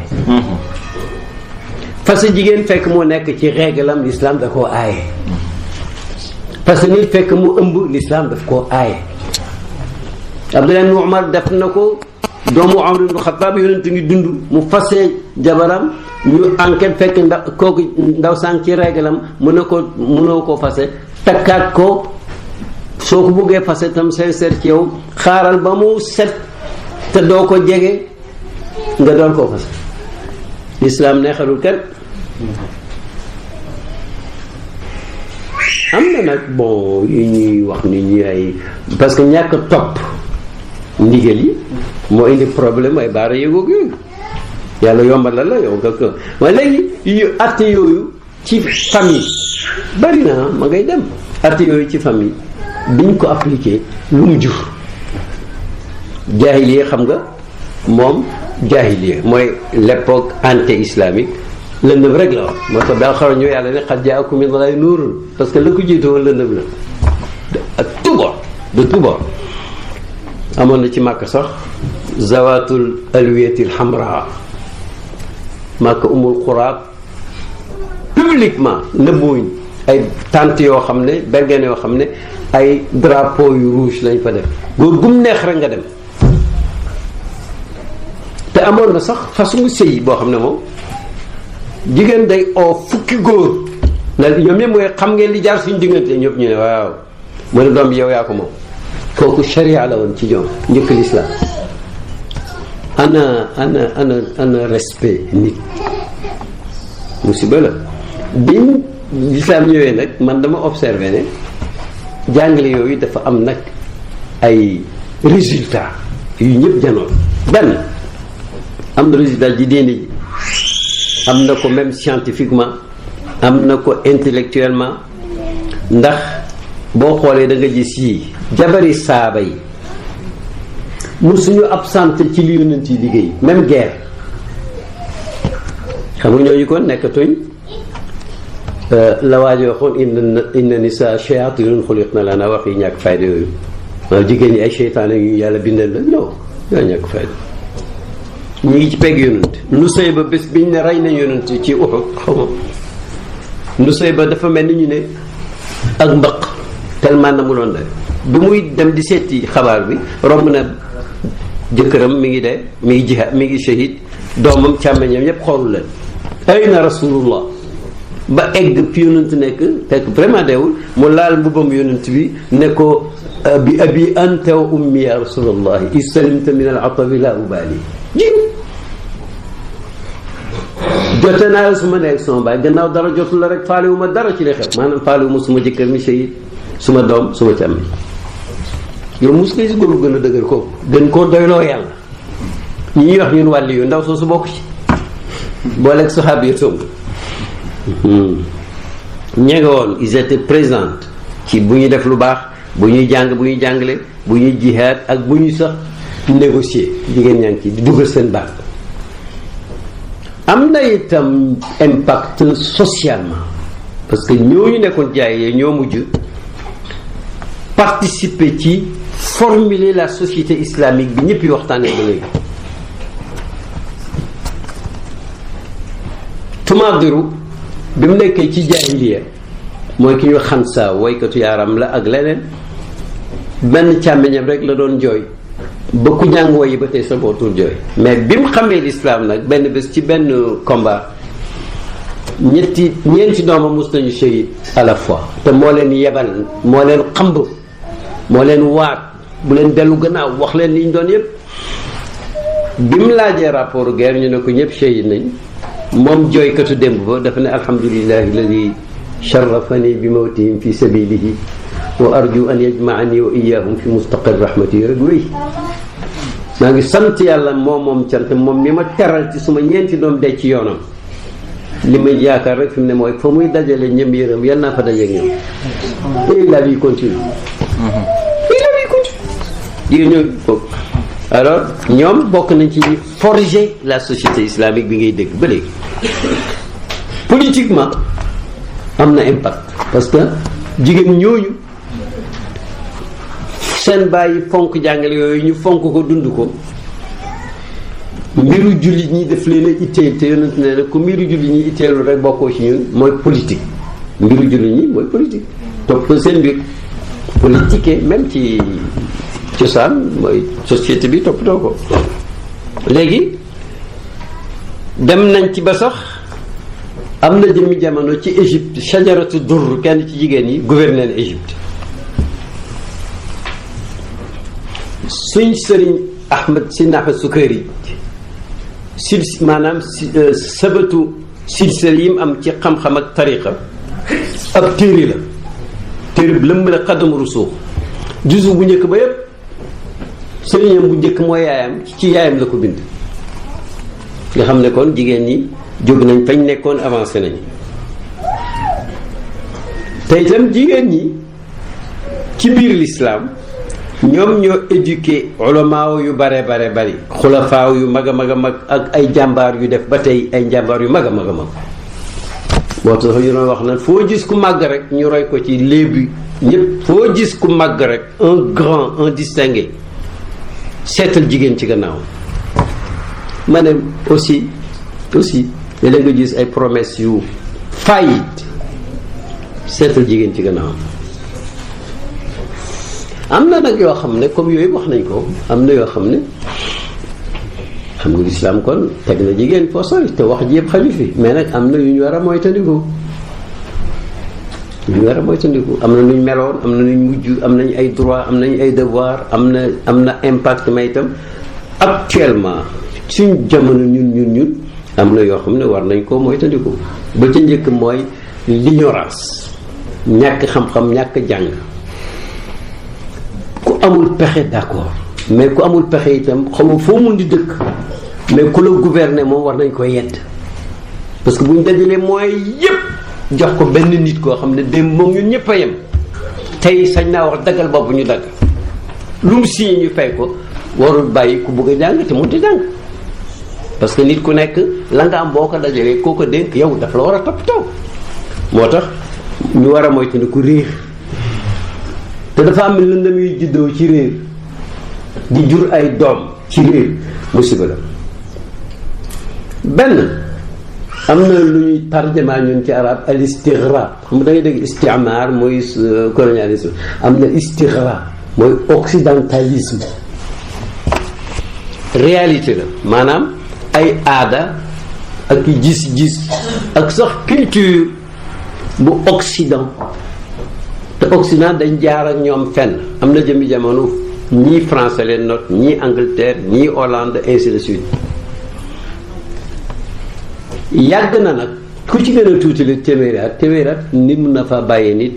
fase jigéen fekk moo nekk ci réglam lislaam da koo aaye fase nit fekk mu ëmb lislaam daf ko aaye Abdullah ibn Umar def na ko doomu Umar ibn Xattaab yonent ngi dund mu fase jabaram ñu enquête fekk ndaw kooku ndaw ci réglam mu ne ko mënoo koo fase takkaat ko soo ko buggee fase tam say set ci yow xaaral ba mu set te doo ko jege nga door koo fase lislaam neexalul kenn am na nag bon yu ñuy wax ni ñuy ay parce que ñàkk topp ndigal yi moo indi problème ay baara yëgoog yooyu yàlla yombal la la yow nga ko waaye léegi yu atte yooyu ci famille bari na ma ngay dem at yooyu ci famille biñ ko appliqué lu mu jur jaahiliya xam nga moom jaahiliya mooy l'époque anté-islamique lëndëm rek la wax moo tax daal xaroon ñu yàlla ne xat jaakum min Allahi parce que la ko jiitu woon lëndëm la ak tuboor de tuboor amoon na ci màkk sax zawatul alwiyatil hamra màkk umul xuraab publiquement nëbbuwuñ ay tant yoo xam ne bergen yoo xam ne ay drapeau yu rouge lañ fa def góor gum neex rek nga dem te amoon na sax façon sëy boo xam ne moom jigéen day oo fukki góor na ñoom ñëpp mooy xam ngeen li jaar suñu diggante ñëpp ñu ne waaw mu ne doom yow yaa ko moom kooku sharia la woon ci ñoom njëkk lislaam ana ana ana ana respect nit musiba la biñ lislaam ñëwee nag man dama observé ne jàngale yooyu dafa am nag ay résultat yu ñëpp janoon benn am na résultat ji diine ji am na ko même scientifiquement am na ko intellectuellement ndax boo xoolee da nga gis yi jabari saaba yi mu suñu absenté ci li yonent yi liggéey même guerre xam nga ñooñu kon nekkatuñ la waaj waxoon inna inna nisaa shayaatiin xuliqna lanaa wax yi ñàkk fayda yooyu maanaam jigéen ñi ay seytaane yu yàlla bindal la non ñoo ñàkk fayda ñu ngi ci pegg yonent nu ba bés biñ ne rey nañ yonent ci Uhud xawma nu ba dafa mel ni ñu ne ak mbëq tellement na mu doon de bi muy dem di seeti xabaar bi romb na jëkkëram mi ngi de mi ngi jihaad mi ngi shahid doomam càmmeñam ñëpp xoolu leen ay na rasulullah ba egg fi yonent nekk fekk vraiment deewul mu laal mbubbam yonent bi ne ko äh, bi abi anta wa ummi ya rasulallahi istalimta min al atabi la ubali jiw jote naa la su ma nekk sama baay gannaaw dara jotul la rek faalewu ma dara ci li xew maanaam faalewu ma suma jëkkër mi seyid suma doom suma càmm yow mos nga gis góor bu gën a dëgër ko gën koo doyloo yàlla ñi ñuy wax ñun wàlli yu ndaw soo su bokk ci booleeg saxaab yi Hmm. ña nga woon ils étaient présents ci bu ñuy def lu baax bu ñuy jàng bu ñuy jàngale bu ñuy jihaad ak bu ñu sax négocier jigéen ñaa ngi ci di dugal seen baat am na itam impact socialement parce que ñu nekkoon jaay yee ñoo mujj participer ci formuler la société islamique bi ñëpp yi waxtaanee ba léegi tumaadiru bi mu nekkee ci jaahiliya mooy ki ñu xansa woykatu yaaram la ak leneen benn càmmiñam rek la doon jooy ba ku jàng woy yi ba tey sa bootul jooy mais bi mu xamee lislaam nag benn bés ci benn combat ñetti ñeenti doomam mus nañu shahid à fois te moo leen yebal moo leen xamb moo leen waat bu leen dellu gannaaw wax leen li ñu doon yépp bi mu laajee rapport guerre ñu ne ko ñëpp shahid nañ moom jooykatu démb ba dafa ne alhamdulilahi alladi sharafani bi mawtihim fi sabilihi wa arju an yajmaani wa iyahum fi mustaqir rahmati rek wéy maa ngi sant yàlla moom moom cant moom mi ma teral ci suma ñeenti doom de ci yoonam li ma yaakaar rek fi mu ne mooy fa muy dajale ñëm yërëm yal naa fa dajeeg ñoom et la vie continue et mm-hmm. la vie continue alors ñoom bokk nañ ci forger la société islamique bi ngay dégg ba léegi politiquement am na impact parce que jigéen ñooñu seen bàyyi fonk jàngale yooyu ñu fonk ko dund ko mbiru jullit ñi def leen a te yonent nee na ku mbiru jullit ñi itteelul rek bokkoo ci ñun mooy politique mbiru jullit ñi mooy politique topp seen mbir politique même ci cosaan mooy société bi toppatoo ko léegi dem nañ ci ba sax am na jëmmi jamono ci Égypte shajaratu dur kenn ci jigéen yi gouverne na Égypte suñ sëriñ Ahmed si Ahmed Sukari sil maanaam si euh, sabatu silsal yi mu am ci xam-xam ak tariqa ab téere la téere bu lëmb la xadam rusuux juzu bu njëkk ba yépp sëriñam bu njëkk mooy yaayam ci yaayam la ko bind nga xam ne kon jigéen ñi jóg nañ fañ nekkoon avancé nañ te itam jigéen ñi ci biir lislaam ñoom ñoo éduqué ulamaaw yu bare bare bari xulafaaw yu mag a mag a mag ak ay jàmbaar yu def ba tey ay jàmbaar yu mag a mag a mag boobu sax ñu doon wax na foo gis ku màgg rek ñu roy ko ci léebi ñépp foo gis ku màgg rek un grand un distingué seetal jigéen ci gannaaw ma aussi aussi léeg-léeg nga gis ay promesse yu faillite seetal jigéen ci gannaaw am na nag yoo xam ne comme yooyu wax nañ ko am na yoo xam ne xam nga lislaam kon teg na jigéen foo sooy te wax ji yëpp xaju fi mais nag am na yu ñu war a moytandiku ñu war a moytandiku am na nuñ meloon am na nuñ mujj am nañ ay droit am nañ ay devoir am na am na impact ma itam actuellement suñ jamono ñun ñun ñun am na yoo xam ne war nañ koo moytandiku ba ca njëkk mooy l'ignorance ñàkk xam-xam ñàkk jàng ku amul pexe d'accord mais ku amul pexe itam xamul foo mun di dëkk mais ku la gouverner war nañ koy yedd parce que buñ dajalee mooy yépp jox ko benn nit koo xam ne démb moom ñun ñëpp a yem tey sañ naa wax daggal bopp ñu dagg lu mu signé ñu fay ko warul bàyyi ku bëgg a jàng te mënut a jàng parce que nit ku nekk la nga am boo ko dajalee koo ko dénk yow dafa la war a toppatoo moo tax ñu war a moytandiku réer te dafa am lëndëm yu juddoo ci réer di jur ay doom ci réer musiba la benn am na lu ñuy tarjamaa ñun ci arab al istigrab xam nga da ngay dégg mooy euh, colonialisme am na istigrab mooy occidentalisme réalité la maanaam ay aada ak gis-gis ak sax culture bu occident te occident dañ jaar ak ñoom fenn am na jëmi jamono ñii français leen note ñii Angleterre ñii Hollande ainsi de yàgg na nag ku ci gën a tuuti la téeméeri at téeméeri ni mun na fa bàyyee nit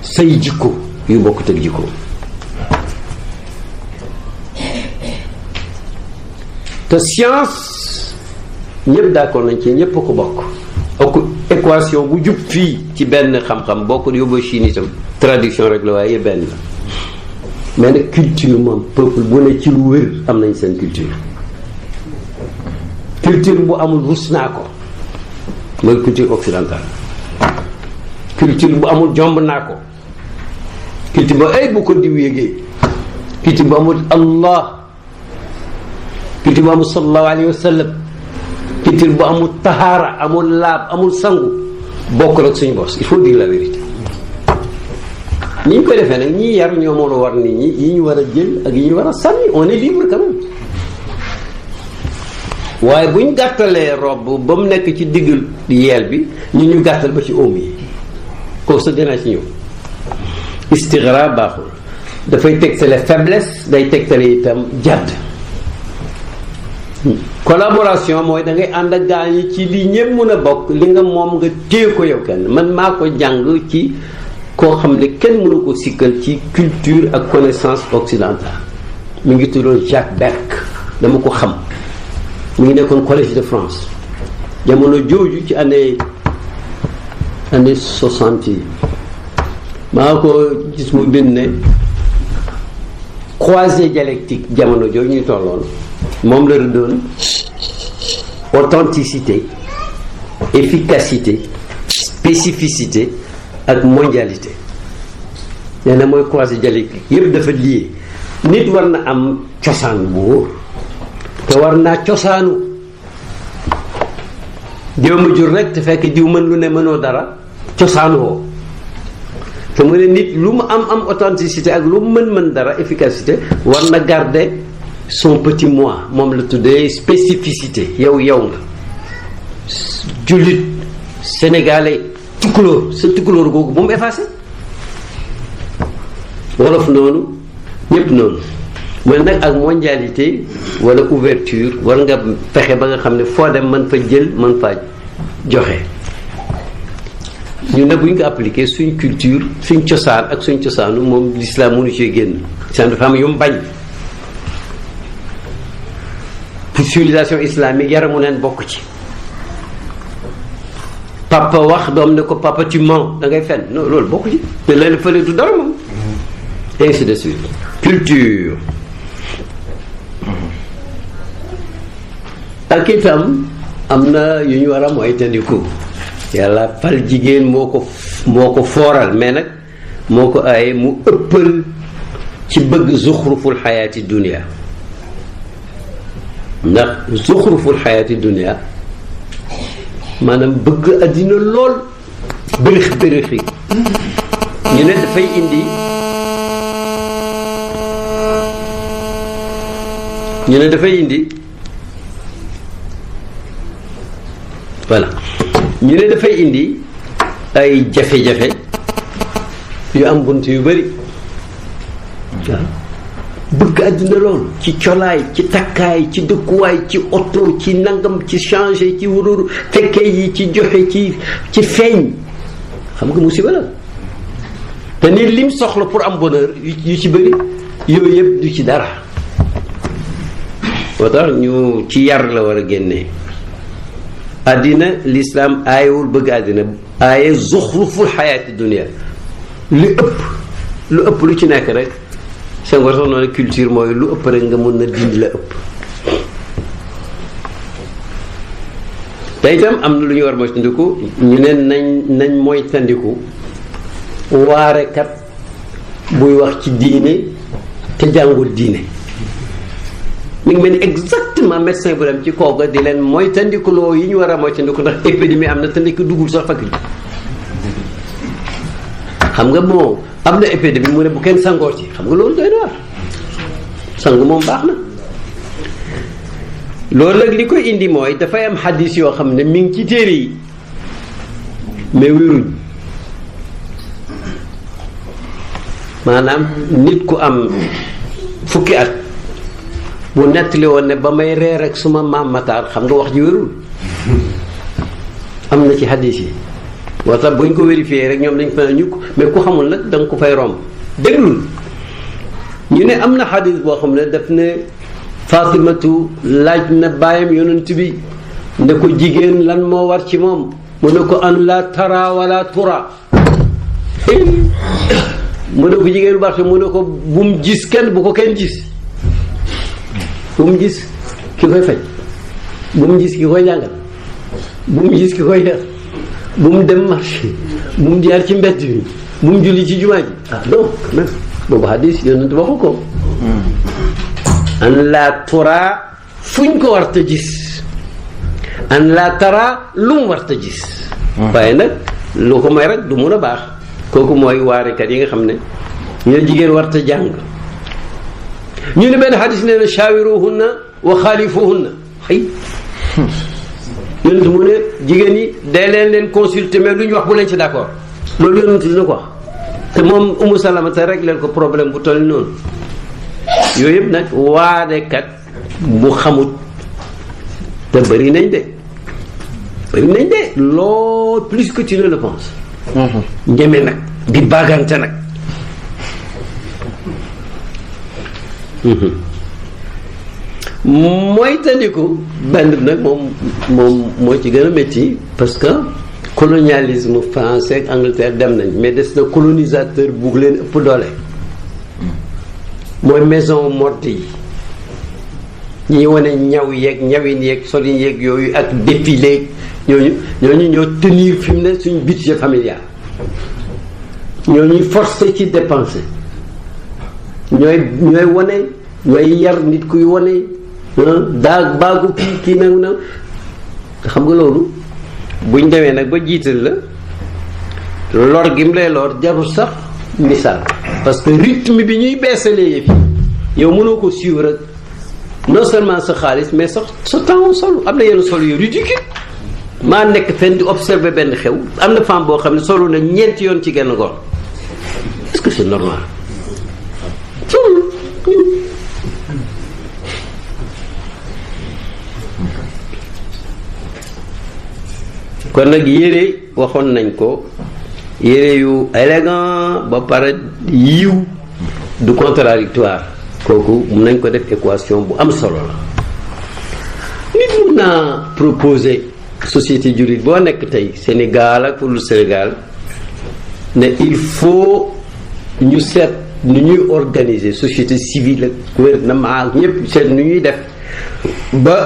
say jikko yu bokkut ak jikko te science ñëpp d'accord nañ ci ñëpp ko bokk ak équation bu jub fii ci benn xam-xam boo ko yóbboo Chine itam traduction rek la waaye benn mais nag culture moom peuple bu ne ci lu wér am nañ seen culture culture bu amul rus naa ko mooy culture occidentale culture bu amul jomb naa ko culture ba ay eh, bu ko diw yégee culture bu amul allah culture bu amul sallallahu alayhi bu amul tahaara amul laab amul sangu bokkul ak suñu bos il faut dire la vérité ni ñu koy defee nag ñii yar ñoo moonu war nit ñi yi ñu war a jël ak yi ñu war a sànni on est libre quand même waaye bu ñu gàttalee robb ba mu nekk ci diggu yeel bi ñu ñu gàttal ba ci oom yi kooku sa dinaa ci ñëw istigra baaxul dafay tegtale faiblesse day tegtale itam jàdd collaboration mooy dangay ngay ànd ak gaa ci li ñëpp mën a bokk li nga moom nga téye ko yow kenn man maa ko jàng ci koo xam ne kenn mënu ko sikkal ci culture ak connaissance occidentale mu ngi tuddoon Jacques berk dama ko xam mu ngi nekkoon collège de France jamono jooju ci année année soixante yi maa ko gis mu bind ne croisée dialectique jamono jooju ñuy tolloon moom la doon authenticité efficacité spécificité ak mondialité nee na mooy croisé dialectique yépp dafa lié nit war na am cosaan bu te war naa cosaanu jëmm jur rek te fekk jiw mën lu ne mënoo dara cosaanu woo te mu ne nit lu mu am am authenticité ak lu mën mën dara efficacité war na garde son petit moi moom la tuddee spécificité yow yow nga jullit sénégalais tukulóor sa tukulóor googu bu mu effacé wolof noonu ñépp noonu mais nag ak mondialité wala ouverture war nga fexe ba nga xam ne foo dem mën fa jël man faa joxe ñu ne bu ñu ko appliqué suñ culture suñ cosaan ak suñ cosaanu moom lislaam munu cee génn islam dafa am yu mu bañ pour civilisation islamique yaramu neen bokk ci papa wax doom ne ko papa tu mens da ngay fen non loolu bokk ci te léeg-léeg fële du dara moom mm-hmm. ainsi de suite culture ak itam am na yu ñu war a moytandiku yàlla fal jigéen moo ko moo ko fooral mais nag moo ko ay mu ëppal ci bëgg zuxruful xayaati dunia ndax zuxruful xayaati dunia maanaam bëgg àddina lool bërix bërix yi ñu ne dafay indi ñu ne dafay indi voilà ñu ne dafay indi ay jafe-jafe yu am bunt yu bëri waaw bëgg àdduna lool ci colaay ci takkaay ci dëkkuwaay ci oto ci nangam ci changé ci wurur fekke yi ci joxe ci ci feeñ xam nga musiba la te ni lim soxla pour am bonheur yu ci bëri yooyu yëpp du ci dara moo ñu ci yar la war a génnee àddina lislaam aayewul bëgg àddina aaye zuxruful xayaati dunia lu ëpp lu ëpp lu ci nekk rek Senghor sax noonu culture mooy lu ëpp rek nga mën na dindi la ëpp te itam am na lu ñuy war moytandiku ñu ne nañ nañ moytandiku waarekat buy wax ci diine te jàngul diine mi ngi mel ni exactement médecin bu dem ci kaw ga di leen mooy tandikuloo yi ñu war a mooy tandiku ndax épidémie am na te nekk duggul sax fakk xam nga moo am na épidémie mu ne bu kenn sangoor ci xam nga loolu doy na war sangu moom baax na loolu nag li koy indi mooy dafay am xadis yoo xam ne mi ngi ci téere yi mais wéruñ maanaam nit ku am fukki at mu nettali woon ne ba may reer ak suma maam Matar xam nga wax ji wérul am na ci hadis yi moo tax buñ ko vérifié rek ñoom dañ fa ñukk mais ku xamul nag danga ko fay romb déglul ñu ne am na hadis boo xam ne daf ne Fatimatu laaj na baayam yonent bi ne ko jigéen lan moo war ci moom mu ne ko an la tara wala tura mu ne ko jigéen bu mu ne ko bum gis kenn bu ko kenn gis bu mu gis ki koy faj bu mu gis ki koy jàngal bu mu gis ki koy yar bu mu dem marché bu mu jaar ci mbedd bi bu mu julli ci jumaa ji ah non quand boobu hadis yonent waxu ko an la tura fuñ ko war ta gis an la tara lu mu war gis waaye nag lu ko may rek du mun a baax kooku mooy waarekat yi nga xam ne ñoo jigéen war ta jàng ñu ne benn xadis nee na shaawiruhunna wa na xëy yonent mu ne jigéen ñi day leen leen consulter mais lu ñu wax bu leen ci d'accord loolu yonent dina ko wax te moom umu salamata rek leen ko problème bu toll noonu yooyu yëpp nag waadekat bu xamut te bëri nañ de bëri nañ de lool plus que tu ne le penses. Mm-hmm. ñeme nag di bagante nag. mooy tandiku benn nag moom moom moo ci gën a métti parce que colonialisme français ak Angleterre dem nañ mais des na colonisateur bu leen ëpp doole mooy maison morte yi ñuy wane ñaw yeeg ñawin yeeg solin yeeg yooyu ak défilé ñooñu ñooñu ñoo tenir fi mu ne suñu budget familial ñooñuy forcé ci dépenser ñooy ñooy wane ñooy yar nit kuy wane ah, daa baagu kii kii nag na xam nga loolu buñ demee nag ba jiital la lor gi mu lay lor jarul sax misaal parce que rythme bi ñuy beesalee yëpp yow mënoo ko suivre ak non seulement sa xaalis mais sax sa temps sol am na yenn sol yu ridicule maa nekk fenn di observer benn xew am na femme boo xam ne solu na ñeenti yoon ci genn góor que c'est kon nag yére waxoon nañ ko yére yu élégant ba pare yiw du contradictoire kooku mun nañ ko def équation bu am solo la nit mun naa proposer société juride boo nekk tey Sénégal ak pour le Sénégal ne il faut ñu seet ni ñuy organiser société civile ak gouvernement ñëpp seet nu ñuy def ba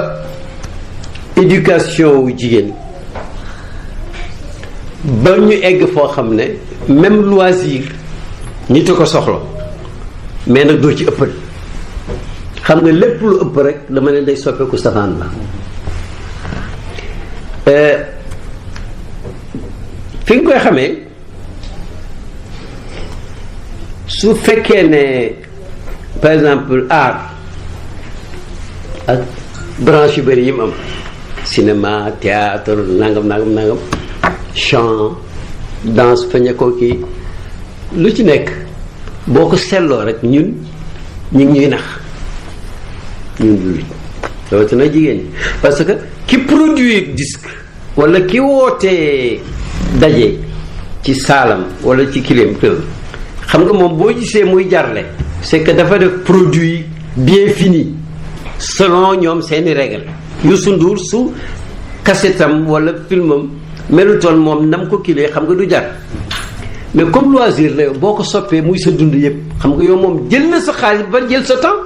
éducation wu jigéen ba ñu egg foo xam ne même loisir nit a ko soxla mais nag doo ci ëppal xam nga lépp lu ëpp rek dama ne day soppeeku safaan la euh, fi nga koy xamee su fekkee ne par exemple art ak branche yu bëri yi mu am cinéma théâtre nangam nangam nangam chant danse faña koo kii lu ci nekk boo ko seetloo rek ñun ñu ngi ñuy nax ñun jullit rawatina jigéen ñi parce que ki produit disque wala ki wootee daje ci saalam wala ci kileem këram xam nga moom boo gisee muy jarle c'est que dafa def produit bien fini selon ñoom seeni règle Youssou Ndour su kasetam wala filmam melutoon moom nam ko kilee xam nga du jar mais comme loisir la boo ko soppee muy sa dund yëpp xam nga yow moom jël na sa xaalis ba jël sa temps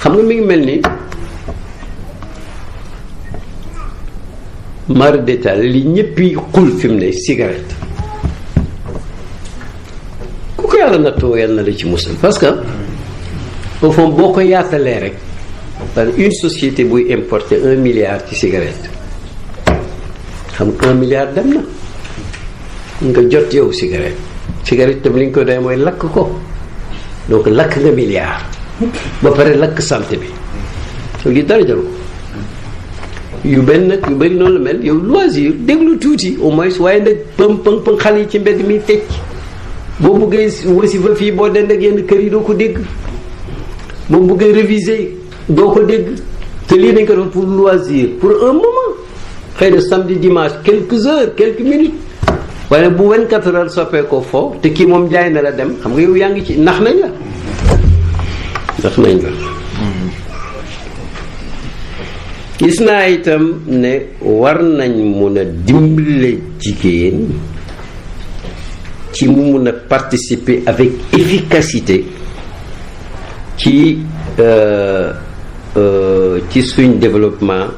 xam nga mi ngi mel ni mara détail li ñëppi xul fi mu ne la nattoo yal na la ci musal parce que au fond boo ko yaatalee rek par une société buy importer un milliard ci cigarette xam nga un milliard dem na nga jot yow cigarette cigarette tam li nga ko day mooy lakk ko donc lakk nga milliard ba pare lakk santé bi soo gi dara jaru ko yu benn nag yu bëri noonu la mel yow loisir déglu tuuti au moins waaye nag pëng pëng pëng xale yi ci mbedd mi tecc boo bëggee wasifa fii boo dend ak yenn kër yi doo ko dégg boo bëggee réviser doo ko dégg te lii dañ ko def pour loisir pour un moment xëy na samedi dimanche quelques heures quelques minutes waaye bu 24 heures soppee ko foo te kii moom jaay na la dem xam nga yow yaa ngi ci nax nañ la ndax nañ la gis naa itam ne war nañ mun a dimbale jigéen ci mu mun a participer avec efficacité ci euh, euh, ci suñ développement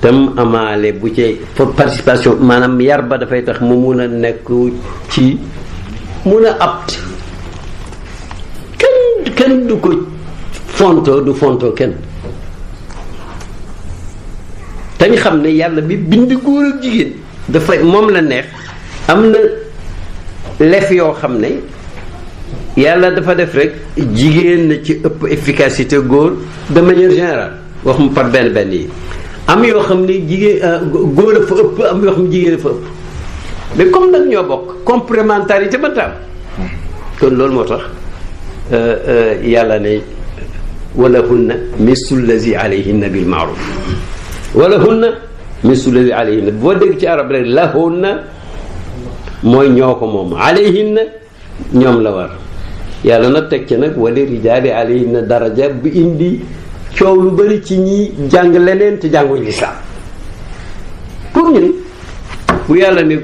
tam amaale bu ci pour participation maanaam yar ba dafay tax mu mun a nekku ci mun a apte kenn kenn du ko fonto du fonto kenn te xam ne yàlla bi bind góor ak jigéen dafay moom la neex am na lef yoo xam ne yàlla dafa def rek jigéen na ci ëpp efficacité góor de manière générale wax mu par benn benn yi am yoo xam ni jigéen euh, góor a fa ëpp am yoo xam ne jigéen a fa ëpp mais comme nag ñoo bokk complémentarité ba tam kon loolu moo tax euh, euh, yàlla ne walahunna mislu lazi alayhinna bil maaruf walahunna mislu lazi alayhinna boo dégg ci arab rek lahunna mooy ñoo ko moom alayhinna ñoom la war yàlla na teg ci nag wali rijaali alayhinna daraja bi indi coow lu bari ci ñi jàng leneen te jànguñ lislaam pour ñun yàlla ne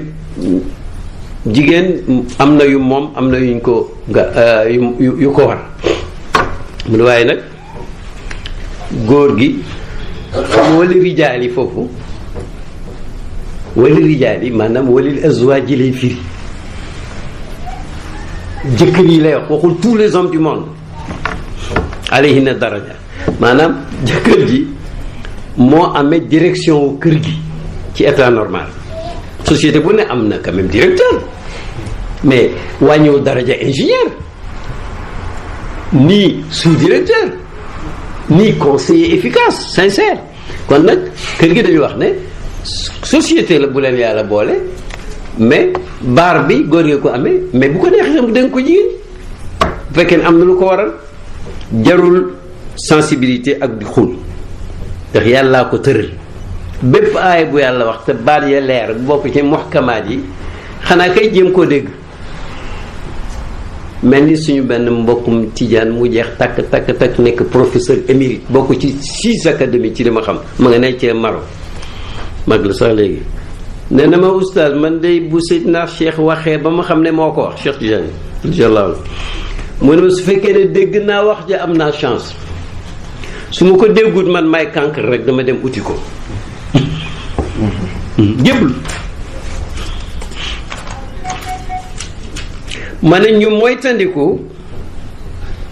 jigéen am na yu moom am na yuñ ko nga euh, yu yu ko war mu waaye nag góor gi xam wali rijaali foofu wali rijaal yi maanaam walil azwaaj lay firi jëkkër yi lay wax waxul tous les hommes du monde alayhinna daraja maanaam jëkkër ji moo amee direction wu kër gi ci état normal société bu ne am na quand même directeur mais wàññiwul daraja ingénieur ni sous-directeur ni conseiller efficace sincère kon nag kër gi dañu wax ne société la bu leen yàlla boole mais baar bi góor nga ko amee mais bu ko neexee mu dénk ko jigéen bu fekkee ne am na lu ko waral jarul sensibilité ak di xul ndax yàllaa ko tëral bépp aaya bu yàlla wax te baat ya leer bu bokk ci muhkamaat yi xanaa kay jéem koo dégg mel ni suñu benn mbokkum tijaan mu jeex takk takk takk nekk professeur émérite bokk ci six académies ci li ma xam ma nga nekk ci Maroc mag la sax léegi nee na ma oustaz man day bu Seydina Cheikh waxee ba ma xam ne moo ko wax Cheikh Tidiane radiyallahu moo ne su fekkee ne dégg naa wax ja am naa chance su ma ko déggut man may kànkar rek dama dem uti ko jéblu ma ne ñu moytandiku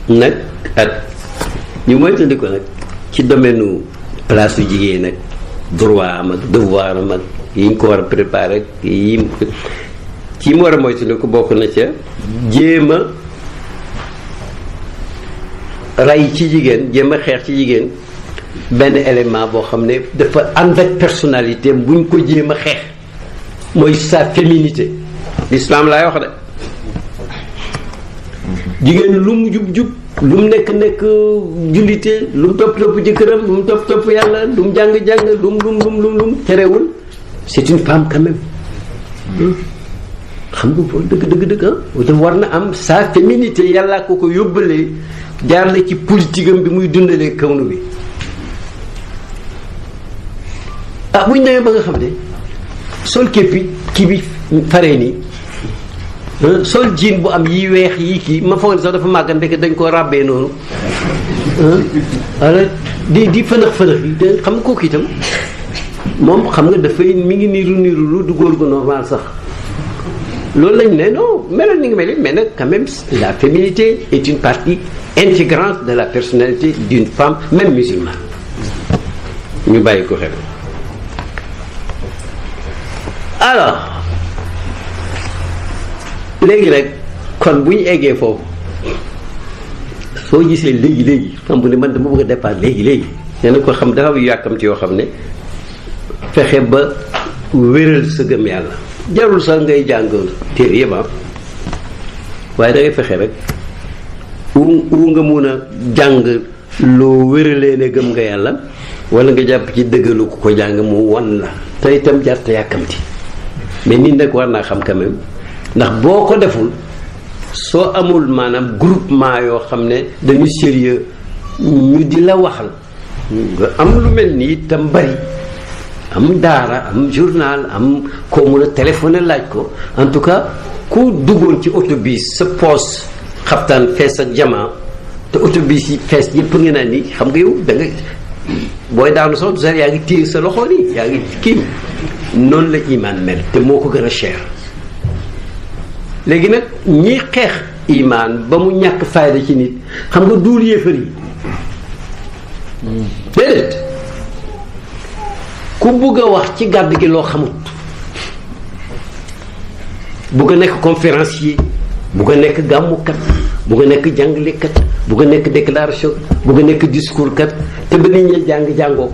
nag at ñu moytandiku nag ci domaine place su jigéen nag droit am ak devoir am yi ñu ko war a préparer ak yi ci mu war a moytu ko bokk na ca jéem a ci jigéen jéem a xeex ci jigéen benn élément boo xam ne dafa ànd ak personnalité bu ñu ko jéem a xeex mooy sa féminité l'islam laay wax de jigéen lu mu jub jub lu nekk nekk jullite lu mu topp topp jëkkëram lu topp topp yàlla lu jàng jàng lum lum lum lum terewul c'est une femme quand xam nga foofu dëgg dëgg dëgg ah te war na am sa féminité yàlla ko ko yóbbalee jaar la ci politique am bi muy dundalee kawnu bi ah buñ demee ba nga xam ne sol képpi kii bi faree nii Euh, sol jiin bu am yi weex yii kii ma foog ne sax dafa màgg ndeke dañ koo ràbbee noonu wala euh, di di fënax fënax yi de xam nga kooku itam moom xam nga dafay mi ngi niru niru lu du góor gu normal sax loolu lañ ne non meloon ni nga mel mais nag quand même la féminité est une partie intégrante de la personnalité d'une femme même musulmane ñu bàyyi ko xel léegi rek kon bu ñu eggee foofu soo gisee léegi léegi xam bu ne man dama bëgg a départ léegi léegi nee na ko xam dafa yàkkamti yoo xam ne fexe ba wéral sa gëm yàlla jarul sax ngay jàng téere yëpp ah waaye da fexe rek wu wu nga mun a jàng loo wéralee ne gëm nga yàlla wala nga jàpp ci dëggalu ko jàng mu won la te itam jarte yàkkamti mais nit nag war naa xam quand ndax boo ko deful soo amul maanaam groupement yoo xam ne dañu sérieux ñu di la waxal nga am lu mel nii tam bari am daara am journal am koo mun a téléphoné laaj ko en tout cas ku duggoon ci autobus sa poos xaftaan fees ak jamaa te autobus yi fees yëpp nga naan ni xam nga yow da booy daanu sax du sax yaa ngi téye sa loxo nii yaa ngi kii noonu la iman mel te moo ko gën a cher léegi nag ñi xeex imaan ba mu ñàkk fayda ci nit xam nga duul yéefar yi déedéet ku bugg a wax ci gàdd gi loo xamut bugg a nekk conférencier bugg a nekk gàmmukat bugg a nekk jàngalekat bugg a nekk déclaration bugg a nekk discours kat te ba nit ñi jàng jàngoo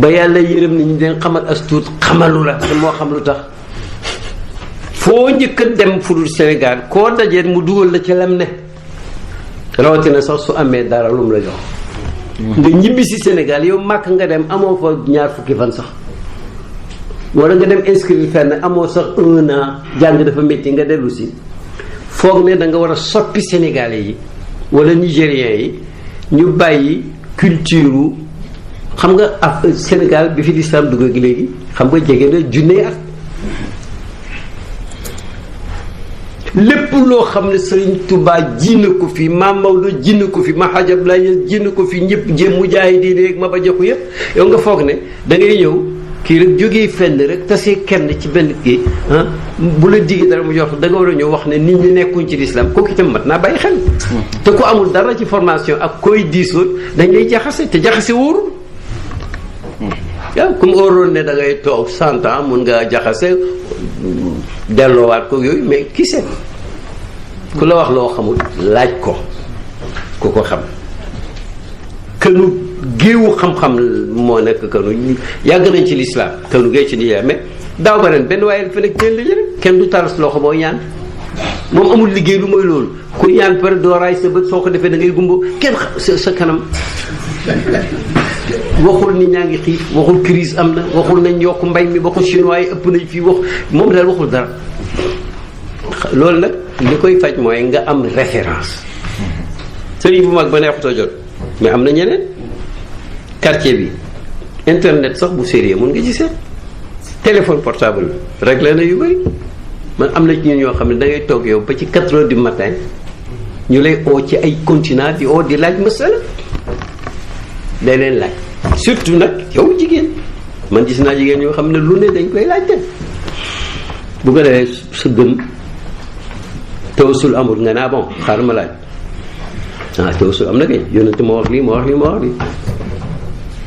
ba yàlla yërëm ni ñu den xamal as tuut xamalu la te moo xam lu tax foo njëkka dem fu dul Sénégal koo dajee mu dugal la ci lem ne rawatina sax su amee dara lu la jox nga ñibbi si Sénégal yow màkk nga dem amoo fa ñaar fukki fan sax wala nga dem inscrire fenn amoo sax un an jàng dafa métti nga dellusi si foog ne da war a soppi Sénégalais yi wala Nigériens yi ñu bàyyi culture xam nga af Sénégal bi fi lislaam dugg ak léegi xam nga jege na junne at lépp loo xam ne Sëriñ Tuubaa jinn ko fii maam Maodo ji na ko fii ma Hadj Abdoulaye ko fii ko fi mu jaay mujaahidin rek ma ba joxu yëpp yow nga foog ne da ngay ñëw kii rek jógee fenn rek tasee kenn ci benn kii ah, bu la digee dara mu jox da war a ñëw wax ne nit ñi nekkuñ ci lislaam kooku itam mat naa bàyyi xel. Mm-hmm. te ku amul dara ci formation ak koy diisoo dañ lay jaxase te jaxase wóorul. Mm-hmm. waaw ku mu ne da ngay toog cent ans mun ngaa jaxase delloowaat ko yooyu mais ki seet ku la wax loo xamul laaj ko ku ko xam kënu géewu xam-xam moo nekk kënu yàgg nañ ci lislaam kënu géej ci Nigeria mais daaw ba ren benn waaye dafa nekk kenn la jëre kenn du taras loxo boo ñaan moom amul liggéey lu mooy loolu ku ñaan pare doo raay sa soo ko defee da ngay gumba kenn sa kanam waxul ni ñaa ngi xiif waxul crise am na waxul nañ yokk mbay mi waxul chinois yi ëpp nañ fii wax moom daal waxul dara loolu nag li koy faj mooy nga am référence sëriñ bu mag ba neexutoo jot mais am na ñeneen quartier bi internet sax bu série mun nga ci seet téléphone portable réglé na yu bëri man am na ci ñun ñoo xam ne dangay ngay toog yow ba ci 4 heures du matin ñu lay oo ci ay continent di o di laaj masala day leen laaj surtout nag yow jigéen man gis naa jigéen ñoo xam ne lu ne dañ koy laajte bu ko defee sa gëm tawsul amul nga naa ah bon xaaral ma laaj ah tawsul am na kay yonent moo wax lii moo wax lii moo wax lii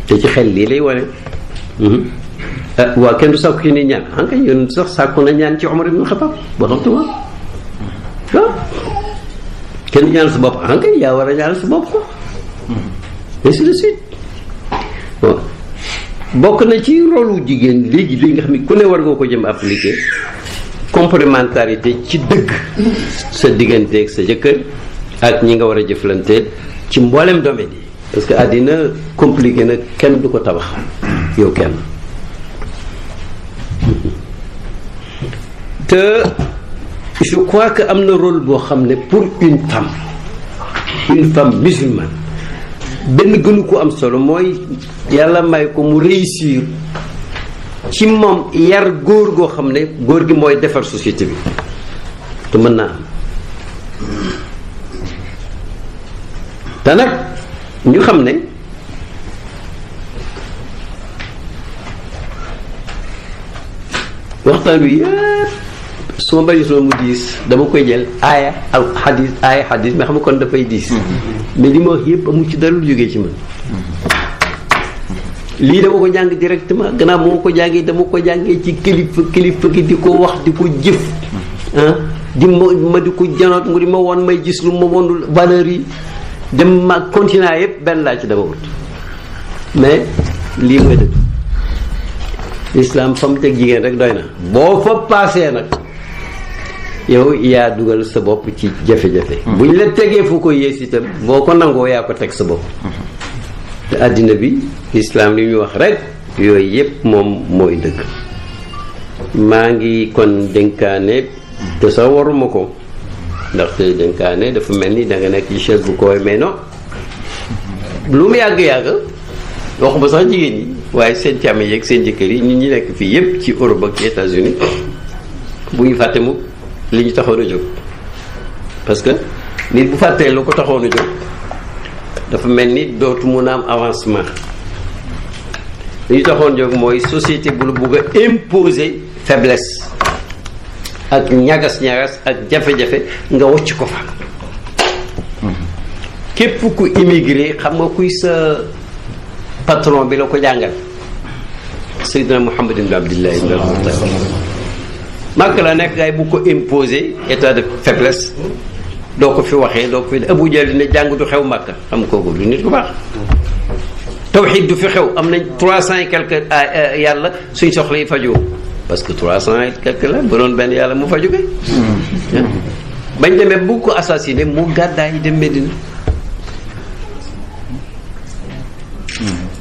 te ci xel lii lay wane mhm. ah, waaw kenn du sàkku ci ni ñaan xam ah, nga yonent sax sàkku ñaan ci Omar ibn Xattaab ñaan sa bopp xam nga yaa war a ñaan sa bopp mhm. ainsi de suite bon bokk na ci rôlu jigéen léegi li nga xam ne ku ne war nga ko jëm appliqué complémentarité ci dëgg sa diggante ak sa jëkkër ak ñi nga war a jëflanteel ci mboolem domaine yi parce que àddina compliqué nag kenn du ko tabax yow kenn te je crois que am na rôle boo xam ne pour une femme une femme musulmane benn gënu ko am solo mooy yàlla may ko mu réussir ci moom yar góor goo xam ne góor gi mooy defar société bi te mën naa am te nag ñu xam ne waxtaan wi yëpp su ma bëritoo mu diis dama koy jël aaya al xadis aaya xadis mais xam dafay diis mm-hmm. mais li ma wax yëpp amul ci dara lu jógee ci man mm-hmm. lii dama ko jàng directement gannaaw bu ma ko jàngee dama ko jàngee ci kilifa kilifa gi di ko wax di ko jëf mm-hmm. ah di ma ma di ko janoot mu di ma woon may gis lu ma wonul valeur yi dem ma continent yëpp benn laa ci dama wut mais lii mooy dëgg lislaam fa mu teg jigéen rek doy na boo fa paasee nag yow yaa dugal sa bopp ci jafe-jafe bu ñu la tegee fu ko yées itam boo ko nangoo yaa ko teg sa bopp te àddina bi lislaam li ñu wax rek yooyu yépp moom mooy dëkk maa ngi kon dénkaane te sax waruma ko ndaxte dénkaane dafa mel ni danga nekk ci chaise bu koy mais non lu mu yàgg-yàgg wax ba sax jigéen ñi waaye seen càmm yeeg seen jëkkër yi ñun ñi nekk fii yépp ci Europe ak États-Unis bu ñu fàtte mukk li ñu taxoon a jóg parce que nit bu fàttee lu ko taxoon a jóg dafa mel ni dootu mun a am avancement li ñu taxoon jóg mooy société bu la bugg a imposer ak ñagas-ñagas ak jafe-jafe nga wocc ko fa képp ku immigré xam nga kuy sa patron bi la ko jàngal Seydina Muhammad ibn Abdillah ibn màkk la nekk gaay bu ko imposé état de faiblesse doo ko fi waxee doo ko fi Abu Jahl ne jàng du xew màkk xam kooku lu nit ku baax tawxiid du fi xew am nañ trois cent et quelque ah, ah, yàlla suñ soxla yi fajoo parce que trois cent et quelque la bu doon benn yàlla mu fa jóge bañ demee bu ko assassiné mu gàddaay yi dem Medina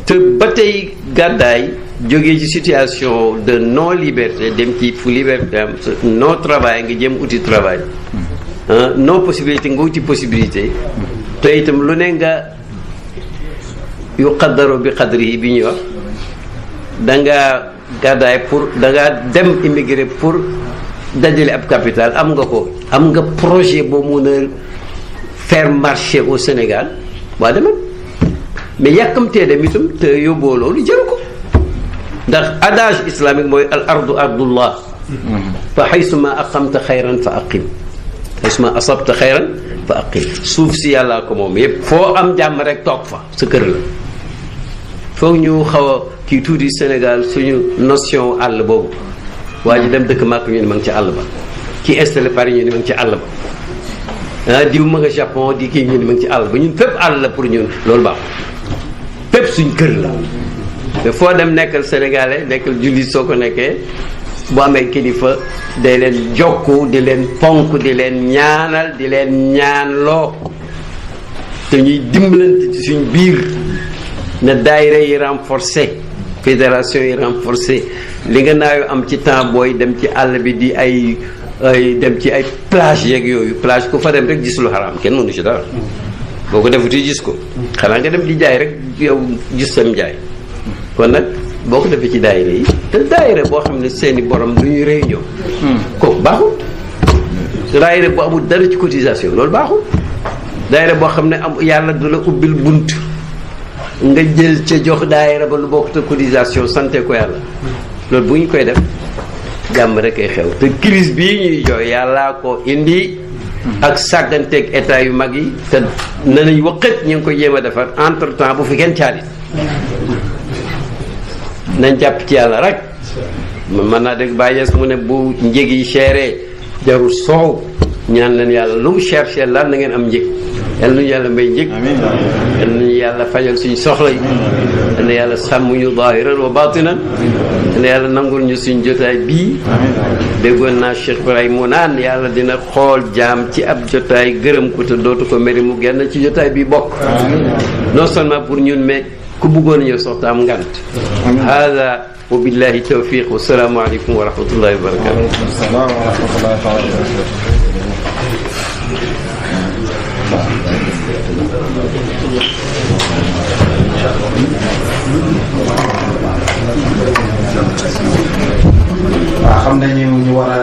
te ba tey gàddaay jógee ci situation de non liberté dem ci fu liberté am non travail nga jëm uti travail mm-hmm. ah, non possibilité nga uti possibilité te itam lu ne nga yu xaddaro bi xadri yi bi ñuy wax danga gàddaay pour danga dem immigré pour dajale ab capital am nga ko am nga projet boo mu a fair marché au Sénégal waa demal mais yàkkamtee dem itam te yóbboo loolu jaru ko ndax adage islamique mooy al ardu ardullah fa xaysuma aqamta xayran fa aqim xaysuma asabta xayran fa aqim suuf si yàllaa ko moom yépp foo am jàmm rek toog fa sa kër la foog ñu xaw a kii tuuti Sénégal suñu notion àll boobu waa ji dem dëkk màkk ñu ne ma ngi ci àll ba ki installé Paris ñu ne ma ci àll ba ah diw ma nga Japon di kii ñu ne ma ci àll ba ñu fépp àll la pour ñu loolu baaxul fépp suñ kër la te foo dem nekkal sénégalais nekkal jullit soo ko nekkee bu amee kilifa day leen jokku di leen ponk di leen ñaanal di leen ñaanloo te ñuy dimbalante ci suñ biir na daayira yi renforcé fédération yi renforcé li nga naayu am ci temps booy dem ci àll bi di ay dem ci ay plage yeeg yooyu plage ku fa dem rek gis lu xaraam kenn mënu ci dara boo ko def defuti gis ko xanaa nga dem di jaay rek yow gis sam jaay kon nag boo ko defee ci daayira yi te daayira boo xam ne seeni borom lu ñuy réunion hmm. kooku baaxul daayira bu amul dara ci cotisation loolu baaxul daayira boo xam ne am yàlla du la ubbil bunt nga jël ca jox daayira ba lu bokkut ak cotisation sante ko yàlla loolu bu ñu koy def jàmm rek ay xew te crise bii ñuy jooy yàllaa ko indi ak sàgganteeg état yu mag yi te nanañ waqat ñu ngi ko jéem a defar entre temps bu fi kenn caalit nañ jàpp ci yàlla rek mën naa dégg bàyyees mu ne bu njëg yi seeree jarul soow ñaan leen yàlla lu mu cher cher lan na ngeen am njëg yal nañu yàlla mbay njëg yal yàlla fajal suñu soxla yi yal yàlla sàmm ñu zaahiran wa baatinan yal na yàlla nangul ñu suñ jotaay bii déggoon naa Cheikh Ibrahima mu naan yàlla dina xool jaam ci ab jotaay gërëm ko dootu ko meri mu genn ci jotaay bi bokk non seulement pour ñun mais ku bëggoon ñëw soxta am ngant hada wa billahi tawfiq wasalaamu aleykum wa rahmatullahi wa barakatu waaw xam nañu ñu war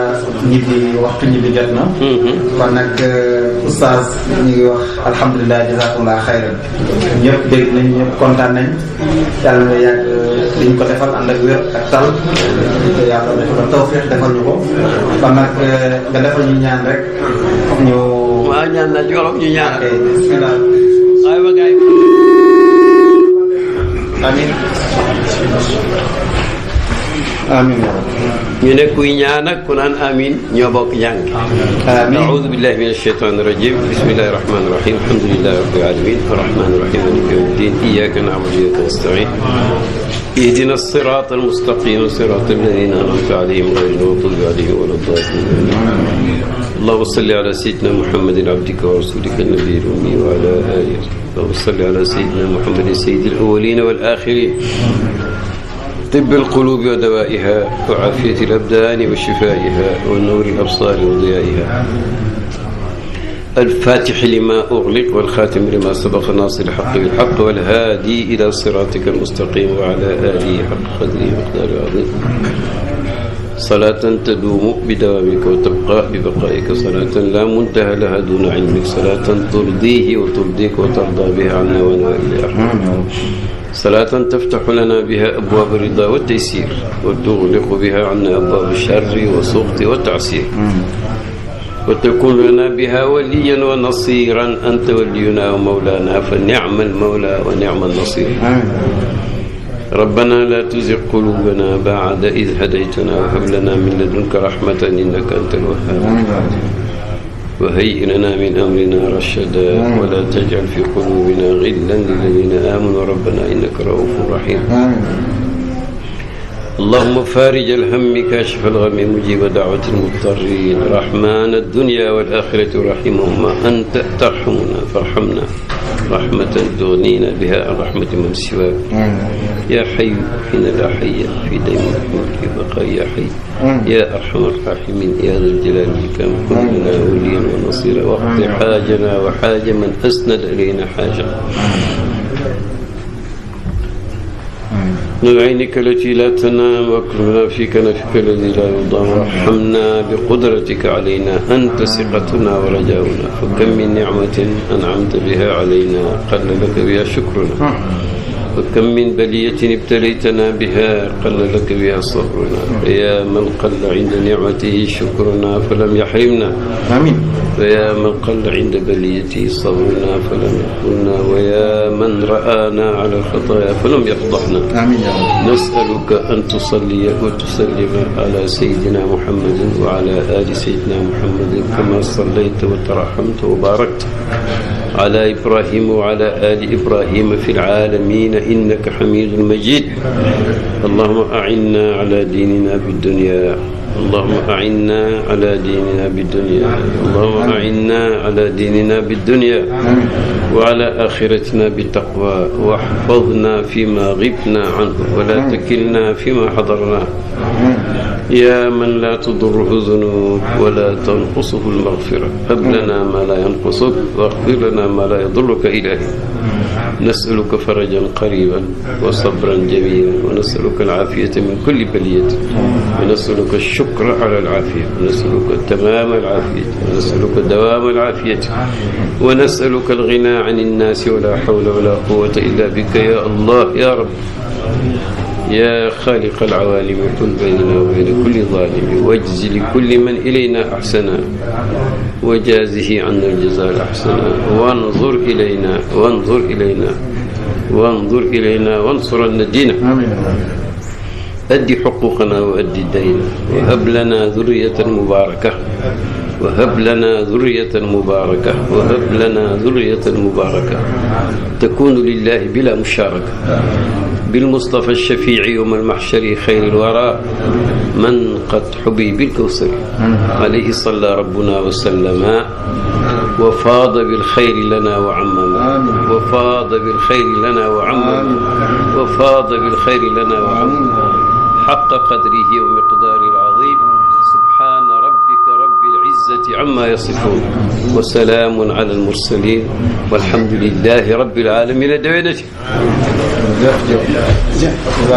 ñibbi waxtu ñibbi jot na. Mhm. kon nag euh, oustaz ñu ngi wax alhamdulilah jazakumullah xayran. ñëpp dégg nañ ñëpp kontaan nañ. yàlla nga yàgg euh, liñ ko defal ànd ak wér ak tal. di ko defal tawfiq ko. kon nag euh, nga defal ñu ñaan rek. ñu. waaw ñaan na ci ñu ñaan. ok bismillah. amiin. amiin. ñu ne kuy ñaan ak ku naan amin ñoo bokk jàng aoudu billahi min alsheytan irajim bismillahi rahmani rahim alhamdulilahi rabbil alamin arrahmani rahim maliki yawmi ddin iyaka na'budu wa iyaka nastain ihdina sirata almustaqima sirata alladina an'amta alayhim ghayril maghdubi alayhim wala ddallin allahumma salli ala sayyidina muhammadin abdika wa rasulika nabiyil ummi wa ala alihi wa sahbihi wa salli ala sayyidina muhammadin sayyidil awwalina wal akhirin طب القلوب ودوائها وعافية الأبدان وشفائها ونور الأبصار وضيائها الفاتح لما أغلق والخاتم لما سبق ناصر الحق بالحق والهادي إلى صراطك المستقيم وعلى آله حق قدره مقداره العظيم صلاة تدوم بدوامك وتبقى ببقائك صلاة لا منتهى لها دون علمك صلاة ترضيه وترضيك وترضى بها عنا ونوائنا salaatan taftaxu lana biha abwaaba rida wa taysir wa tuxliqu biha anna abwaaba charri wa suxti wa taasir wa takun lana biha waliyan wa nasiran anta waliyuna wa mawlana fa nicma almawla wa nicma alnasir rabbana la tuzig qulubana baada id hadaytana wa hab lana min ladunka rahmatan innaka anta alwahhab وهيئ لنا من أمرنا رشدا ولا تجعل في قلوبنا غلا للذين آمنوا ربنا إنك رؤوف رحيم اللهم فارج الهم كاشف الغم مجيب دعوة المضطرين رحمن الدنيا والآخرة رحمهما أنت ترحمنا فارحمنا رحمة تغنينا بها عن رحمة من سواك يا حي حين لا حي في دائم رحمتك بقاء يا حي يا أرحم الراحمين يا ذا الجلال والإكرام كن لنا وليا ونصيرا واقض حاجنا وحاج من أسند إلينا حاجة من عينك التي لا تنام واكرمنا في كنفك الذي لا يضام وارحمنا بقدرتك علينا أنت ثقتنا ورجاؤنا فكم من نعمة أنعمت بها علينا قل لك بها شكرنا وكم من بلية ابتليتنا بها قل لك بها صبرنا يا من قل عند نعمته شكرنا فلم يحرمنا آمين ويا من قل عند بليته صبرنا فلم يحرمنا ويا من رآنا على الخطايا فلم يفضحنا آمين نسألك أن تصلي وتسلم على سيدنا محمد وعلى آل سيدنا محمد كما صليت وترحمت وباركت ala ibrahima wa ala ali ibrahima fi laalamina innaka xamidun majid allahuma ainna ala diinina biddunia allahuma ainna ala diinina biddunia allahuma ainna ala diinina biddunia wa ala axiratina bitaqwa waxfadna fi ma gibna anhu wala takilna fi ma xadarna yaa man laa tudurruhu zunub wala tanqusuhu lmaghfira hab lana maa laa yanqusuk waxfir lana maa laa yadurruka ilaahi nasaluka farajan qariban wa sabran jamilan wa nasaluka alcaafiyata min kulli baliyati wa nasaluka alshukra ala alcaafiya wa nasaluka tamaama alcaafiyati wa nasaluka dawaama alcaafiyati wa nasaluka alghinaa can annaasi wala xawla wala quwata illa bika ya allah ya rab yaa xaaliqa alcawaalimi kun baynana wa bayna kulli zaalimi wajzi li kulli man ilayna axsana wa jaazihi anna aljazaa al axsana wanzur ilayna wanzur ilayna wanzur ilayna wansuranna diina addi xuquuqana wa addi dayna wa hab lana duriyatan mubaaraka wa hab lana duriyatan mubaaraka wa hab lana duriyatan mubaaraka takunu lillahi bila musharaka بالمصطفى الشفيع يوم المحشر خير الورى من قد حبي بالكوثر عليه صلى ربنا وسلم وفاض بالخير لنا وعمم وفاض بالخير لنا وعمم وفاض بالخير لنا وعمم حق قدره ومقداره العظيم سبحان ربك رب العزة عما يصفون وسلام على المرسلين والحمد لله رب العالمين دوينتي jërëjëf jërëjëf